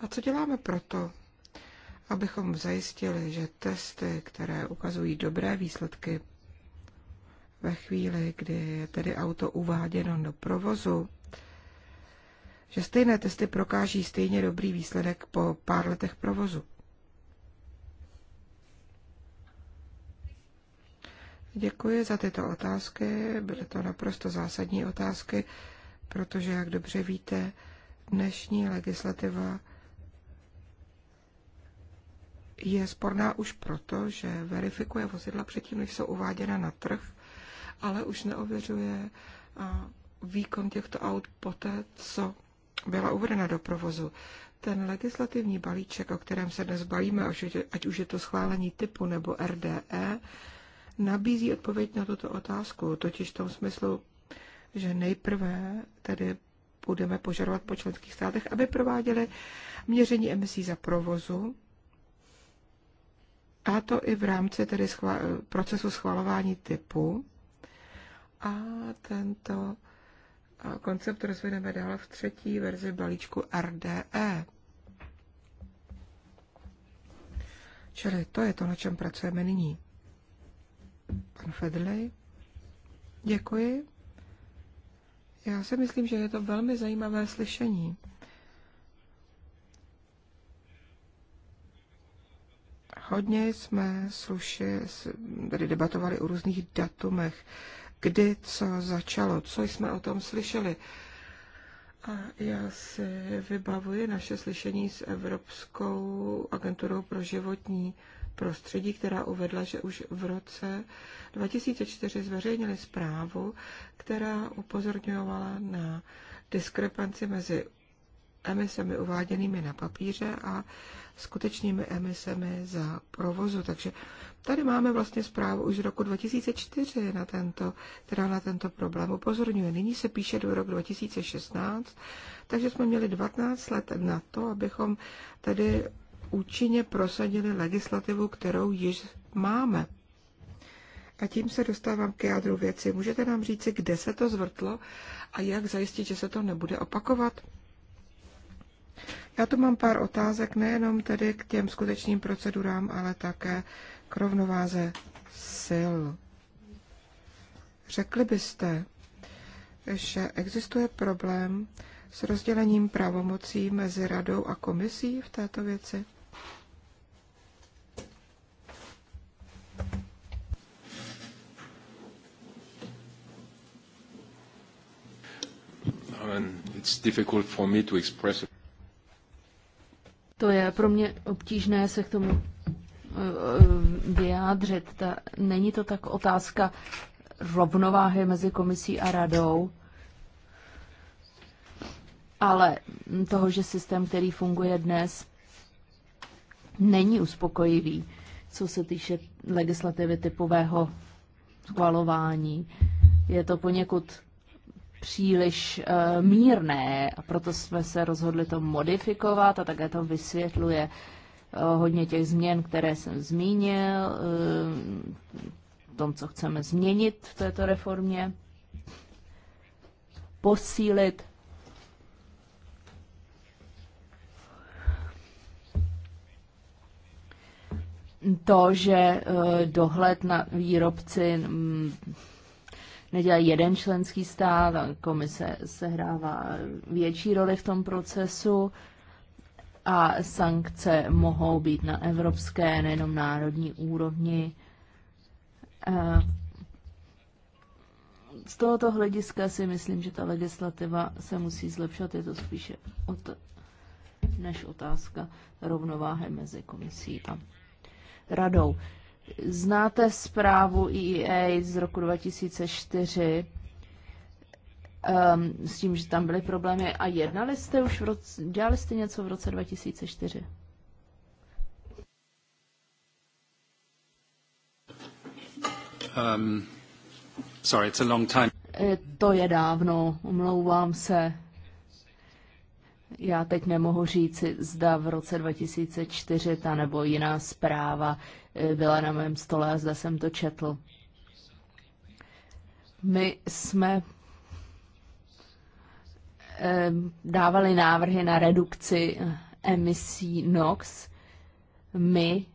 A co děláme proto, abychom zajistili, že testy, které ukazují dobré výsledky ve chvíli, kdy je tedy auto uváděno do provozu, že stejné testy prokáží stejně dobrý výsledek po pár letech provozu. Děkuji za tyto otázky. Byly to naprosto zásadní otázky, protože, jak dobře víte, dnešní legislativa je sporná už proto, že verifikuje vozidla předtím, než jsou uváděna na trh, ale už neověřuje výkon těchto aut poté, co byla uvedena do provozu. Ten legislativní balíček, o kterém se dnes balíme, ať už je to schválení typu nebo RDE, nabízí odpověď na tuto otázku, totiž v tom smyslu, že nejprve tedy budeme požadovat po členských státech, aby prováděli měření emisí za provozu a to i v rámci tedy schva- procesu schvalování typu. A tento koncept rozvineme dál v třetí verzi balíčku RDE. Čili to je to, na čem pracujeme nyní. Pan Fedley, děkuji. Já si myslím, že je to velmi zajímavé slyšení. Hodně jsme sluši, tady debatovali o různých datumech, kdy co začalo, co jsme o tom slyšeli. A já si vybavuji naše slyšení s Evropskou agenturou pro životní prostředí, která uvedla, že už v roce 2004 zveřejnili zprávu, která upozorňovala na diskrepanci mezi emisemi uváděnými na papíře a skutečnými emisemi za provozu. Takže tady máme vlastně zprávu už z roku 2004 na tento, která na tento problém upozorňuje. Nyní se píše do roku 2016, takže jsme měli 12 let na to, abychom tady účinně prosadili legislativu, kterou již máme. A tím se dostávám k jádru věci. Můžete nám říci, kde se to zvrtlo a jak zajistit, že se to nebude opakovat? Já tu mám pár otázek nejenom tedy k těm skutečným procedurám, ale také k rovnováze sil. Řekli byste, že existuje problém s rozdělením pravomocí mezi radou a komisí v této věci? It's difficult for me to express to je pro mě obtížné se k tomu eh, eh, vyjádřit. Ta, není to tak otázka rovnováhy mezi komisí a radou, ale toho, že systém, který funguje dnes, není uspokojivý, co se týče legislativy typového schvalování. Je to poněkud příliš eh, mírné a proto jsme se rozhodli to modifikovat a také to vysvětluje eh, hodně těch změn, které jsem zmínil, eh, tom, co chceme změnit v této reformě, posílit to, že dohled na výrobci mm, nedělá jeden členský stát, komise sehrává větší roli v tom procesu a sankce mohou být na evropské, nejenom národní úrovni. Eh, z tohoto hlediska si myslím, že ta legislativa se musí zlepšovat. Je to spíše od, než otázka rovnováhy mezi komisí a radou. Znáte zprávu EEA z roku 2004 um, ehm, s tím, že tam byly problémy a jednali jste už, v roce, dělali jste něco v roce 2004? Um, sorry, it's a long time. E, to je dávno, omlouvám se. Já teď nemohu říci, zda v roce 2004 ta nebo jiná zpráva Eh, byla na mém stole a zda jsem to četl. My jsme eh, dávali návrhy na redukci eh, emisí NOx. My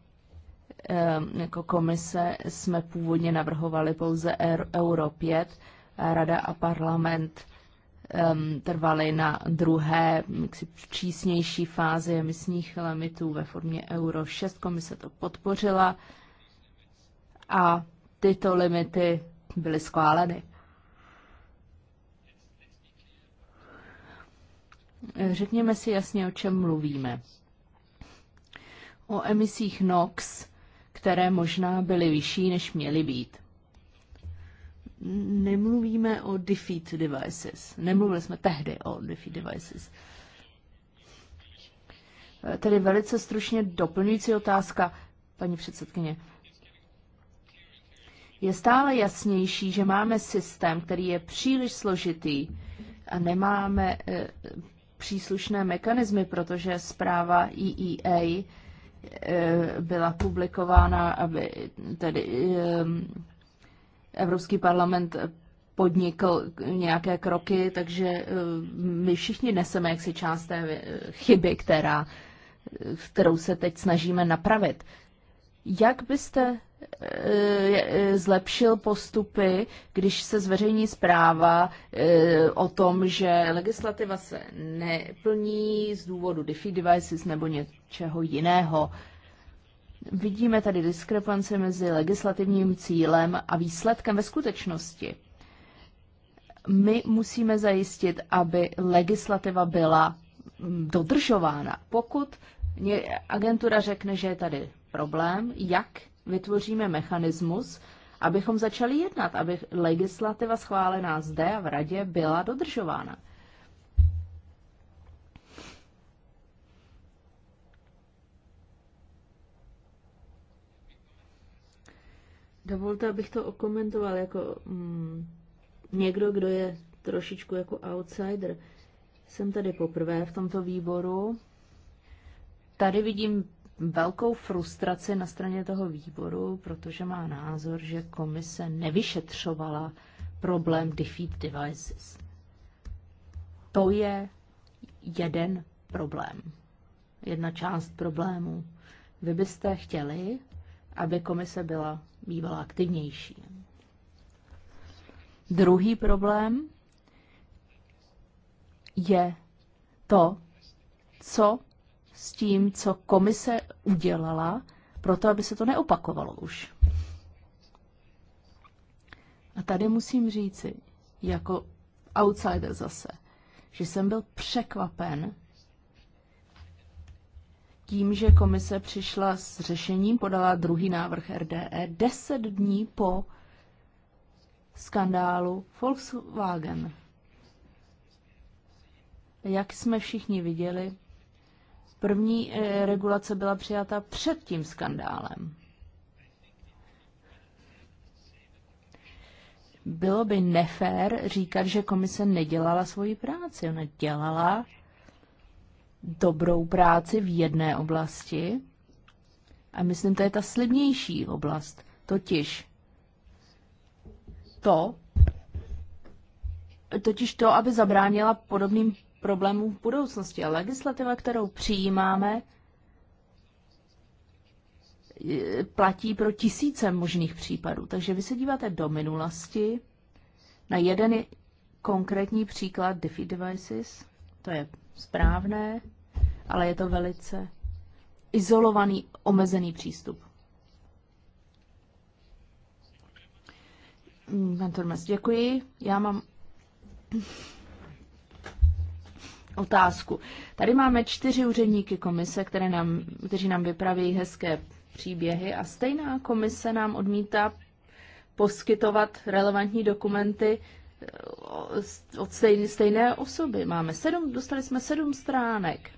jako komise jsme původně navrhovali pouze Euro 5, Rada a parlament um, trvaly na druhé jaksi, přísnější fázi emisních limitů ve formě Euro 6. Komise to podpořila a tyto limity byly schváleny. Řekněme si jasně, o čem mluvíme. O emisích NOx, které možná byly vyšší, než měly být nemluvíme o defeat devices. Nemluvili jsme tehdy o defeat devices. Eh, tedy velice stručně doplňující otázka, paní předsedkyně. Je stále jasnější, že máme systém, který je příliš složitý a nemáme e, příslušné mechanismy, protože zpráva EEA e, e eh, byla publikována, aby tedy e, Evropský parlament podnikl nějaké kroky, takže eh, my všichni neseme jaksi část té eh, chyby, která, eh, kterou se teď snažíme napravit. Jak byste zlepšil postupy, když se zveřejní zpráva o tom, že legislativa se neplní z důvodu DeFi devices nebo něčeho jiného? Vidíme tady diskrepanci mezi legislativním cílem a výsledkem ve skutečnosti. My musíme zajistit, aby legislativa byla mm, dodržována. Pokud agentura řekne, že je tady problém, jak vytvoříme mechanismus, abychom začali jednat, aby legislativa schválená zde a v radě byla dodržována. Dovolte, abych to okomentoval jako mm, někdo, kdo je trošičku jako outsider. Jsem tady poprvé v tomto výboru. Tady vidím velkou frustraci na straně toho výboru, protože má názor, že komise nevyšetřovala problém defeat devices. To je jeden problém, jedna část problému. Vy byste chtěli, aby komise byla bývala aktivnější. Druhý problém je to, co s tím, co komise udělala, proto aby se to neopakovalo už. A tady musím říci, jako outsider zase, že jsem byl překvapen tím, že komise přišla s řešením, podala druhý návrh RDE e 10 dní po skandálu Volkswagen. Jak jsme všichni viděli, první eh, regulace byla přijata před tím skandálem. Bylo by nefér říkat, že komise nedělala svoji práci. Ona dělala dobrou práci v jedné oblasti. A myslím, to je ta slibnější oblast, totiž to, totiž to, aby zabránila podobným problémům v budoucnosti. A legislativa, kterou přijímáme, platí pro tisíce možných případů. Takže vy se díváte do minulosti na jeden konkrétní příklad DeFi Devices, to je správné, ale je to velice izolovaný, omezený přístup. Pan Tormes, děkuji. Já mám otázku. Tady máme čtyři úředníky komise, které nám, kteří nám vypraví hezké příběhy a stejná komise nám odmítá poskytovat relevantní dokumenty od stejné, stejné osoby. Máme sedm, dostali jsme sedm stránek.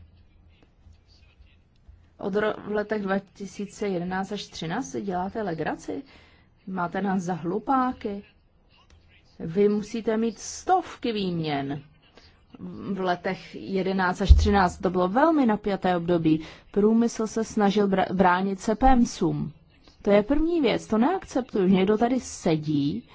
Od v letech 2011 až 2013 si děláte legraci? Máte nás za hlupáky? Vy musíte mít stovky výměn. V letech 11 až 13 to bylo velmi napjaté období. Průmysl se snažil bránit se PEMSům. To je první věc, to neakceptuju. Někdo tady sedí,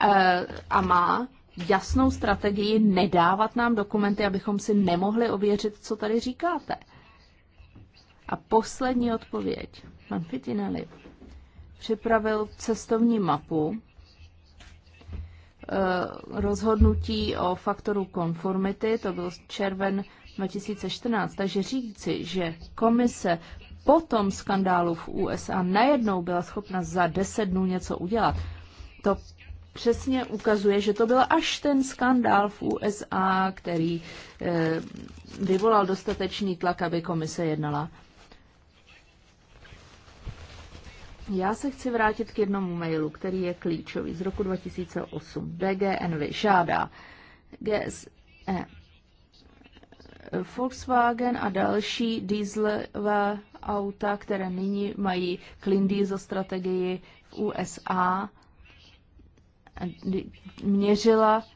Eh, a má jasnou strategii nedávat nám dokumenty, abychom si nemohli ověřit, co tady říkáte. A poslední odpověď. Pan Fitinelli připravil cestovní mapu eh, rozhodnutí o faktoru konformity, to byl červen 2014, takže říci, že komise po tom skandálu v USA najednou byla schopna za 10 dnů něco udělat, to přesně ukazuje, že to byl až ten skandál v USA, který eh, vyvolal dostatečný tlak, aby komise jednala. Já se chci vrátit k jednomu mailu, který je klíčový z roku 2008. BGNV žádá GSE, Volkswagen a další dieselové auta, které nyní mají clean diesel strategii v USA, měřila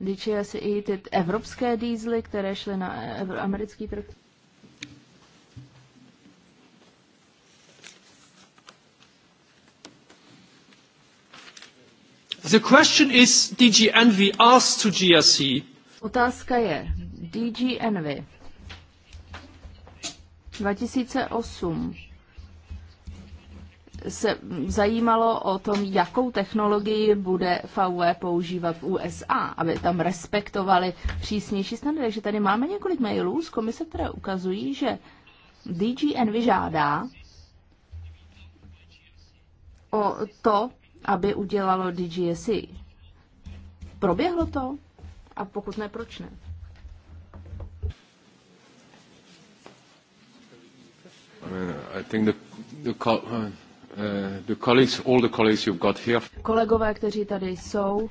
ličila se i ty evropské dýzly, které šly na americký trh. The question is, DG Envy asked to GRC. Otázka je, DG Envy 2008 se zajímalo o tom, jakou technologii bude VW používat v USA, aby tam respektovali přísnější standardy. Takže tady máme několik mailů z komise, které ukazují, že DGN vyžádá o to, aby udělalo DGSI. Proběhlo to? A pokud ne, proč ne? I I think the, the call, uh... Eh, the colleagues, all the colleagues you've got here. Kolegové, kteří tady jsou,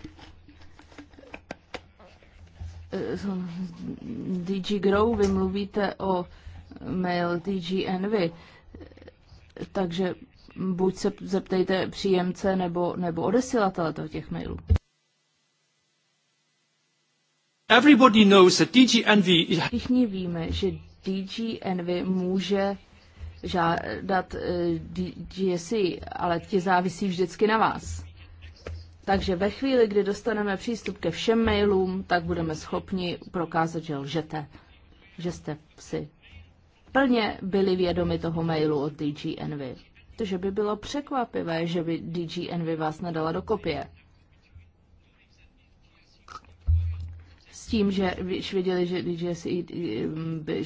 eh, DG Grow, vy mluvíte o mail DG Envy, eh, takže buď se zeptejte příjemce nebo, nebo odesilatele toho těch mailů. Everybody knows that DG Envy... Všichni víme, že DG Envy může žádat eh, GSI, ale ti závisí vždycky na vás. Takže ve chvíli, kdy dostaneme přístup ke všem mailům, tak budeme schopni prokázat, že lžete, že jste si plně byli vědomi toho mailu od DG Envy. Takže by bylo překvapivé, že by DG Envy vás nedala do kopie. s tím, že když věděli, že když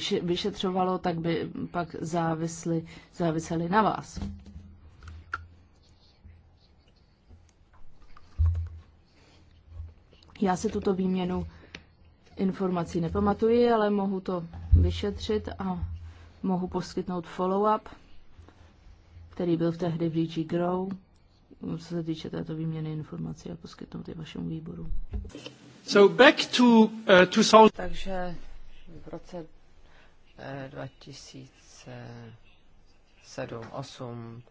se vyšetřovalo, tak by pak závisli, záviseli na vás. Já si tuto výměnu informací nepamatuji, ale mohu to vyšetřit a mohu poskytnout follow-up, který byl v tehdy v DG Grow, co se týče této výměny informací a poskytnout i vašemu výboru. So back to, uh, 2000... Takže v roce 2007-2008 eh,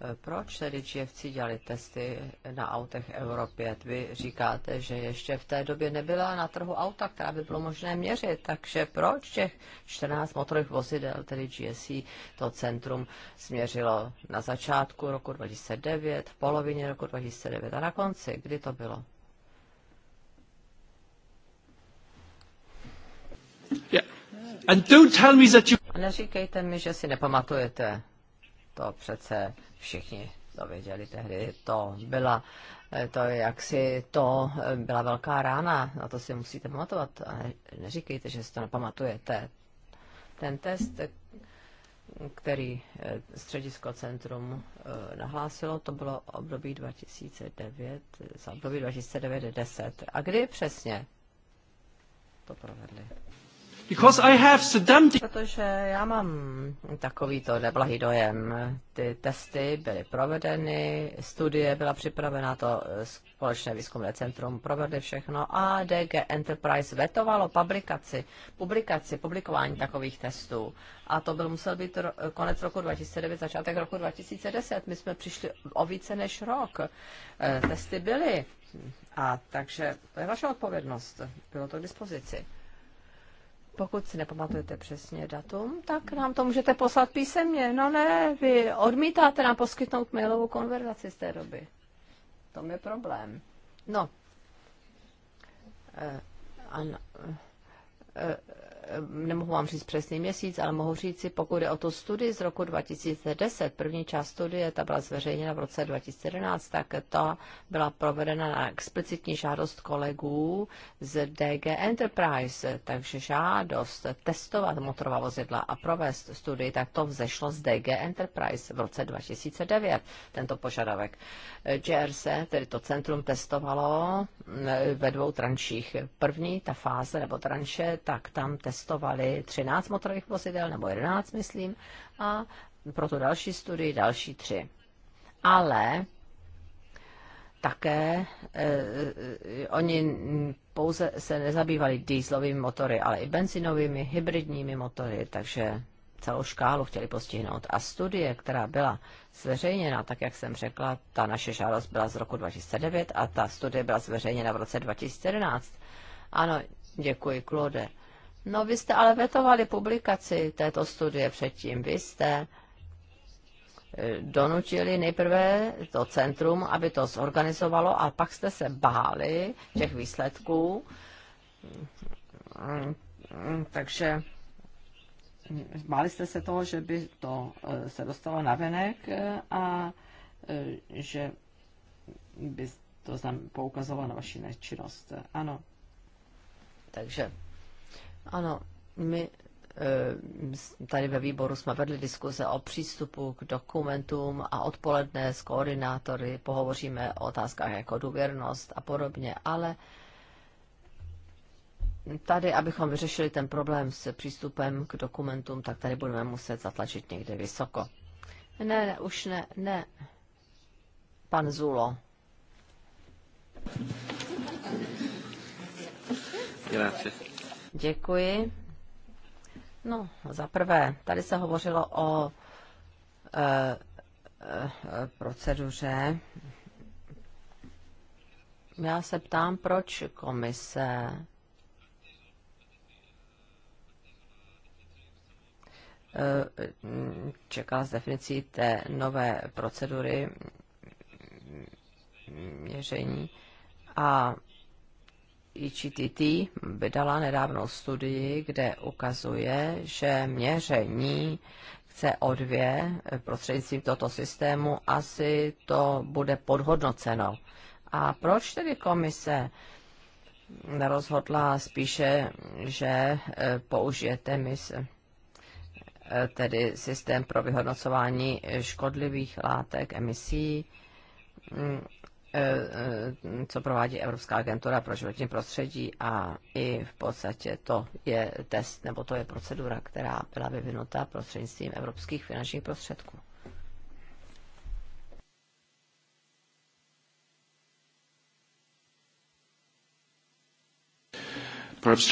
eh, proč tedy GFC dělali testy na autech Euro 5? Vy říkáte, že ještě v té době nebyla na trhu auta, která by bylo možné měřit, takže proč těch 14 motorových vozidel, tedy GSC, to centrum směřilo na začátku roku 2009, v polovině roku 2009 a na konci? Kdy to bylo? Yeah. And don't tell me that you... A neříkejte mi, že si nepamatujete. To přece všichni to věděli tehdy. To byla, eh, to jaksi, to eh, byla velká rána. Na to si musíte pamatovat. A neříkejte, že si to nepamatujete. Ten test, který eh, středisko centrum nahlásilo, to bylo období 2009, za období 2009-10. A kdy přesně to provedli? Because I have Protože já mám takovýto neblahý dojem. Ty testy byly provedeny, studie byla připravena, to společné výzkumné centrum provedly všechno a DG Enterprise vetovalo publikaci, publikaci, publikování takových testů. A to byl musel být ro- konec roku 2009, začátek roku 2010. My jsme přišli o více než rok. E, testy byly. A takže to je vaše odpovědnost. Bylo to k dispozici. Pokud si nepamatujete přesně datum, tak nám to můžete poslat písemně. No ne, vy odmítáte nám poskytnout mailovou konverzaci z té doby. To je problém. No. E, eh, ano. E, eh, nemohu vám říct přesný měsíc, ale mohu říct si, pokud je o to studii z roku 2010, první část studie, ta byla zveřejněna v roce 2011, tak ta byla provedena na explicitní žádost kolegů z DG Enterprise, takže žádost testovat motorová vozidla a provést studii, tak to vzešlo z DG Enterprise v roce 2009, tento požadavek. JRC, tedy to centrum, testovalo mm, ve dvou trančích. První, ta fáze nebo tranše, tak tam testovalo testovali 13 motorových vozidel, nebo 11, myslím, a proto další studii, další tři. Ale také eh, oni pouze se nezabývali dýzlovými motory, ale i benzinovými, hybridními motory, takže celou škálu chtěli postihnout. A studie, která byla zveřejněna, tak jak jsem řekla, ta naše žádost byla z roku 2009 a ta studie byla zveřejněna v roce 2011. Ano, děkuji, Claude. No, vy jste ale vetovali publikaci této studie předtím. Vy jste eh, donutili nejprve to centrum, aby to zorganizovalo a pak jste se báli těch výsledků. Takže báli jste se toho, že by to eh, se dostalo na venek eh, a že by to poukazovalo na vaši nečinnost. Ano. Takže ano, my eh, tady ve výboru jsme vedli diskuze o přístupu k dokumentům a odpoledne s koordinátory pohovoříme o otázkách jako důvěrnost a podobně, ale tady, abychom vyřešili ten problém s přístupem k dokumentům, tak tady budeme muset zatlačit někde vysoko. Ne, ne už ne, ne. Pan Zulo. Grazie. Děkuji. No, za prvé, tady se hovořilo o e, e, proceduře. Já se ptám, proč komise e, čekala s definicí té nové procedury měření a IGTT vydala nedávnou studii, kde ukazuje, že měření CO2 prostřednictvím tohoto systému asi to bude podhodnoceno. A proč tedy komise rozhodla spíše, že e, použije TEMIS, e, tedy systém pro vyhodnocování škodlivých látek, emisí, mm, Eh, eh, co provádí Evropská agentura pro životní prostředí a i v podstatě to je test, nebo to je procedura, která byla vyvinuta prostřednictvím evropských finančních prostředků.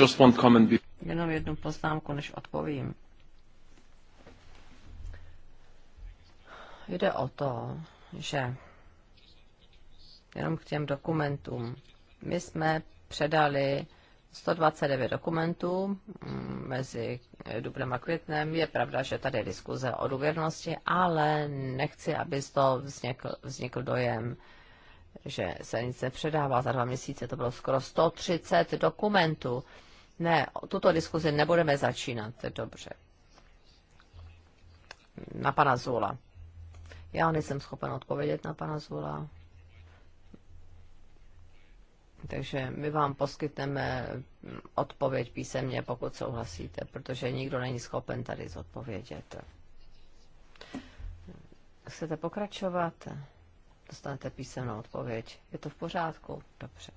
just one comment. Jenom jednu poznámku, než odpovím. Jde o to, že Jenom k těm dokumentům. My jsme předali 129 dokumentů mm, mezi dubnem a květnem. Je pravda, že tady je diskuze o důvěrnosti, ale nechci, aby z toho vznikl, vznikl dojem, že se nic nepředává. Za dva měsíce to bylo skoro 130 dokumentů. Ne, tuto diskuzi nebudeme začínat. Dobře. Na pana Zula. Já nejsem schopen odpovědět na pana Zula. Takže my vám poskytneme odpověď písemně, pokud souhlasíte, protože nikdo není schopen tady zodpovědět. Chcete pokračovat? Dostanete písemnou odpověď. Je to v pořádku? Dobře.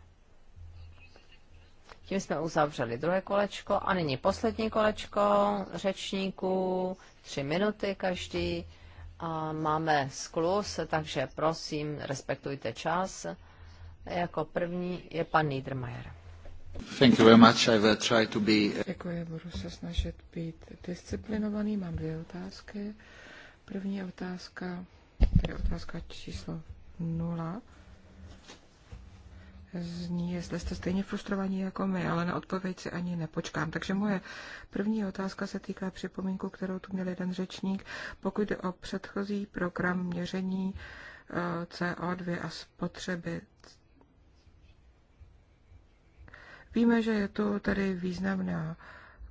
Tím jsme uzavřeli druhé kolečko a nyní poslední kolečko řečníků, tři minuty každý. A máme sklus, takže prosím, respektujte čas. Jako první je pan Niedermayer. Thank you very much. I will try to be... Uh, Děkuji, budu se snažit být disciplinovaný. Mám dvě otázky. První otázka, tedy otázka číslo nula, zní, jestli jste stejně frustrovaní jako my, ale na odpověď si ani nepočkám. Takže moje první otázka se týká připomínku, kterou tu měl jeden řečník, pokud jde o předchozí program měření eh, CO2 a spotřeby Víme, že je to tady významná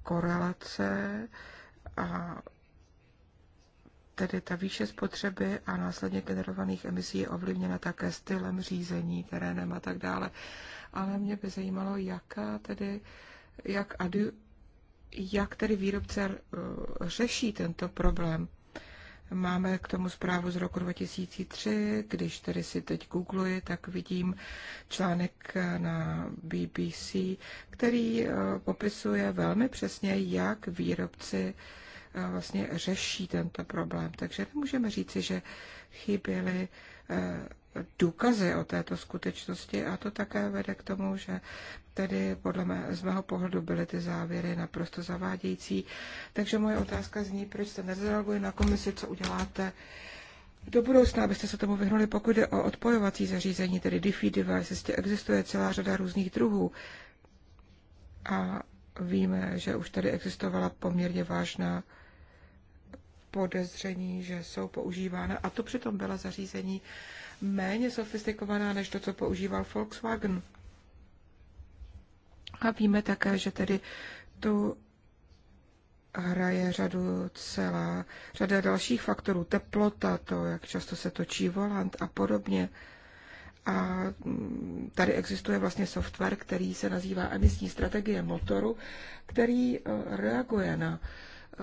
korelace a tedy ta výše spotřeby a následně generovaných emisí je ovlivněna také stylem řízení, terénem a tak dále. Ale mě by zajímalo, jaká tedy, jak, adu, jak tedy výrobce eh, řeší tento problém. Máme k tomu zprávu z roku 2003, když tedy si teď googluji, tak vidím článek na BBC, který eh, popisuje velmi přesně, jak výrobci eh, vlastně řeší tento problém. Takže nemůžeme říci, že chyběly eh, důkazy o této skutečnosti a to také vede k tomu, že tedy podle mé, z mého pohledu byly ty závěry naprosto zavádějící. Takže moje otázka zní, proč jste nezareaguje na komisi, co uděláte do budoucna, abyste se tomu vyhnuli, pokud jde o odpojovací zařízení, tedy difi device, jistě existuje celá řada různých druhů. A víme, že už tady existovala poměrně vážná podezření, že jsou používána, a to přitom byla zařízení, méně sofistikovaná než to, co používal Volkswagen. A víme také, že tedy tu hraje řadu celá řada dalších faktorů. Teplota, to, jak často se točí volant a podobně. A tady existuje vlastně software, který se nazývá emisní strategie motoru, který e, reaguje na e,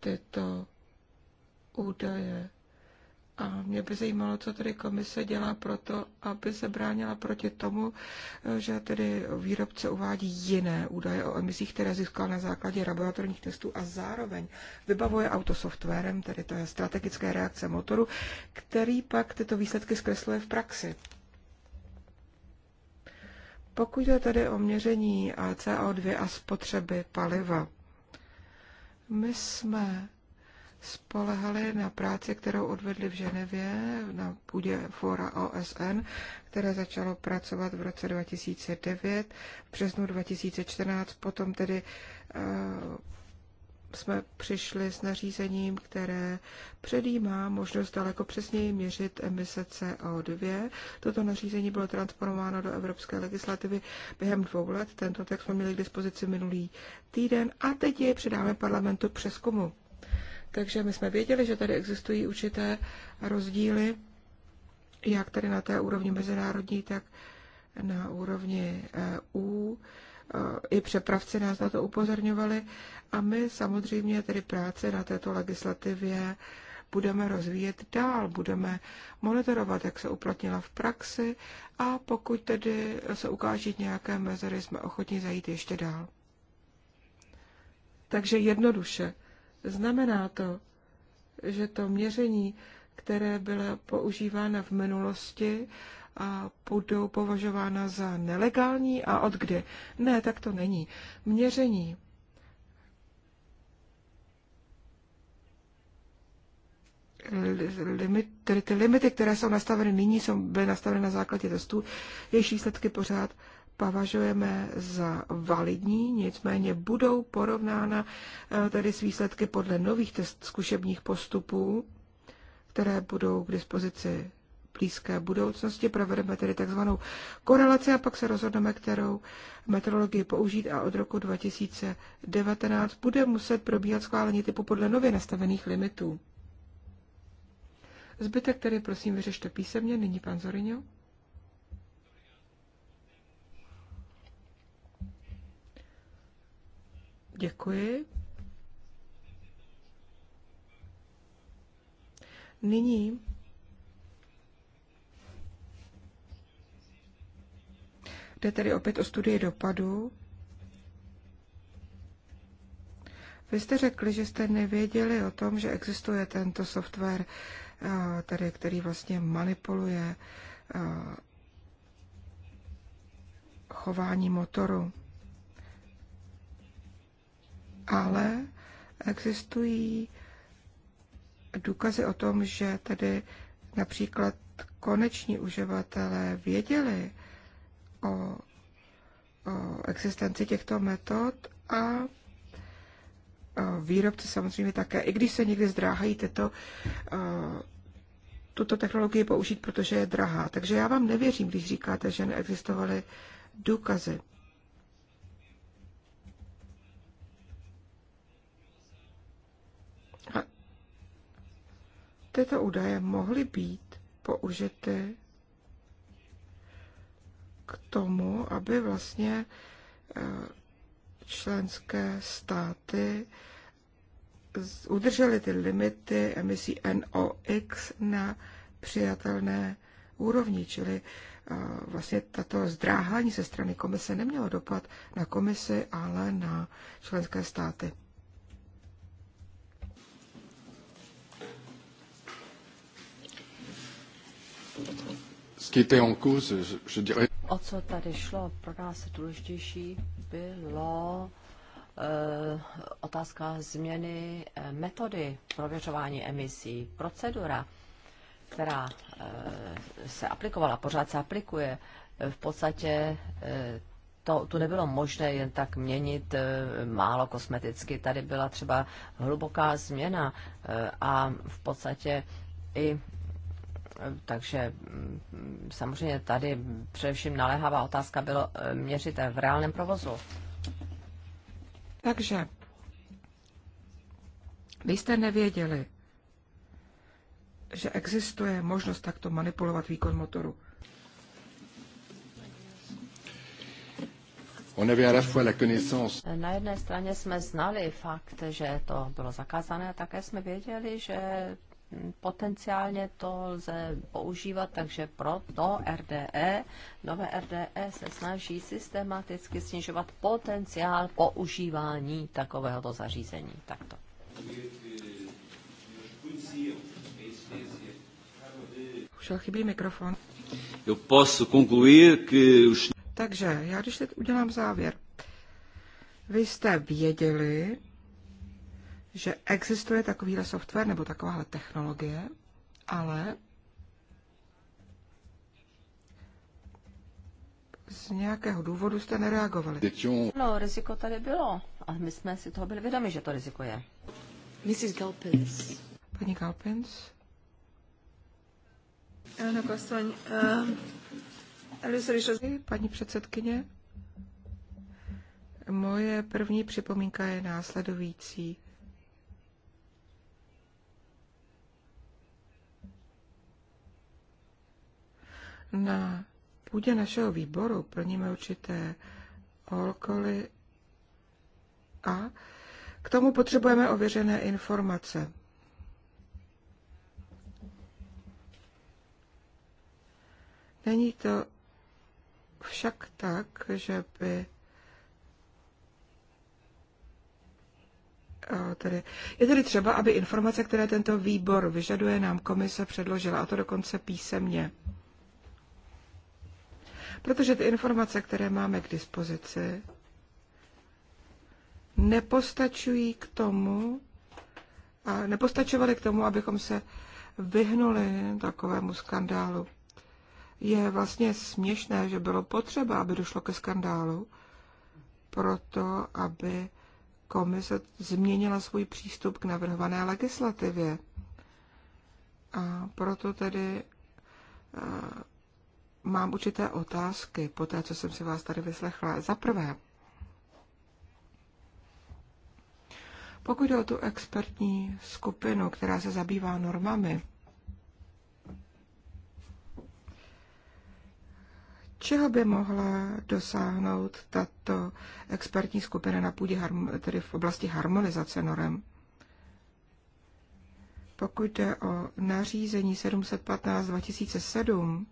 tyto údaje. A mě by zajímalo, co tedy komise dělá pro to, aby se bránila proti tomu, že tedy výrobce uvádí jiné údaje o emisích, které získal na základě laboratorních testů a zároveň vybavuje auto softwarem, tedy to je strategické reakce motoru, který pak tyto výsledky zkresluje v praxi. Pokud je tedy o měření CO2 a spotřeby paliva, my jsme spolehali na práci, kterou odvedli v Ženevě na půdě fora OSN, které začalo pracovat v roce 2009, v březnu 2014. Potom tedy eh, jsme přišli s nařízením, které předjímá možnost daleko přesněji měřit emise CO2. Toto nařízení bylo transformováno do evropské legislativy během dvou let. Tento text jsme měli k dispozici minulý týden a teď je předáme parlamentu přeskumu. Takže my jsme věděli, že tady existují určité rozdíly, jak tady na té úrovni mezinárodní, tak na úrovni EU. E, I přepravci nás na to upozorňovali a my samozřejmě tedy práce na této legislativě budeme rozvíjet dál, budeme monitorovat, jak se uplatnila v praxi a pokud tedy se ukáží nějaké mezery, jsme ochotni zajít ještě dál. Takže jednoduše, Znamená to, že to měření, které byla používána v minulosti, a budou považována za nelegální a od kde. Ne, tak to není. Měření limit, tedy ty limity, které jsou nastaveny nyní, jsou byly nastaveny na základě testů, jejich výsledky pořád považujeme za validní, nicméně budou porovnána eh, tedy s výsledky podle nových test zkušebních postupů, které budou k dispozici blízké budoucnosti. Provedeme tedy takzvanou korelaci a pak se rozhodneme, kterou metrologii použít a od roku 2019 bude muset probíhat schválení typu podle nově nastavených limitů. Zbytek tedy prosím vyřešte písemně, nyní pan Zorinio. Děkuji. Nyní jde tedy opět o studii dopadu. Vy jste řekli, že jste nevěděli o tom, že existuje tento software, eh, tady, který vlastně manipuluje eh, chování motoru ale existují důkazy o tom, že tedy například koneční uživatelé věděli o, o existenci těchto metod a výrobci samozřejmě také, i když se někdy zdráhají tyto, tuto technologii použít, protože je drahá. Takže já vám nevěřím, když říkáte, že neexistovaly důkazy. tyto údaje mohly být použity k tomu, aby vlastně eh, členské státy udržely ty limity emisí NOx na přijatelné úrovni, čili eh, vlastně tato zdráhání ze strany komise nemělo dopad na komisi, ale na členské státy. O co tady šlo, pro nás důležitější bylo eh, otázka změny eh, metody prověřování emisí, procedura, která eh, se aplikovala, pořád se aplikuje. V podstatě e, to, tu nebylo možné jen tak měnit málo kosmeticky. Tady byla třeba hluboká změna a v podstatě i takže mm, samozřejmě tady především naléhavá otázka bylo eh, měřit v reálném provozu. Takže vy jste nevěděli, že existuje možnost takto manipulovat výkon motoru. On avait à la fois la connaissance. Eh, na jedné straně jsme znali fakt, že to bylo zakázané, a také jsme věděli, že potenciálně to lze používat, takže proto RDE, nové RDE se snaží systematicky snižovat potenciál používání takovéhoto zařízení. Takto. Šel chybí mikrofon. Eu posso concluir que Takže já když teď udělám závěr. Vy jste věděli, že existuje takovýhle software nebo takováhle technologie, ale z nějakého důvodu jste nereagovali. No, riziko tady bylo. A my jsme si toho byli vědomi, že to riziko je. Mrs. Galpins. Paní Galpins. Ano, kostoň. Uh, Paní předsedkyně, moje první připomínka je následující. Na půdě našeho výboru plníme určité olkoly a k tomu potřebujeme ověřené informace. Není to však tak, že by tedy, je tedy třeba, aby informace, které tento výbor vyžaduje, nám komise předložila, a to dokonce písemně protože ty informace, které máme k dispozici, nepostačují k tomu, a nepostačovaly k tomu, abychom se vyhnuli takovému skandálu. Je vlastně směšné, že bylo potřeba, aby došlo ke skandálu, proto aby komise změnila svůj přístup k navrhované legislativě. A proto tedy mám určité otázky po té, co jsem si vás tady vyslechla. Za prvé, pokud jde o tu expertní skupinu, která se zabývá normami, čeho by mohla dosáhnout tato expertní skupina na půdě, tedy v oblasti harmonizace norem? Pokud jde o nařízení 715 2007,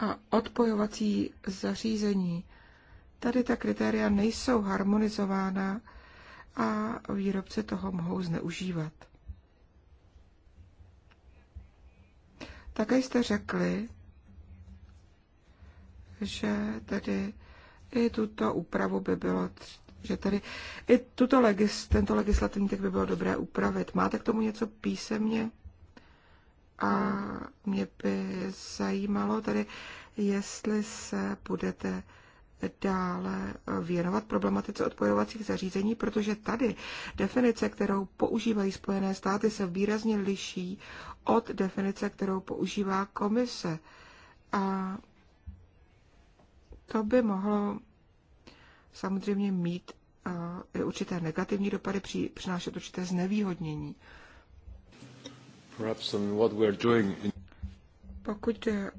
a odpojovací zařízení. Tady ta kritéria nejsou harmonizována a výrobce toho mohou zneužívat. Také jste řekli, že tedy i tuto úpravu by bylo, že tady i tuto legis, tento legislativní tak by bylo dobré upravit. Máte k tomu něco písemně? A mě by zajímalo tedy, jestli se budete dále věnovat problematice odpojovacích zařízení, protože tady definice, kterou používají Spojené státy, se výrazně liší od definice, kterou používá komise. A to by mohlo samozřejmě mít eh, i určité negativní dopady, přinášet určité znevýhodnění. Pokud jde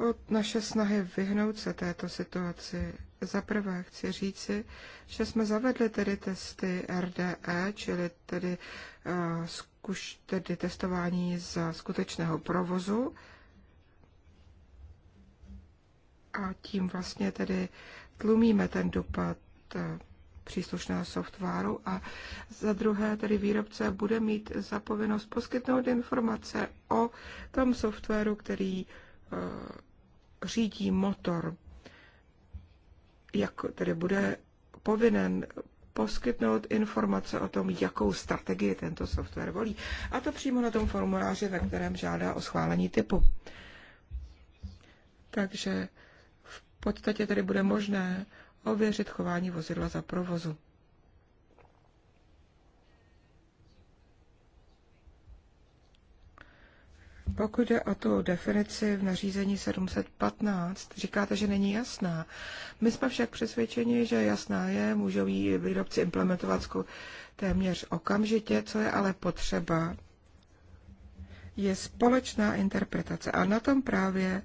o naše snahy vyhnout se této situaci, za prvé chci říci, že jsme zavedli tedy testy RDE, čili tedy, uh, zkuš, tedy testování za skutečného provozu. A tím vlastně tedy tlumíme ten dopad eh, příslušného softwaru a za druhé tedy výrobce bude mít zapovinnost poskytnout informace o tom softwaru, který eh, řídí motor. Jak tedy bude povinen poskytnout informace o tom, jakou strategii tento software volí. A to přímo na tom formuláři, ve kterém žádá o schválení typu. Takže v podstatě tedy bude možné ověřit chování vozidla za provozu. Pokud jde o tu definici v nařízení 715, říkáte, že není jasná. My jsme však přesvědčeni, že jasná je, můžou ji výrobci implementovat téměř okamžitě, co je ale potřeba, je společná interpretace. A na tom právě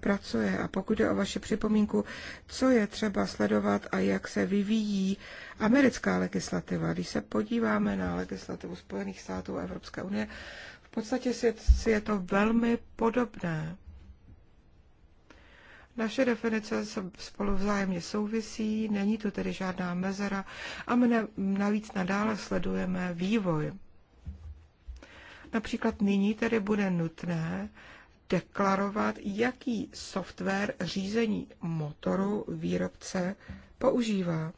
pracuje. A pokud jde o vaši připomínku, co je třeba sledovat a jak se vyvíjí americká legislativa, když se podíváme na legislativu Spojených států a Evropské unie, v podstatě si je to velmi podobné. Naše definice spolu vzájemně souvisí, není tu tedy žádná mezera a my navíc nadále sledujeme vývoj. Například nyní tedy bude nutné deklarovat, jaký software řízení motoru výrobce používá.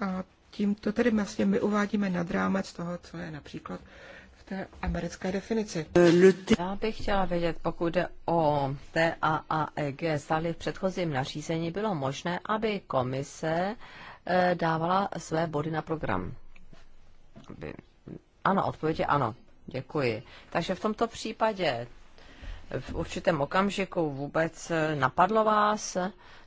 A tímto tedy vlastně my uvádíme nad rámec toho, co je například v té americké definici. Já bych chtěla vědět, pokud jde o TAAEG, stále v předchozím nařízení bylo možné, aby komise eh, dávala své body na program. Ano, odpověď je ano. Děkuji. Takže v tomto případě v určitém okamžiku vůbec eh, napadlo vás,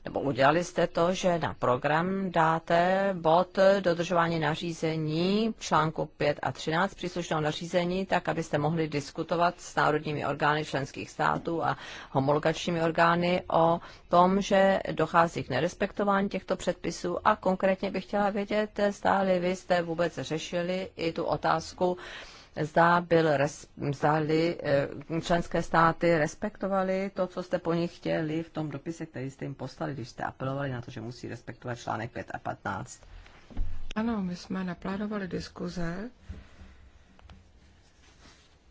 nebo udělali jste to, že na program dáte bod dodržování nařízení článku 5 a 13 příslušného nařízení, tak abyste mohli diskutovat s národními orgány členských států a homologačními orgány o tom, že dochází k nerespektování těchto předpisů a konkrétně bych chtěla vědět, eh, stáli vy jste vůbec řešili i tu otázku, zda byl, zdali eh, členské státy respektovaly to, co jste po nich chtěli v tom dopise, který jste jim poslali, když jste apelovali na to, že musí respektovat článek 5 a 15. Ano, my jsme naplánovali diskuze,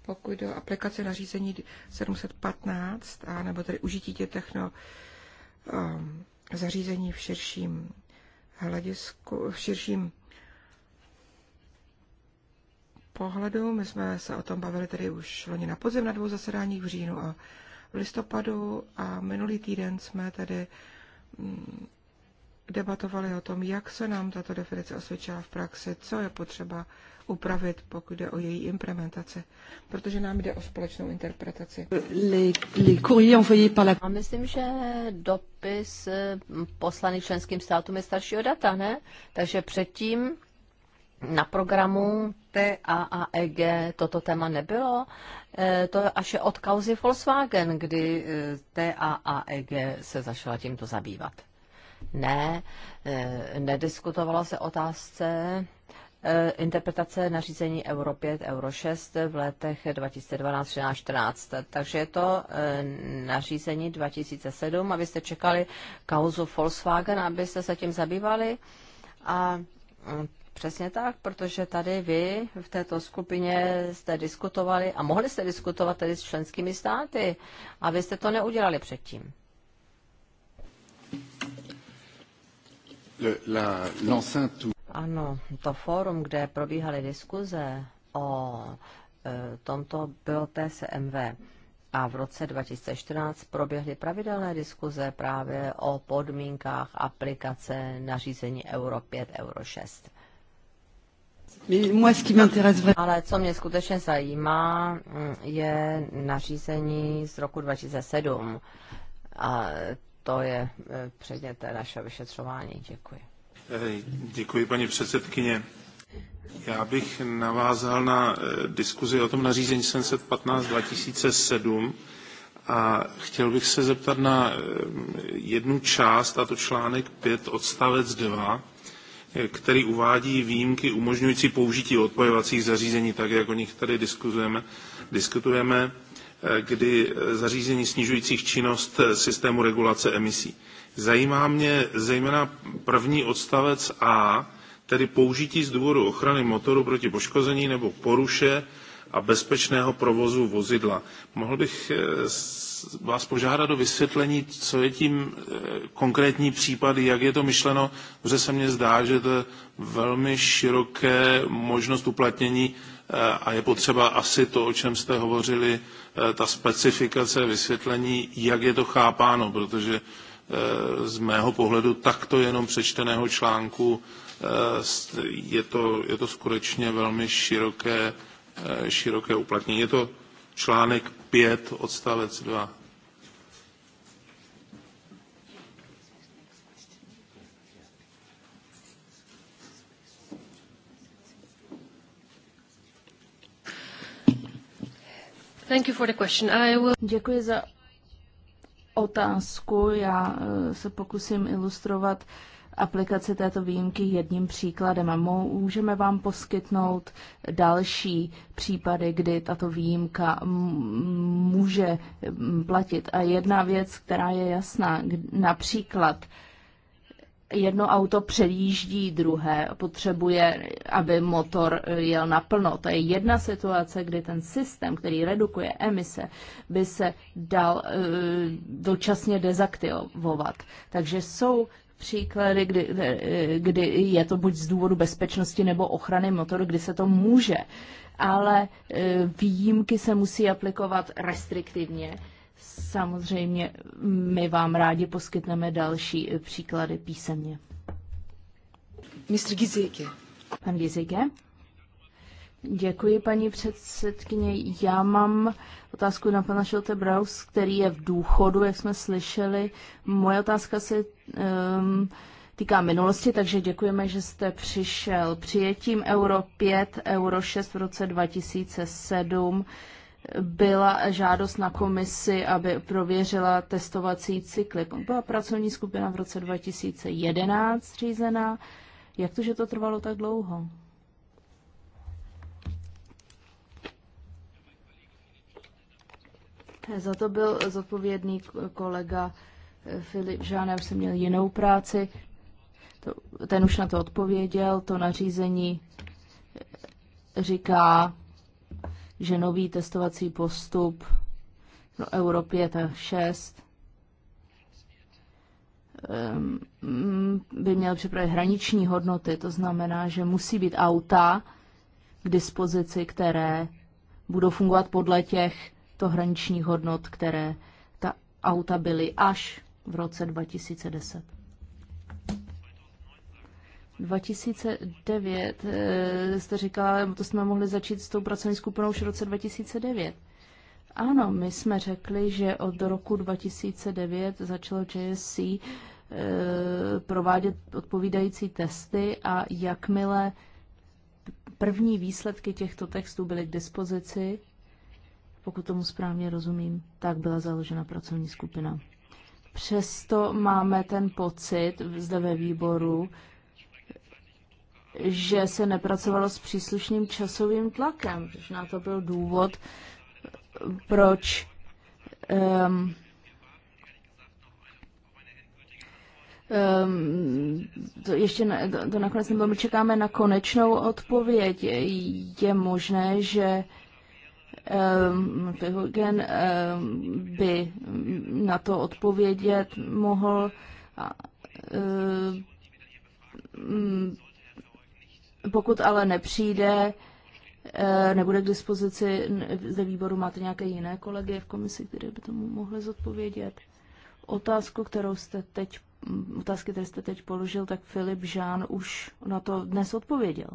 pokud do aplikace nařízení 715, a nebo tedy užití těch techno um, zařízení v širším hledisku, v širším pohledu. My jsme se o tom bavili tedy už loni na podzim na dvou zasedáních v říjnu a v listopadu a minulý týden jsme tedy mm, debatovali o tom, jak se nám tato definice osvědčila v praxi, co je potřeba upravit, pokud jde o její implementaci, protože nám jde o společnou interpretaci. A myslím, že dopis eh, poslaný členským státům je staršího data, ne? Takže předtím na programu TAAEG toto téma nebylo. E, to je až je od kauzy Volkswagen, kdy e, TAAEG se začala tímto zabývat. Ne, e, nediskutovala se otázce interpretace nařízení Euro 5, Euro 6 v letech 2012, 13, 14. Takže je to nařízení 2007, abyste čekali kauzu Volkswagen, abyste se tím zabývali. A Přesně tak, protože tady vy v této skupině jste diskutovali a mohli jste diskutovat tedy s členskými státy a vy jste to neudělali předtím. Ano, to fórum, kde probíhaly diskuze o e, tomto bylo TSMV. A v roce 2014 proběhly pravidelné diskuze právě o podmínkách aplikace nařízení Euro 5, Euro 6. Ale co mě skutečně zajímá, mm, je nařízení z roku 2007. A to je e, předmět té naše vyšetřování. Děkuji. Eh, děkuji, paní předsedkyně. Já bych navázal na e, diskuzi o tom nařízení 715 2007 a chtěl bych se zeptat na e, jednu část, a to článek 5 odstavec 2, který uvádí výjimky umožňující použití odpojovacích zařízení, tak jak o nich tady diskutujeme, diskutujeme eh, kdy eh, zařízení snižujících činnost eh, systému regulace emisí. Zajímá mě zejména první odstavec A, tedy použití z důvodu ochrany motoru proti poškození nebo poruše a bezpečného provozu vozidla. Mohl bych vás požádat o vysvětlení, co je tím eh, konkrétní případ, jak je to myšleno, protože se mně zdá, že to je velmi široké možnost uplatnění eh, a je potřeba asi to, o čem jste hovořili, eh, ta specifikace, vysvětlení, jak je to chápáno, protože z mého pohledu takto jenom přečteného článku je to, je to skutečně velmi široké, široké uplatnění. Je to článek 5 odstavec 2. Thank you for the question. I will... Děkuji za otázku. Já eh, se pokusím ilustrovat aplikaci této výjimky jedním příkladem a můžeme vám poskytnout další případy, kdy tato výjimka může platit. A jedna věc, která je jasná, například jedno auto předjíždí druhé, potřebuje, aby motor jel naplno. To je jedna situace, kdy ten systém, který redukuje emise, by se dal e, dočasně dezaktivovat. Takže jsou příklady, kdy, kdy je to buď z důvodu bezpečnosti nebo ochrany motoru, kdy se to může. Ale e, výjimky se musí aplikovat restriktivně. Samozřejmě my vám rádi poskytneme další e, příklady písemně. Mr. Gizike. Pan Gizike? Děkuji, paní předsedkyně. Já mám otázku na pana Šelte Braus, který je v důchodu, jak jsme slyšeli. Moje otázka se um, týká minulosti, takže děkujeme, že jste přišel. Přijetím Euro 5, Euro 6 v roce 2007 byla žádost na komisi, aby prověřila testovací cykly. Byla pracovní skupina v roce 2011 řízená. Jak to, že to trvalo tak dlouho? Za to byl zodpovědný kolega eh, Filip Žán, já už jsem měl jinou práci, to, ten už na to odpověděl, to nařízení eh, říká, že nový testovací postup pro Evropě je 6 ehm, by měl připravit hraniční hodnoty, to znamená, že musí být auta k dispozici, které budou fungovat podle těch to hraniční hodnot, které ta auta byly až v roce 2010. 2009 eh, jste říkala, to jsme mohli začít s tou pracovní skupinou už v roce 2009. Ano, my jsme řekli, že od roku 2009 začalo JSC eh, provádět odpovídající testy a jakmile první výsledky těchto textů byly k dispozici, pokud tomu správně rozumím, tak byla založena pracovní skupina. Přesto máme ten pocit zde ve výboru, že se nepracovalo s příslušným časovým tlakem. na to byl důvod, proč um, Um, to ještě ne, to, to nakonec nebylo. My čekáme na konečnou odpověď. Je možné, že Fihogen ehm, ehm, by na to odpovědět mohl. Ehm, pokud ale nepřijde, eh, nebude k dispozici ze výboru, máte nějaké jiné kolegy v komisi, které by tomu mohly zodpovědět? Otázku, kterou jste teď, otázky, které jste teď položil, tak Filip Žán už na to dnes odpověděl.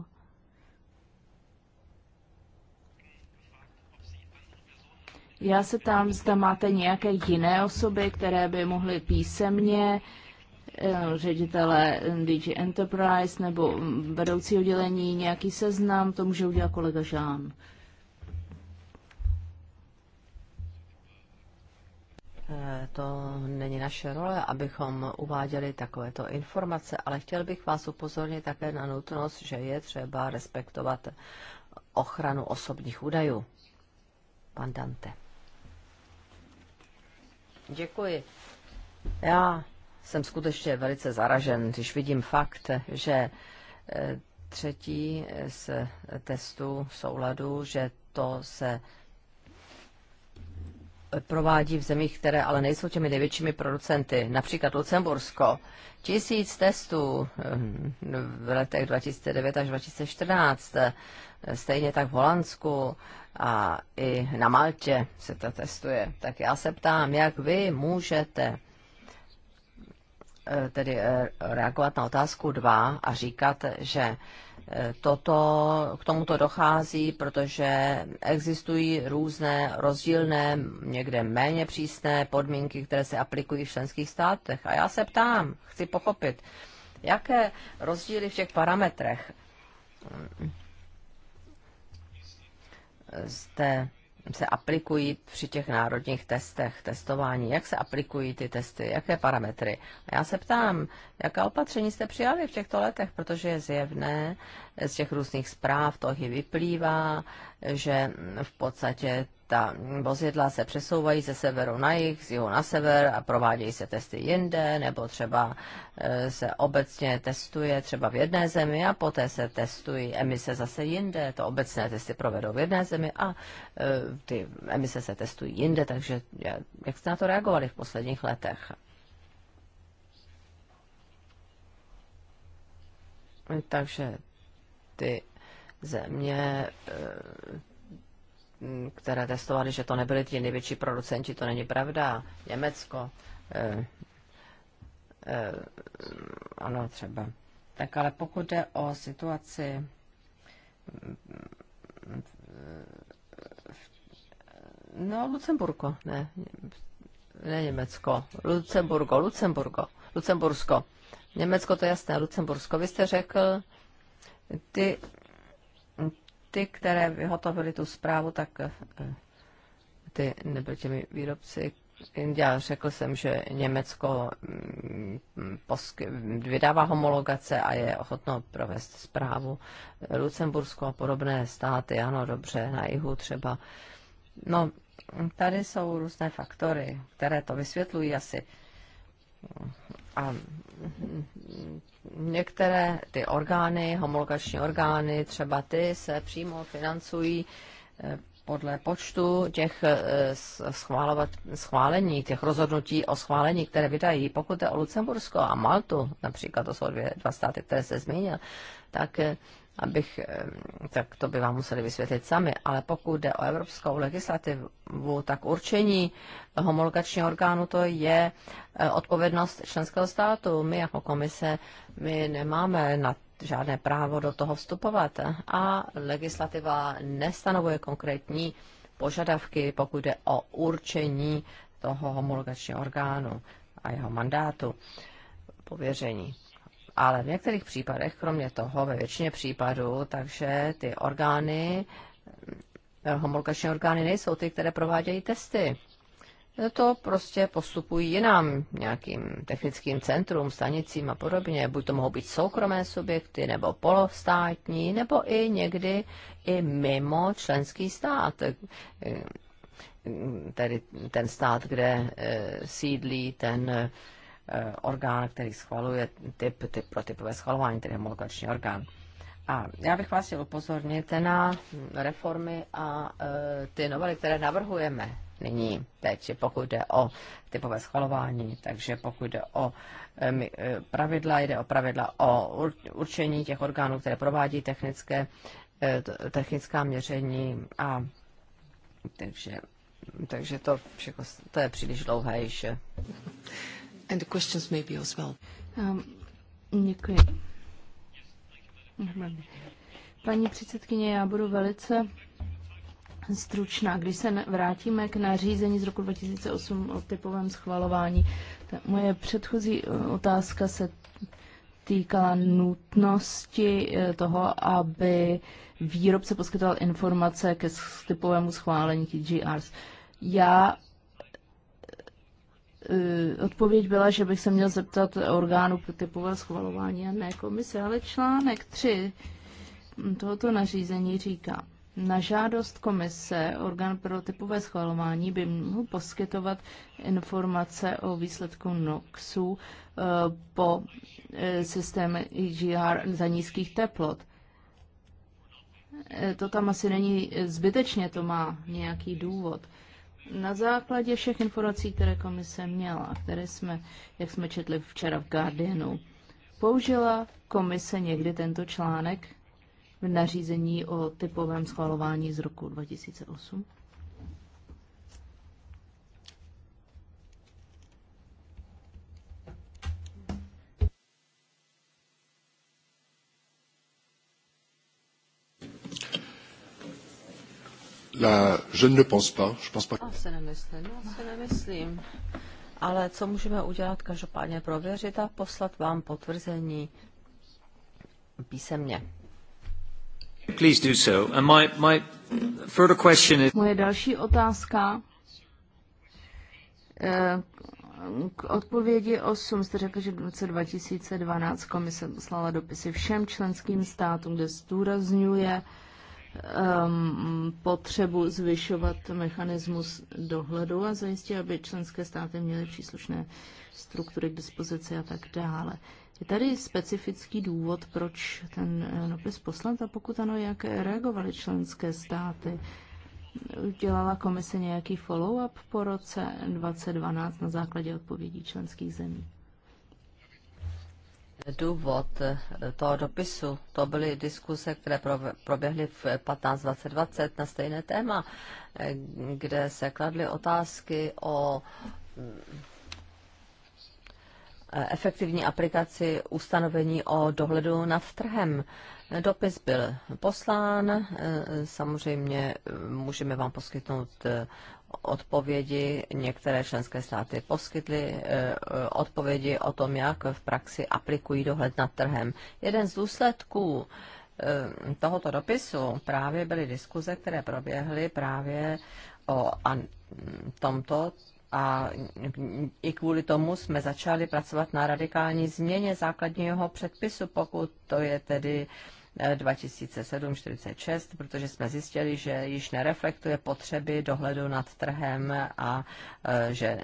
Já se tam zda máte nějaké jiné osoby, které by mohly písemně eh, ředitele DG Enterprise nebo vedoucí oddělení nějaký seznam, to může udělat kolega Žán. Eh, to není naše role, abychom uváděli takovéto informace, ale chtěl bych vás upozornit také na nutnost, že je třeba respektovat ochranu osobních údajů. Pan Dante. Děkuji. Já jsem skutečně velice zaražen, když vidím fakt, že eh, třetí z testu souladu, že to se provádí v zemích, které ale nejsou těmi největšími producenty, například Lucembursko. Tisíc testů ehm, v letech 2009 až 2014 stejně tak v Holandsku a i na Maltě se to testuje. Tak já se ptám, jak vy můžete eh, tedy eh, reagovat na otázku 2 a říkat, že eh, toto, k tomuto dochází, protože existují různé rozdílné, někde méně přísné podmínky, které se aplikují v členských státech. A já se ptám, chci pochopit, jaké rozdíly v těch parametrech zde se aplikují při těch národních testech, testování, jak se aplikují ty testy, jaké parametry. A já se ptám, jaká opatření jste přijali v těchto letech, protože je zjevné, z těch různých zpráv to i vyplývá, že v podstatě ta vozidla se přesouvají ze severu na jih, z jihu na sever a provádějí se testy jinde, nebo třeba e, se obecně testuje třeba v jedné zemi a poté se testují emise zase jinde. To obecné testy provedou v jedné zemi a e, ty emise se testují jinde, takže e, jak jste na to reagovali v posledních letech? Takže ty země které testovali, že to nebyli ti největší producenti, to není pravda. Německo, e, e, ano třeba. Tak ale pokud jde o situaci no Lucemburko, ne, ne Německo, Lucemburgo, Lucemburgo, Lucembursko. Německo to je jasné, Lucembursko. Vy jste řekl, ty ty, které vyhotovily tu zprávu, tak eh, ty nebyly těmi výrobci. Já řekl jsem, že Německo mm, vydává homologace a je ochotno provést zprávu. Lucembursko a podobné státy, ano, dobře, na jihu třeba. No, tady jsou různé faktory, které to vysvětlují asi. A některé ty orgány, homologační orgány, třeba ty se přímo financují eh, podle počtu těch eh, schválovat, schválení, těch rozhodnutí o schválení, které vydají. Pokud je o Lucembursko a Maltu, například to jsou dvě, dva státy, které se zmínil, tak eh, abych, eh, tak to by vám museli vysvětlit sami, ale pokud jde o evropskou legislativu, tak určení homologačního orgánu to je eh, odpovědnost členského státu. My jako komise, my nemáme na žádné právo do toho vstupovat a legislativa nestanovuje konkrétní požadavky, pokud jde o určení toho homologačního orgánu a jeho mandátu pověření ale v některých případech, kromě toho, ve většině případů, takže ty orgány, eh, homologační orgány nejsou ty, které provádějí testy. To prostě postupují jinam, nějakým technickým centrum, stanicím a podobně. Buď to mohou být soukromé subjekty, nebo polostátní, nebo i někdy i mimo členský stát eh, eh, tedy ten stát, kde sídlí ten Eh, orgán, který schvaluje typ, typ pro typové schvalování, tedy homologační orgán. A já bych vás chtěl upozornit na reformy a e, ty novely, které navrhujeme nyní, teď, pokud jde o typové schvalování, takže pokud jde o e, pravidla, jde o pravidla o určení těch orgánů, které provádí technické, e, technická měření a takže, takže to všechno, to je příliš dlouhé již. And the questions maybe as well. Um, děkuji. Paní předsedkyně, já budu velice stručná. Když se vrátíme k nařízení z roku 2008 o typovém schvalování, ta moje předchozí uh, otázka se týkala nutnosti eh, toho, aby výrobce poskytoval informace ke typovému schválení TGRs. Já Eh, odpověď byla, že bych se měl zeptat orgánu pro typové schvalování a ne komise, ale článek 3 tohoto nařízení říká, na žádost komise orgán pro typové schvalování by mohl poskytovat informace o výsledku NOXu eh, po eh, systému EGR za nízkých teplot. To tam asi není zbytečně, to má nějaký důvod na základě všech informací, které komise měla které jsme, jak jsme četli včera v Guardianu, použila komise někdy tento článek v nařízení o typovém schvalování z roku 2008? La, je ne pense pas. Je pense pas. Já se nemyslím, já se nemyslím. Ale co můžeme udělat? Každopádně prověřit a poslat vám potvrzení písemně. Please do so. And my, my further question is... Moje další otázka eh, k odpovědi 8 jste řekl, že v roce 2012 komise poslala dopisy všem členským státům, kde zdůrazňuje, um, potřebu zvyšovat mechanismus dohledu a zajistit, aby členské státy měly příslušné struktury k dispozici a tak dále. Je tady specifický důvod, proč ten dopis eh, poslat a pokud ano, jak reagovaly členské státy? Udělala komise nějaký follow-up po roce 2012 na základě odpovědí členských zemí? důvod eh, toho dopisu, to byly diskuse, které proběhly v 15.2020 na stejné téma, eh, kde se kladly otázky o mm, eh, efektivní aplikaci ustanovení o dohledu nad trhem. Dopis byl poslán, samozřejmě můžeme vám poskytnout odpovědi, některé členské státy poskytly eh, eh, odpovědi o tom, jak v praxi aplikují dohled nad trhem. Jeden z důsledků eh, tohoto dopisu právě byly diskuze, které proběhly právě o tomto a i kvůli tomu jsme začali pracovat na radikální změně základního předpisu, pokud to je tedy uh, 2007-46, protože jsme zjistili, že již nereflektuje potřeby dohledu nad trhem a e, že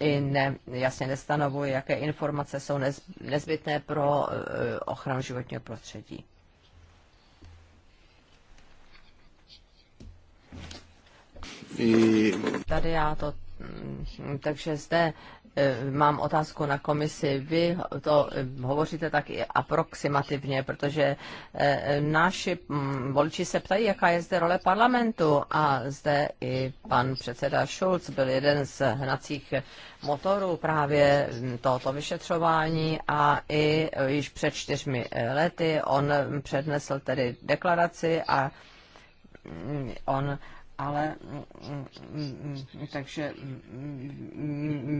i ne, jasně nestanovuje, jaké informace jsou nezbytné pro e, ochranu životního prostředí. Tady já to takže zde Eh, mám otázku na komisi. Vy to eh, hovoříte tak aproximativně, protože eh, naši mm, voliči se ptají, jaká je zde role parlamentu a zde i pan předseda Schulz byl jeden z hnacích motorů právě tohoto vyšetřování a i již před čtyřmi lety on přednesl tedy deklaraci a mm, on ale mm, mm, mm, takže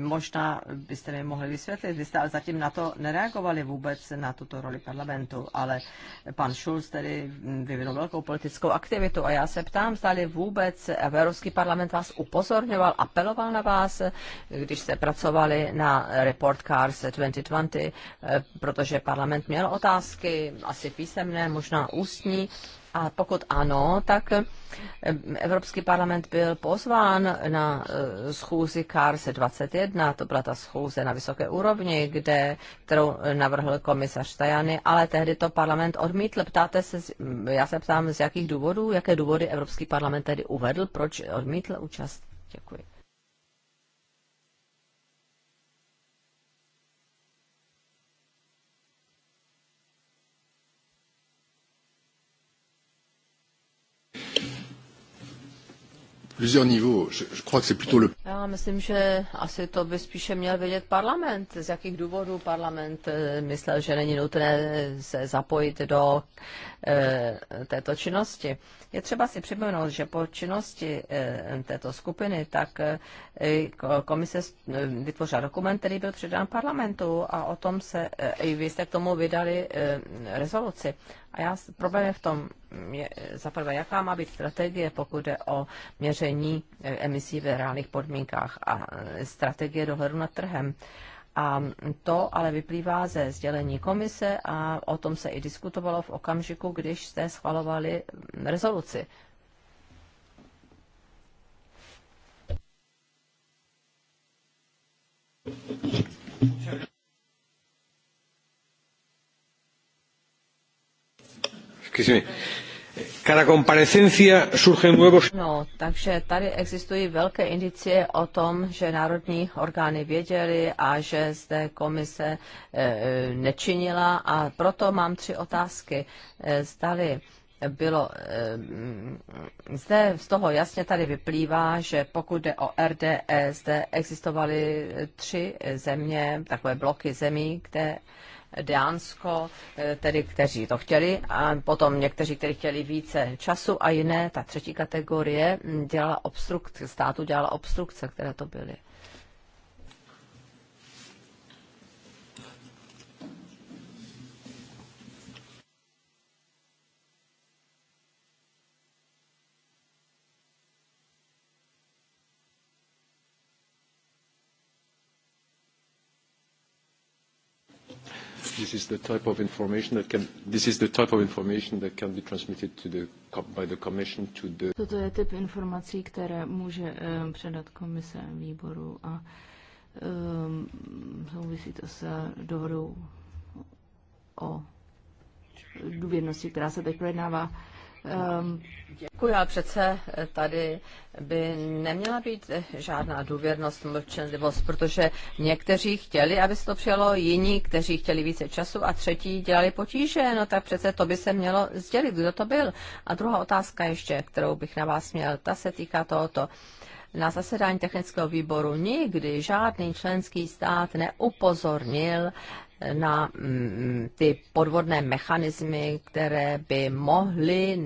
možná byste mi mohli vysvětlit, vy jste zatím na to nereagovali vůbec na tuto roli parlamentu, ale pan Schulz tedy vyvinul velkou politickou aktivitu a já se ptám, zdali vůbec Evropský parlament vás upozorňoval, apeloval na vás, když jste pracovali na Report Cars 2020, eh, protože parlament měl otázky, asi písemné, možná ústní, a pokud ano, tak eh, Evropský parlament byl pozván na eh, schůzi CARS 21, to byla ta schůze na vysoké úrovni, kde, kterou navrhl komisař Tajany, ale tehdy to parlament odmítl. Ptáte se, já se ptám, z jakých důvodů, jaké důvody Evropský parlament tedy uvedl, proč odmítl účast? Děkuji. plusieurs niveaux. Je, je crois que c'est plutôt le... Já myslím, že asi to by spíše měl vědět parlament. Z jakých důvodů parlament eh, myslel, že není nutné se zapojit do e, této činnosti. Je třeba si připomenout, že po činnosti e, této skupiny tak e, komise vytvořila dokument, který byl předán parlamentu a o tom se, i vy jste k tomu vydali rezoluci. A já, problém je v tom, je, za prvé, jaká má být strategie, pokud jde o měření e, emisí ve reálných podmínkách a e, strategie dohledu nad trhem. A to ale vyplývá ze sdělení komise a o tom se i diskutovalo v okamžiku, když jste schvalovali rezoluci. Cada comparecencia surgen nuevos... No, takže tady existují velké indicie o tom, že národní orgány věděly a že zde komise e, nečinila a proto mám tři otázky. E, zdali bylo, e, zde z toho jasně tady vyplývá, že pokud jde o RDE, zde existovaly tři země, takové bloky zemí, kde. Dánsko, eh, tedy kteří to chtěli, a potom někteří, kteří chtěli více času a jiné, ta třetí kategorie mm, dělala obstrukce, státu dělala obstrukce, které to byly. this is the type of information that can this is the type of information that can be transmitted to the by the commission to the Toto je typ informací, které může um, předat komise výboru a um, souvisí to s dohodou o důvěrnosti, která se teď projednává. Um, děkuji, ale přece eh, tady by neměla být eh, žádná důvěrnost, mlčenlivost, protože někteří chtěli, aby se to přijalo, jiní, kteří chtěli více času a třetí dělali potíže, no tak přece to by se mělo sdělit, kdo to byl. A druhá otázka ještě, kterou bych na vás měl, ta se týká tohoto. Na zasedání technického výboru nikdy žádný členský stát neupozornil na mm, ty podvodné mechanismy, které by mohly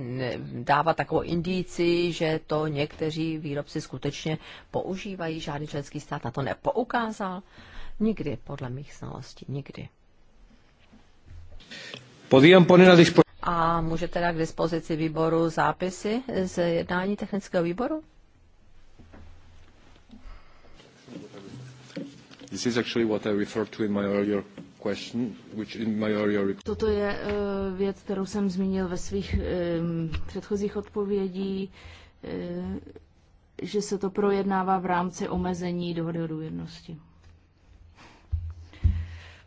dávat takovou indici, že to někteří výrobci skutečně používají. Žádný členský stát na to nepoukázal. Nikdy, podle mých znalostí, nikdy. Podíjem poner na dispozici. A můžete dát k dispozici výboru zápisy z jednání technického výboru? This is actually what I referred to in my earlier Toto je uh, věc, kterou jsem zmínil ve svých um, předchozích odpovědí, uh, eh, že se to projednává v rámci omezení dohody o důvěrnosti.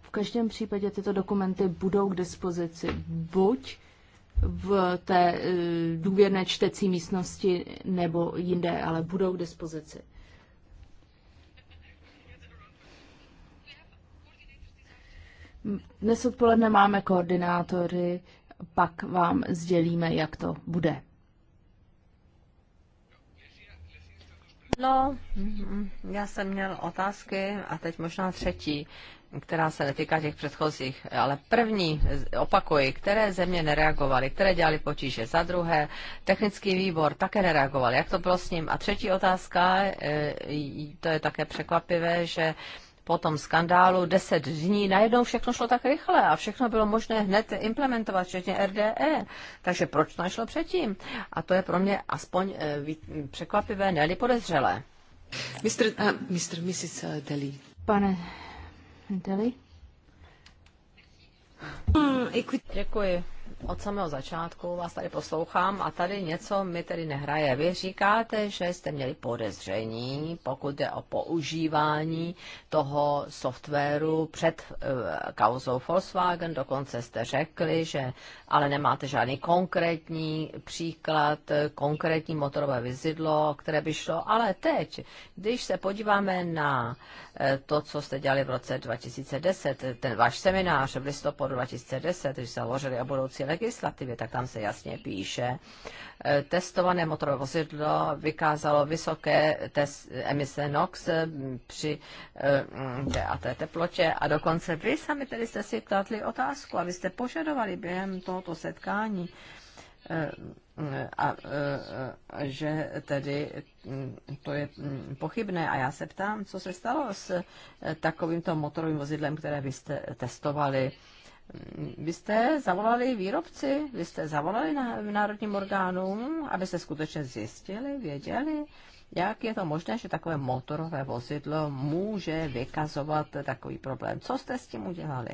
V každém případě tyto dokumenty budou k dispozici buď v té uh, důvěrné čtecí místnosti nebo jinde, ale budou k dispozici. Dnes odpoledne máme koordinátory, pak vám sdělíme, jak to bude. No, mm, já jsem měl otázky a teď možná třetí, která se netýká těch předchozích, ale první, opakuji, které země nereagovaly, které dělali potíže. Za druhé, technický výbor také nereagoval. Jak to bylo s ním? A třetí otázka, e, to je také překvapivé, že po tom skandálu 10 dní najednou všechno šlo tak rychle a všechno bylo možné hned implementovat, včetně RDE. Takže proč to nešlo předtím? A to je pro mě aspoň eh, překvapivé, ne podezřelé. Mr. Uh, Mr. Mrs. Deli. Pane Deli? Hmm, Děkuji od samého začátku vás tady poslouchám a tady něco mi tedy nehraje. Vy říkáte, že jste měli podezření, pokud jde o používání toho softwaru před e, kauzou Volkswagen, dokonce jste řekli, že ale nemáte žádný konkrétní příklad, konkrétní motorové vizidlo, které by šlo, ale teď, když se podíváme na eh, to, co jste dělali v roce 2010, ten váš seminář v listopadu 2010, když se hovořili o budoucí legislativě, tak tam se jasně píše, eh, testované motorové vozidlo vykázalo vysoké emise NOx eh, při DAT eh, teplotě a dokonce vy sami tedy jste si kladli otázku a vy jste požadovali během tohoto setkání, a, a, a že tedy hm, to je hm, pochybné. A já se ptám, co se stalo s takovýmto motorovým vozidlem, které vy jste testovali vy jste zavolali výrobci, vy jste zavolali na, národním orgánům, aby se skutečně zjistili, věděli, jak je to možné, že takové motorové vozidlo může vykazovat takový problém. Co jste s tím udělali?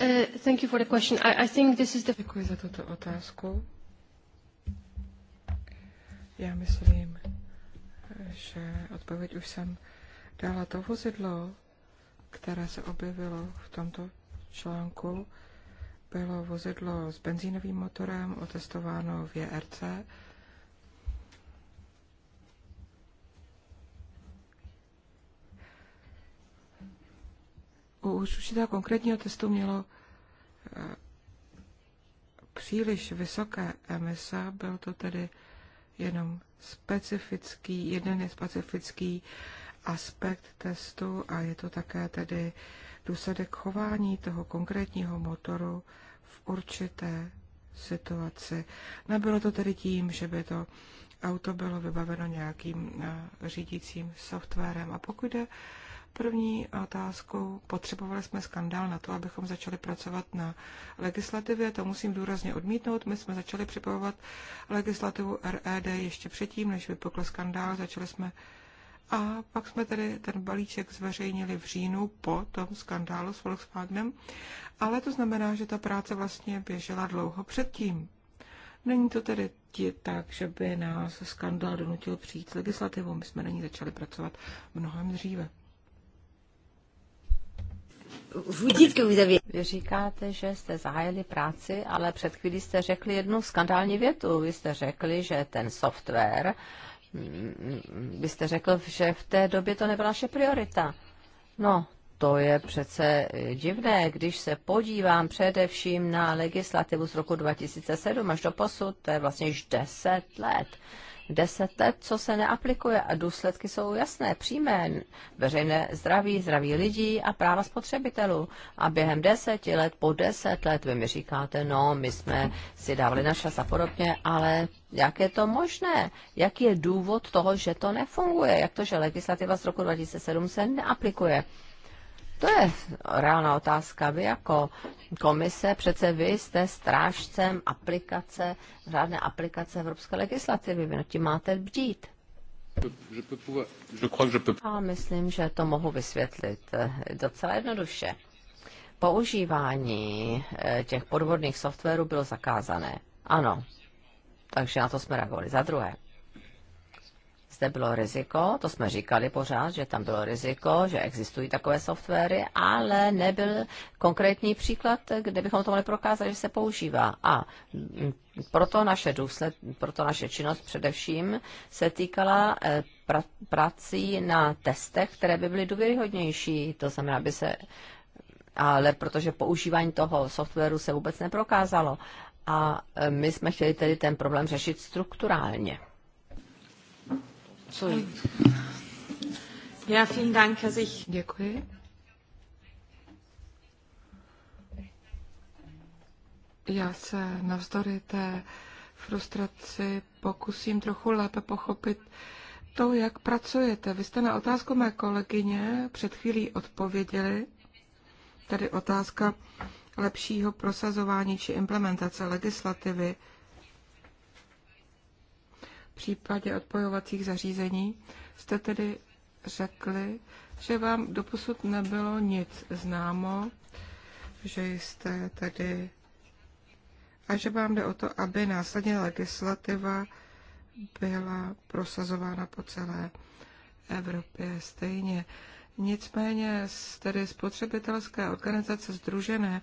Uh, thank you for the question. I, I think this is the... Děkuji za tuto otázku. Já myslím, že odpověď už jsem dala to vozidlo, které se objevilo v tomto článku, bylo vozidlo s benzínovým motorem otestováno v JRC. U už určitého konkrétního testu mělo eh, příliš vysoké emise, byl to tedy jenom specifický, jeden je specifický aspekt testu a je to také tedy důsledek chování toho konkrétního motoru v určité situaci. Nebylo to tedy tím, že by to auto bylo vybaveno nějakým eh, řídícím softwarem. A pokud jde první otázkou, potřebovali jsme skandál na to, abychom začali pracovat na legislativě. To musím důrazně odmítnout. My jsme začali připravovat legislativu RED ještě předtím, než vypukl skandál. Začali jsme a pak jsme tedy ten balíček zveřejnili v říjnu po tom skandálu s Volkswagenem, ale to znamená, že ta práce vlastně běžela dlouho předtím. Není to tedy tak, že by nás skandál donutil přijít s legislativou. My jsme na ní začali pracovat mnohem dříve. Vy říkáte, že jste zahájili práci, ale před chvílí jste řekli jednu skandální větu. Vy jste řekli, že ten software Mm, byste řekl, že v té době to nebyla naše priorita. No, to je přece divné, když se podívám především na legislativu z roku 2007 až do posud, to je vlastně již 10 let deset let, co se neaplikuje a důsledky jsou jasné, přímé, veřejné zdraví, zdraví lidí a práva spotřebitelů. A během deseti let, po deset let, vy mi říkáte, no, my jsme si dávali na čas a podobně, ale jak je to možné? Jaký je důvod toho, že to nefunguje? Jak to, že legislativa z roku 2007 se neaplikuje? To je reálná otázka. Vy jako komise, přece vy jste strážcem aplikace, řádné aplikace evropské legislativy, vy nad tím máte bdít. Já myslím, že to mohu vysvětlit eh, docela jednoduše. Používání eh, těch podvodných softwarů bylo zakázané. Ano. Takže na to jsme reagovali. Za druhé, zde bylo riziko, to jsme říkali pořád, že tam bylo riziko, že existují takové softwary, ale nebyl konkrétní příklad, kde bychom to mohli prokázat, že se používá. A mm, proto naše, důsled, proto naše činnost především se týkala eh, pra, prací na testech, které by byly důvěryhodnější, to znamená, aby se ale protože používání toho softwaru se vůbec neprokázalo. A eh, my jsme chtěli tedy ten problém řešit strukturálně. Sorry. Ja, vielen Dank, Děkuji. Já se navzdory té frustraci pokusím trochu lépe pochopit to, jak pracujete. Vy jste na otázku mé kolegyně před chvílí odpověděli, tedy otázka lepšího prosazování či implementace legislativy případě odpojovacích zařízení jste tedy řekli, že vám doposud nebylo nic známo, že jste tedy a že vám jde o to, aby následně legislativa byla prosazována po celé Evropě stejně. Nicméně tedy spotřebitelské organizace združené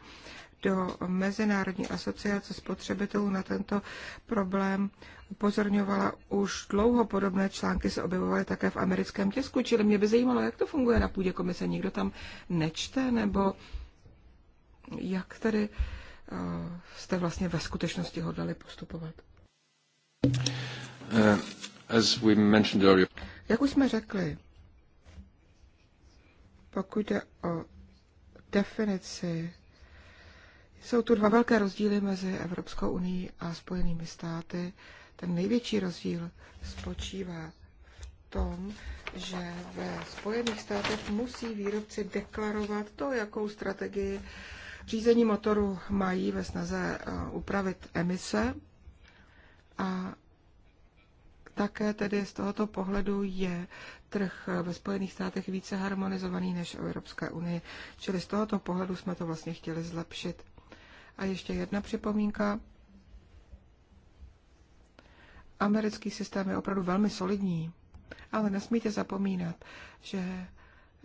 do Mezinárodní asociace spotřebitelů na tento problém upozorňovala už dlouho. Podobné články se objevovaly také v americkém tisku, čili mě by zajímalo, jak to funguje na půdě komise. Nikdo tam nečte, nebo jak tedy eh, jste vlastně ve skutečnosti hodlali postupovat? Eh, jak už jsme řekli, pokud jde o definici jsou tu dva velké rozdíly mezi Evropskou unii a Spojenými státy. Ten největší rozdíl spočívá v tom, že ve Spojených státech musí výrobci deklarovat to, jakou strategii řízení motoru mají ve snaze eh, upravit emise. A také tedy z tohoto pohledu je trh eh, ve Spojených státech více harmonizovaný než v Evropské unii. Čili z tohoto pohledu jsme to vlastně chtěli zlepšit. A ještě jedna připomínka. Americký systém je opravdu velmi solidní, ale nesmíte zapomínat, že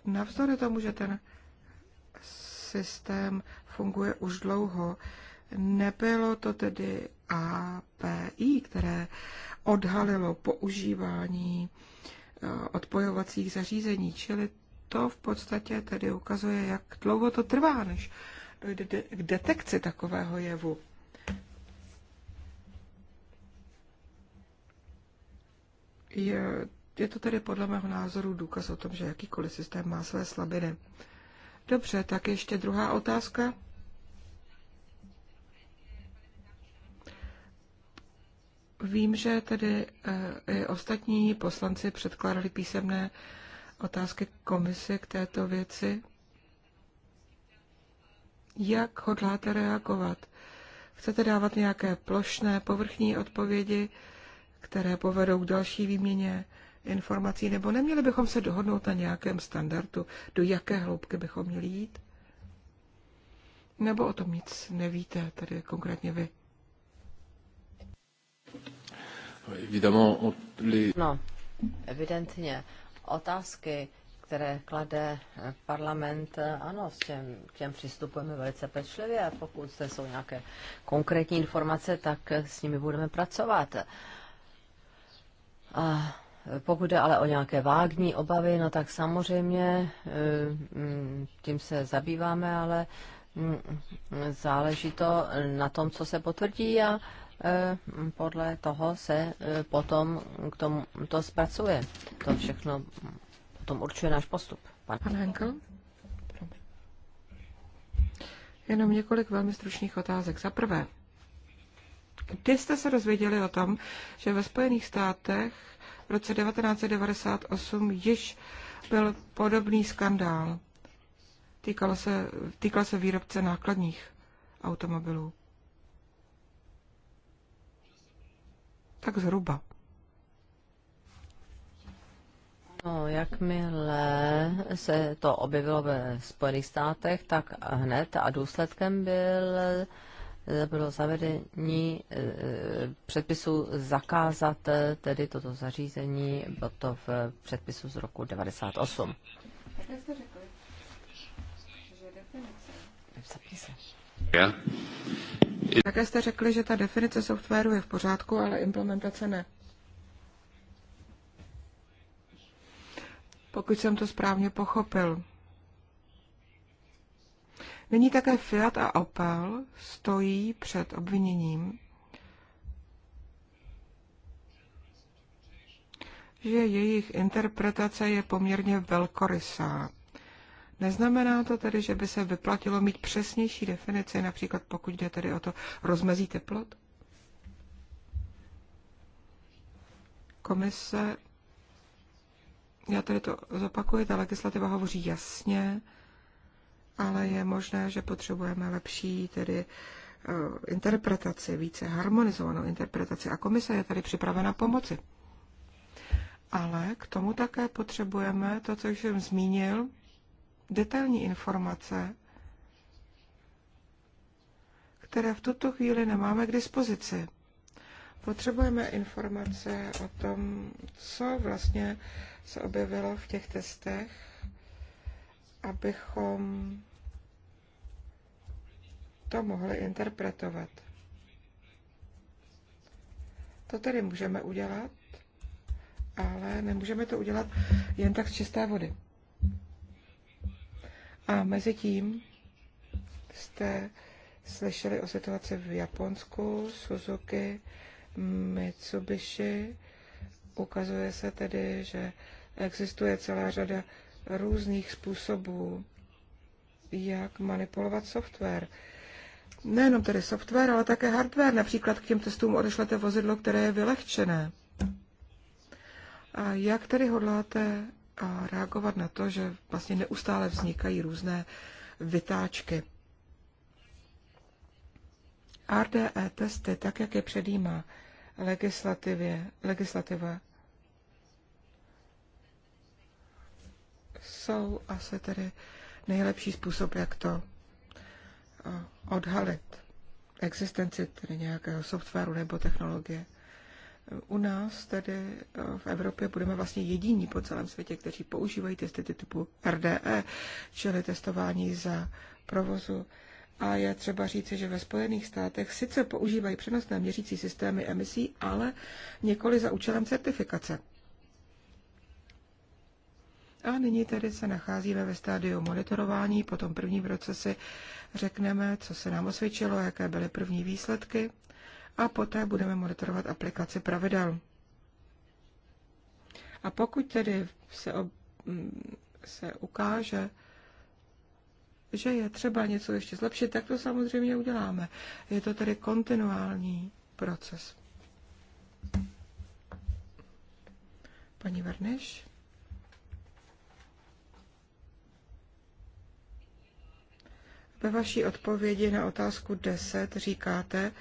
navzdory tomu, že ten systém funguje už dlouho, nebylo to tedy API, které odhalilo používání eh, odpojovacích zařízení, čili to v podstatě tedy ukazuje, jak dlouho to trvá, než dojde k detekci takového jevu. Je, je to tedy podle mého názoru důkaz o tom, že jakýkoliv systém má své slabiny. Dobře, tak ještě druhá otázka. Vím, že tedy eh, i ostatní poslanci předkládali písemné otázky komisi k této věci jak hodláte reagovat. Chcete dávat nějaké plošné, povrchní odpovědi, které povedou k další výměně informací, nebo neměli bychom se dohodnout na nějakém standardu, do jaké hloubky bychom měli jít? Nebo o tom nic nevíte, tady konkrétně vy? No, evidentně. Otázky které klade eh, parlament, eh, ano, s těm, k těm přistupujeme velice pečlivě a pokud zde jsou nějaké konkrétní informace, tak eh, s nimi budeme pracovat. A pokud jde ale o nějaké vágní obavy, no tak samozřejmě mm, tím se zabýváme, ale mm, záleží to na tom, co se potvrdí a podle toho se potom k tomu to zpracuje. To všechno potom určuje náš postup. Pan, Pan Henkel? Jenom několik velmi stručných otázek. Za prvé, kdy jste se dozvěděli o tom, že ve Spojených státech v roce 1998 již byl podobný skandál? Týkal se, týkal se výrobce nákladních automobilů. Tak zhruba. No, jakmile se to objevilo ve Spojených státech, tak hned a důsledkem byl bylo zavedení e, předpisu zakázat e, tedy toto zařízení, bylo to v předpisu z roku 98. Také jste řekli, že ta definice softwaru je v pořádku, ale implementace ne. pokud jsem to správně pochopil. Nyní také Fiat a Opel stojí před obviněním, že jejich interpretace je poměrně velkorysá. Neznamená to tedy, že by se vyplatilo mít přesnější definici, například pokud jde tedy o to rozmezí teplot? Komise já tady to zopakuji, ta legislativa hovoří jasně, ale je možné, že potřebujeme lepší tedy eh, interpretaci, více harmonizovanou interpretaci a komise je tady připravena pomoci. Ale k tomu také potřebujeme to, co jsem zmínil, detailní informace, které v tuto chvíli nemáme k dispozici. Potřebujeme informace o tom, co vlastně se objevilo v těch testech, abychom to mohli interpretovat. To tedy můžeme udělat, ale nemůžeme to udělat jen tak z čisté vody. A mezi tím jste slyšeli o situaci v Japonsku, Suzuki Mitsubishi. Ukazuje se tedy, že existuje celá řada různých způsobů, jak manipulovat software. Nejenom tedy software, ale také hardware. Například k těm testům odešlete vozidlo, které je vylehčené. A jak tedy hodláte reagovat na to, že vlastně neustále vznikají různé vytáčky? RDE testy, tak jak je předjímá legislativě, legislativa jsou asi tedy nejlepší způsob, jak to eh, odhalit existenci tedy nějakého softwaru nebo technologie. U nás tedy eh, v Evropě budeme vlastně jediní po celém světě, kteří používají testy typu RDE, čili testování za provozu a je třeba říci, že ve Spojených státech sice používají přenosné měřící systémy emisí, ale nikoli za účelem certifikace. A nyní tedy se nacházíme ve stádiu monitorování. Po tom prvním řekneme, co se nám osvědčilo, jaké byly první výsledky a poté budeme monitorovat aplikaci pravidel. A pokud tedy se, ob, se ukáže, že je třeba něco ještě zlepšit, tak to samozřejmě uděláme. Je to tedy kontinuální proces. Paní Varneš? Ve vaší odpovědi na otázku 10 říkáte,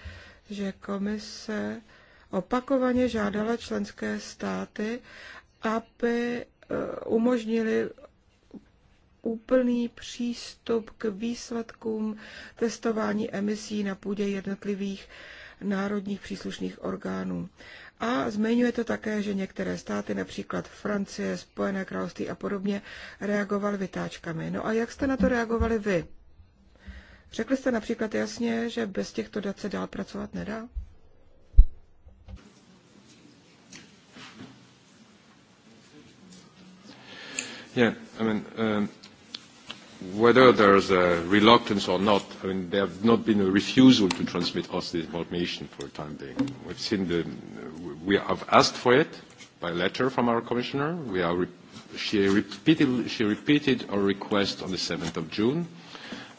že komise opakovaně žádala členské státy, aby eh, umožnili úplný přístup k výsledkům testování emisí na půdě jednotlivých národních příslušných orgánů. A to také, že některé státy, například Francie, Spojené království a podobně, reagovaly vytáčkami. No a jak jste na to reagovali vy? Řekli jste například jasně, že bez těchto dat se dál pracovat nedá? Yeah, I mean, um whether there's a reluctance or not, I mean, there have not been a refusal to transmit us this information for the time being. We've seen the, we have asked for it by letter from our commissioner. We are, she, repeated, she repeated our request on the 7th of June.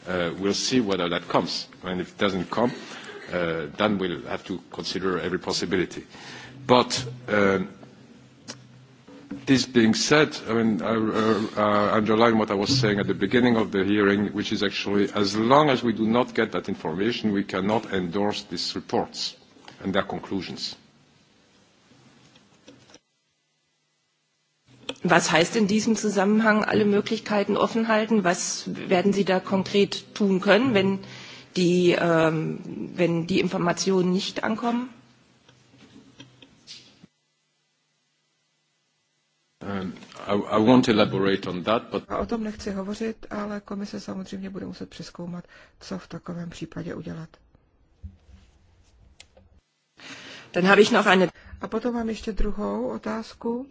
Uh, we'll see whether that comes. And if it doesn't come, uh, then we'll have to consider every possibility. But um, This being said, I mean, uh, uh, I underline what I was saying at the beginning of the hearing, which is actually as long as we do not get that information, we cannot endorse these reports and their conclusions. Was heißt in diesem Zusammenhang alle Möglichkeiten offen halten? Was werden Sie da konkret tun können, wenn die, ähm, wenn die Informationen nicht ankommen? I, won't elaborate on that, but... A o tom nechci hovořit, ale komise samozřejmě bude muset přeskoumat, co v takovém případě udělat. Dann habe ich noch eine... A potom mám ještě druhou otázku.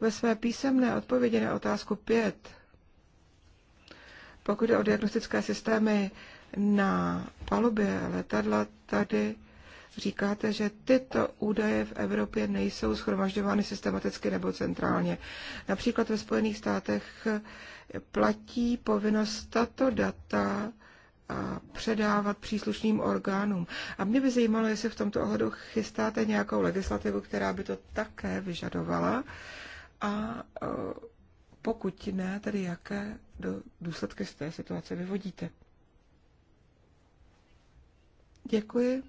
Ve své písemné odpovědi na otázku 5, pokud jde o diagnostické systémy na palubě letadla, tady říkáte, že tyto údaje v Evropě nejsou schromažďovány systematicky nebo centrálně. Například ve Spojených státech platí povinnost tato data a předávat příslušným orgánům. A mě by zajímalo, jestli v tomto ohledu chystáte nějakou legislativu, která by to také vyžadovala. A e, pokud ne, tedy jaké do důsledky z té situace vyvodíte? Děkuji.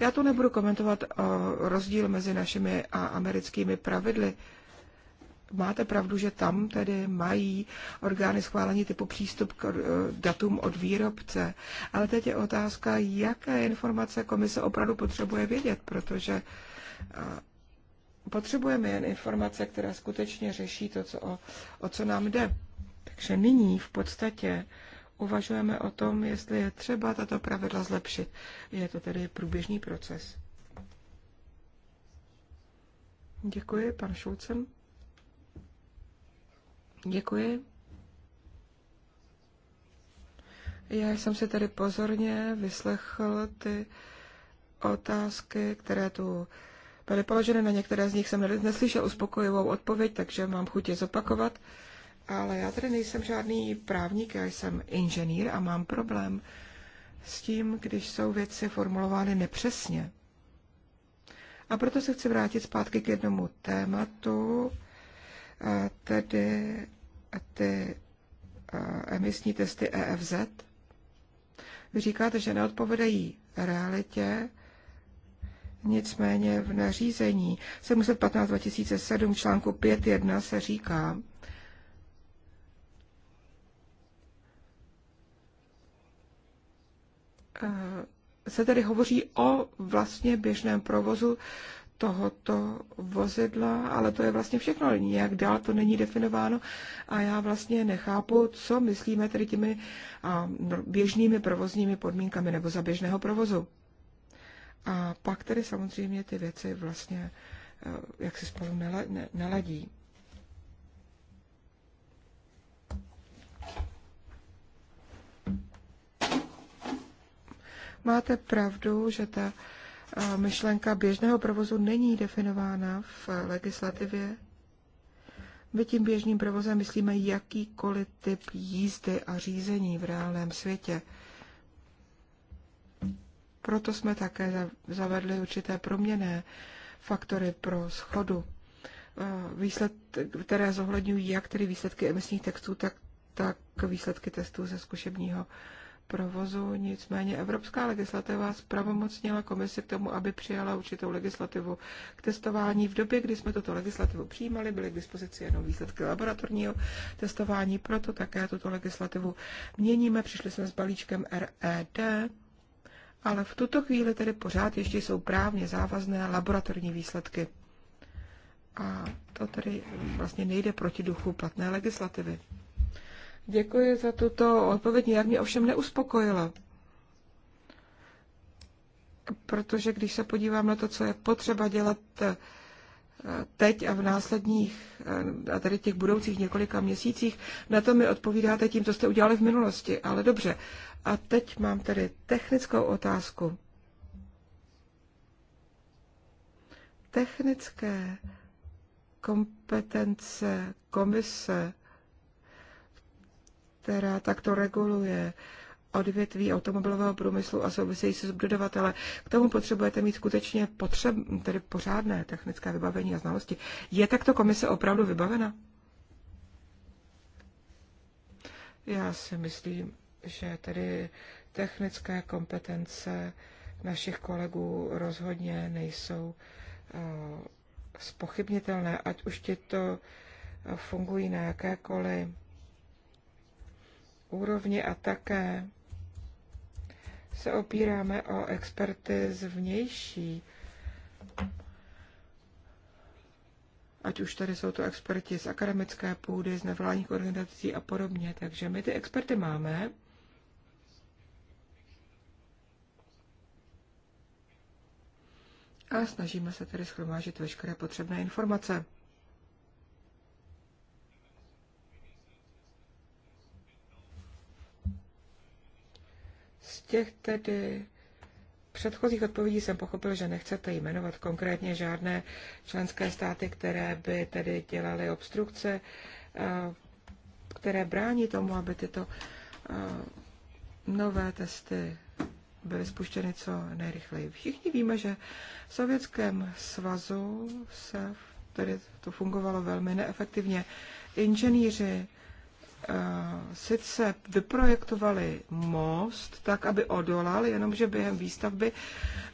Já to nebudu komentovat eh, rozdíl mezi našimi a americkými pravidly. Máte pravdu, že tam tedy mají orgány schválení typu přístup k eh, datům od výrobce. Ale teď je otázka, jaké informace komise opravdu potřebuje vědět, protože eh, potřebujeme jen informace, která skutečně řeší to, co o, o co nám jde. Takže nyní v podstatě uvažujeme o tom, jestli je třeba tato pravidla zlepšit. Je to tedy průběžný proces. Děkuji, pan Šulcem. Děkuji. Já jsem si tady pozorně vyslechl ty otázky, které tu byly položeny. Na některé z nich jsem neslyšel uspokojivou odpověď, takže mám chuť je zopakovat ale já tady nejsem žádný právník, já jsem inženýr a mám problém s tím, když jsou věci formulovány nepřesně. A proto se chci vrátit zpátky k jednomu tématu, tedy ty emisní testy EFZ. Vy říkáte, že neodpovedají realitě, nicméně v nařízení 715 2007 článku 5.1 se říká, Eh, se tedy hovoří o vlastně běžném provozu tohoto vozidla, ale to je vlastně všechno. Nijak dál to není definováno a já vlastně nechápu, co myslíme tedy těmi no, běžnými provozními podmínkami nebo za běžného provozu. A pak tedy samozřejmě ty věci vlastně eh, jak si spolu neladí. Máte pravdu, že ta eh, myšlenka běžného provozu není definována v legislativě. My tím běžným provozem myslíme jakýkoliv typ jízdy a řízení v reálném světě. Proto jsme také zavedli určité proměné faktory pro schodu, eh, výsled, které zohledňují jak tedy výsledky emisních textů, tak, tak výsledky testů ze zkušebního uh, provozu. Nicméně evropská legislativa zpravomocnila komisi k tomu, aby přijala určitou legislativu k testování. V době, kdy jsme tuto legislativu přijímali, byly k dispozici jenom výsledky laboratorního testování, proto také tuto legislativu měníme. Přišli jsme s balíčkem RED, ale v tuto chvíli tedy pořád ještě jsou právně závazné laboratorní výsledky. A to tedy vlastně nejde proti duchu platné legislativy. Děkuji za tuto odpověď, nějak mě ovšem neuspokojila. Protože když se podívám na to, co je potřeba dělat eh, teď a v následních, eh, a tady těch budoucích několika měsících, na to mi odpovídáte tím, co jste udělali v minulosti. Ale dobře, a teď mám tady technickou otázku. Technické kompetence komise která takto reguluje odvětví automobilového průmyslu a se s dodavatele. K tomu potřebujete mít skutečně potřeb, tedy pořádné technické vybavení a znalosti. Je takto komise opravdu vybavena? Já si myslím, že tedy technické kompetence našich kolegů rozhodně nejsou eh, spochybnitelné, ať už ti to fungují na jakékoliv úrovni a také se opíráme o experty vnější. Ať už tady jsou to experti z akademické půdy, z nevládních organizací a podobně. Takže my ty experty máme. A snažíme se tedy schromážit veškeré potřebné informace. Z těch tedy předchozích odpovědí jsem pochopil, že nechcete jmenovat konkrétně žádné členské státy, které by tedy dělaly obstrukce, eh, které brání tomu, aby tyto eh, nové testy byly spuštěny co nejrychleji. Všichni víme, že v Sovětském svazu se tedy to fungovalo velmi neefektivně. Inženýři Eh, sice vyprojektovali most tak, aby odolal, jenomže během výstavby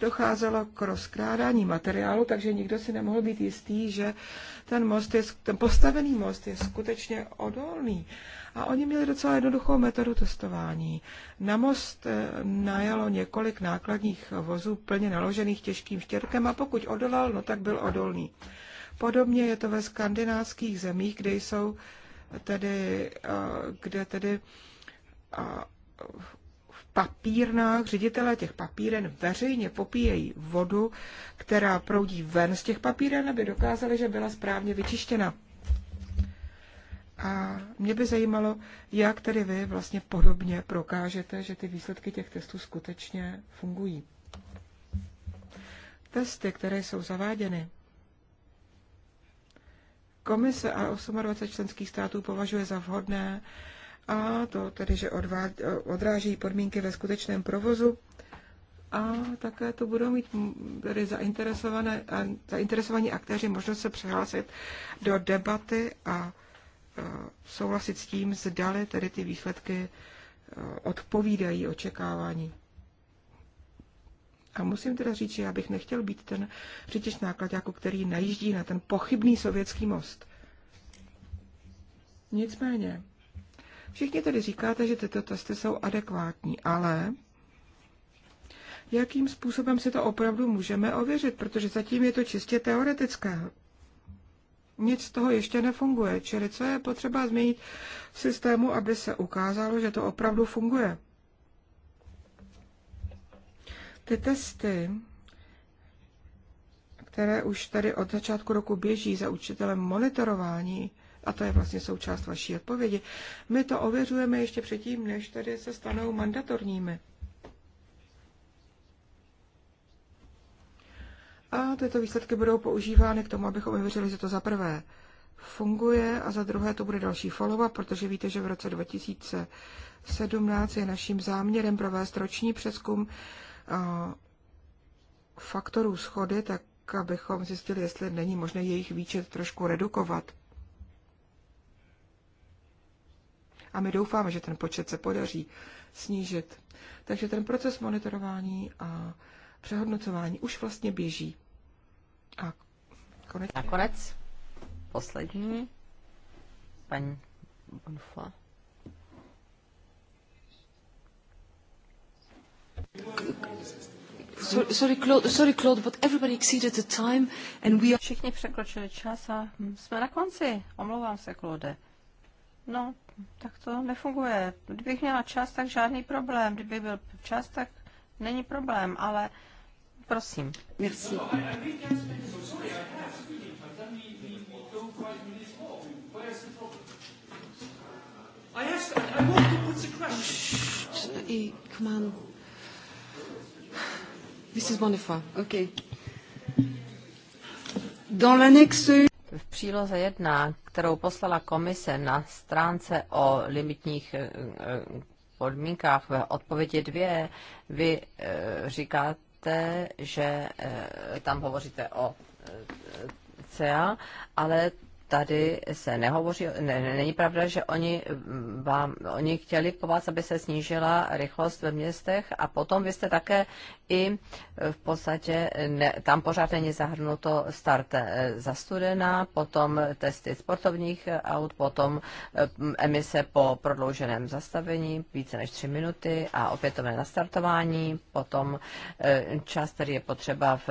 docházelo k rozkrádání materiálu, takže nikdo si nemohl být jistý, že ten, most je, ten postavený most je skutečně odolný. A oni měli docela jednoduchou metodu testování. Na most eh, najelo několik nákladních vozů plně naložených těžkým štěrkem a pokud odolal, no tak byl odolný. Podobně je to ve skandinávských zemích, kde jsou tedy, kde tedy v papírnách ředitelé těch papíren veřejně popíjejí vodu, která proudí ven z těch papíren, aby dokázali, že byla správně vyčištěna. A mě by zajímalo, jak tedy vy vlastně podobně prokážete, že ty výsledky těch testů skutečně fungují. Testy, které jsou zaváděny, Komise a 28 členských států považuje za vhodné, a to tedy, že odráží podmínky ve skutečném provozu a také to budou mít tedy zainteresované, zainteresovaní aktéři možnost se přihlásit do debaty a e, souhlasit s tím, zdali tedy ty výsledky e, odpovídají očekávání. A musím teda říct, že já bych nechtěl být ten řidič jako který najíždí na ten pochybný sovětský most. Nicméně, všichni tedy říkáte, že tyto testy jsou adekvátní, ale jakým způsobem si to opravdu můžeme ověřit, protože zatím je to čistě teoretické. Nic z toho ještě nefunguje, čili co je potřeba změnit v systému, aby se ukázalo, že to opravdu funguje. Ty testy, které už tady od začátku roku běží za učitelem monitorování, a to je vlastně součást vaší odpovědi, my to ověřujeme ještě předtím, než tady se stanou mandatorními. A tyto výsledky budou používány k tomu, abychom ověřili, že to za prvé funguje a za druhé to bude další follow protože víte, že v roce 2017 je naším záměrem provést roční přeskum faktorů schody, tak abychom zjistili, jestli není možné jejich výčet trošku redukovat. A my doufáme, že ten počet se podaří snížit. Takže ten proces monitorování a přehodnocování už vlastně běží. A konec. Nakonec poslední paní Bonfa. Sorry Claude, but everybody exceeded the time and we are... Všichni překročili čas a jsme na konci. Omlouvám se, Claude. No, tak to nefunguje. Kdybych měla čas, tak žádný problém. Kdyby byl čas, tak není problém, ale prosím. Merci. I asked, I, want to put the question. This is wonderful. Okay. Dans l'annexe v příloze 1, kterou poslala komise na stránce o limitních eh, eh, podmínkách ve odpovědi 2, vy eh, říkáte, že tam hovoříte o CEA, ale tady se nehovoří, ne, není pravda, že oni, mm, vám, oni chtěli po vás, aby se snížila rychlost ve městech a potom vy jste také i v podstatě ne, tam pořád není zahrnuto start eh, za studena, potom testy sportovních aut, potom eh, emise po prodlouženém zastavení více než 3 minuty a opětovné nastartování, potom eh, čas, který je potřeba v,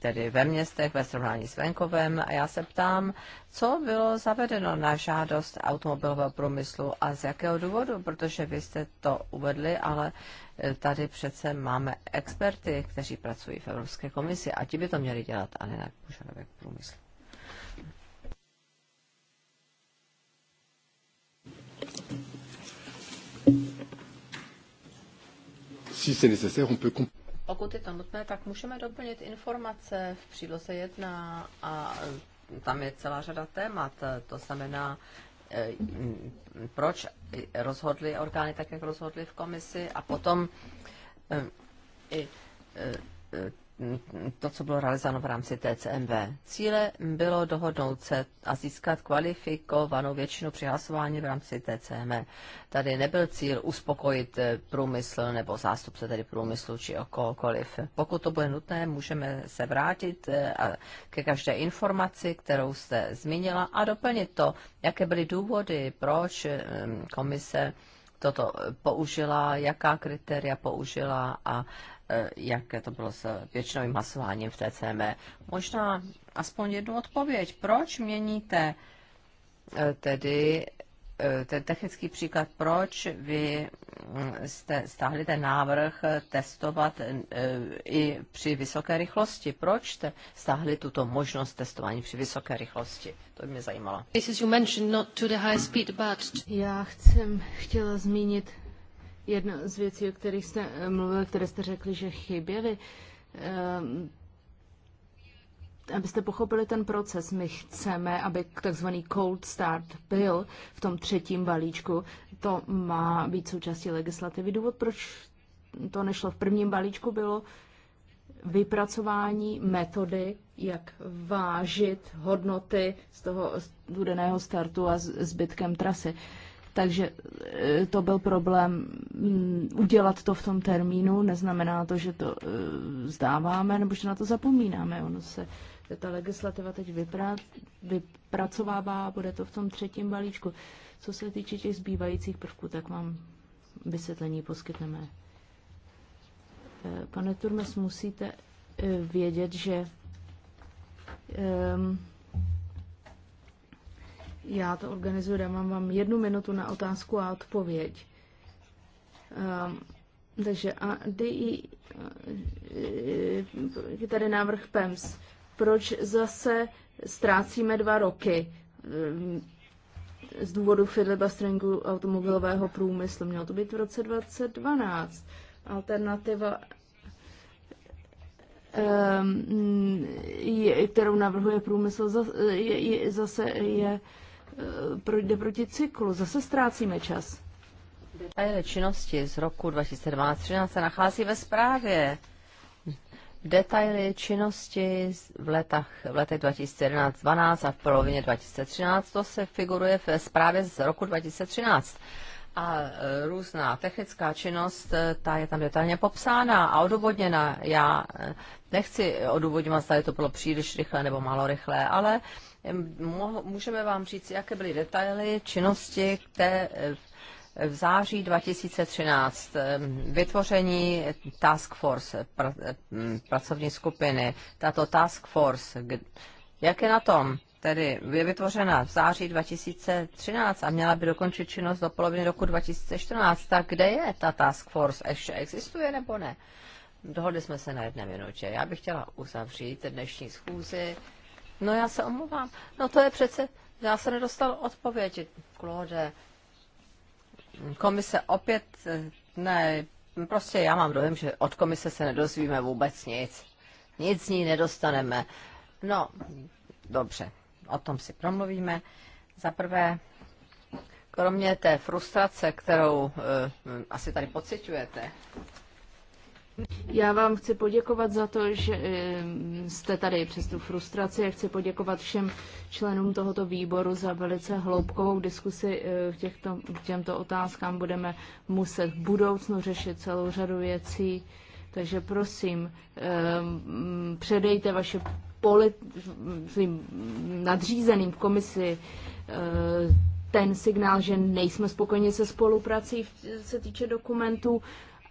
tedy ve městech ve srovnání s venkovem a já se ptám, co bylo zavedeno na žádost automobilového průmyslu a z jakého důvodu, protože vy jste to uvedli, ale tady přece máme experty, kteří pracují v Evropské komisi a ti by to měli dělat, a ne na požadavek průmyslu. Pokud je to nutné, tak můžeme doplnit informace v příloze 1 a tam je celá řada témat, to znamená Eh, proč rozhodly orgány tak, jak rozhodly v komisi a potom eh, i eh, to, co bylo realizováno v rámci TCMV. Cíle bylo dohodnout se a získat kvalifikovanou většinu při hlasování v rámci TCM. Tady nebyl cíl uspokojit eh, průmysl nebo zástupce tedy průmyslu či okolkoliv. Pokud to bude nutné, můžeme se vrátit eh, ke každé informaci, kterou jste zmínila a doplnit to, jaké byly důvody, proč eh, komise toto použila, jaká kritéria použila a Eh, jak to bylo s většinovým hlasováním v TCM. Možná aspoň jednu odpověď. Proč měníte eh, tedy eh, ten technický příklad, proč vy hm, jste stáhli ten návrh testovat i při vysoké rychlosti? Proč jste stáhli tuto možnost testování při vysoké rychlosti? To by mě zajímalo. Já chcem, chtěla zmínit Jedna z věcí, o kterých jste eh, mluvili, které jste řekli, že chyběly, eh, abyste pochopili ten proces, my chceme, aby takzvaný cold start byl v tom třetím balíčku. To má být součástí legislativy. Důvod, proč to nešlo v prvním balíčku, bylo vypracování metody, jak vážit hodnoty z toho studeného startu a zbytkem trasy. Uh, takže e, to byl problém mm, udělat to v tom termínu. Neznamená to, že to e, zdáváme nebo že na to zapomínáme. Ono se ta legislativa teď vypra, vypracovává a bude to v tom třetím balíčku. Co se týče těch zbývajících prvků, tak vám vysvětlení poskytneme. E, pane Turmes, musíte vědět, že um, já to organizuji, dávám vám jednu minutu na otázku a odpověď. Um, takže a DI, je e, tady návrh PEMS. Proč zase ztrácíme dva roky ehm, z důvodu filibusteringu automobilového průmyslu? Mělo to být v roce 2012. Alternativa ehm, kterou navrhuje průmysl, zase je Eh, jde proti cyklu, zase ztrácíme čas. Detaily činnosti z roku 2012-2013 se nachází ve zprávě. Detaily činnosti v, letech v letech 2011-2012 a v polovině 2013 to se figuruje ve zprávě z roku 2013. A e, různá technická činnost, e, ta je tam detailně popsána a odůvodněna. Já e, nechci odůvodňovat, zda to bylo příliš rychle nebo málo rychle, ale můžeme vám říct, jaké byly detaily činnosti, které v září 2013 vytvoření task force, pr- pracovní skupiny, tato task force, jak je na tom? tedy je vytvořena v září 2013 a měla by dokončit činnost do poloviny roku 2014, tak kde je ta task force? Ještě existuje nebo ne? Dohodli jsme se na jedné minutě. Já bych chtěla uzavřít dnešní schůzi. No já se omluvám. No to je přece, já se nedostal odpověď, Claude. Komise opět, ne, prostě já mám dojem, že od komise se nedozvíme vůbec nic. Nic z ní nedostaneme. No, dobře o tom si promluvíme. Za prvé, kromě té frustrace, kterou eh, asi tady pociťujete, já vám chci poděkovat za to, že eh, jste tady přes tu frustraci Já chci poděkovat všem členům tohoto výboru za velice hloubkovou diskusi eh, v těchto, těmto otázkám. Budeme muset v budoucnu řešit celou řadu věcí, takže prosím, předejte vaše polit, svým nadřízeným v komisi eh, ten signál, že nejsme spokojeni se spoluprací, se týče dokumentů,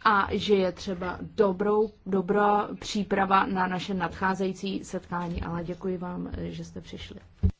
a že je třeba dobrou, dobrá příprava na naše nadcházející setkání. Ale děkuji vám, eh, že jste přišli.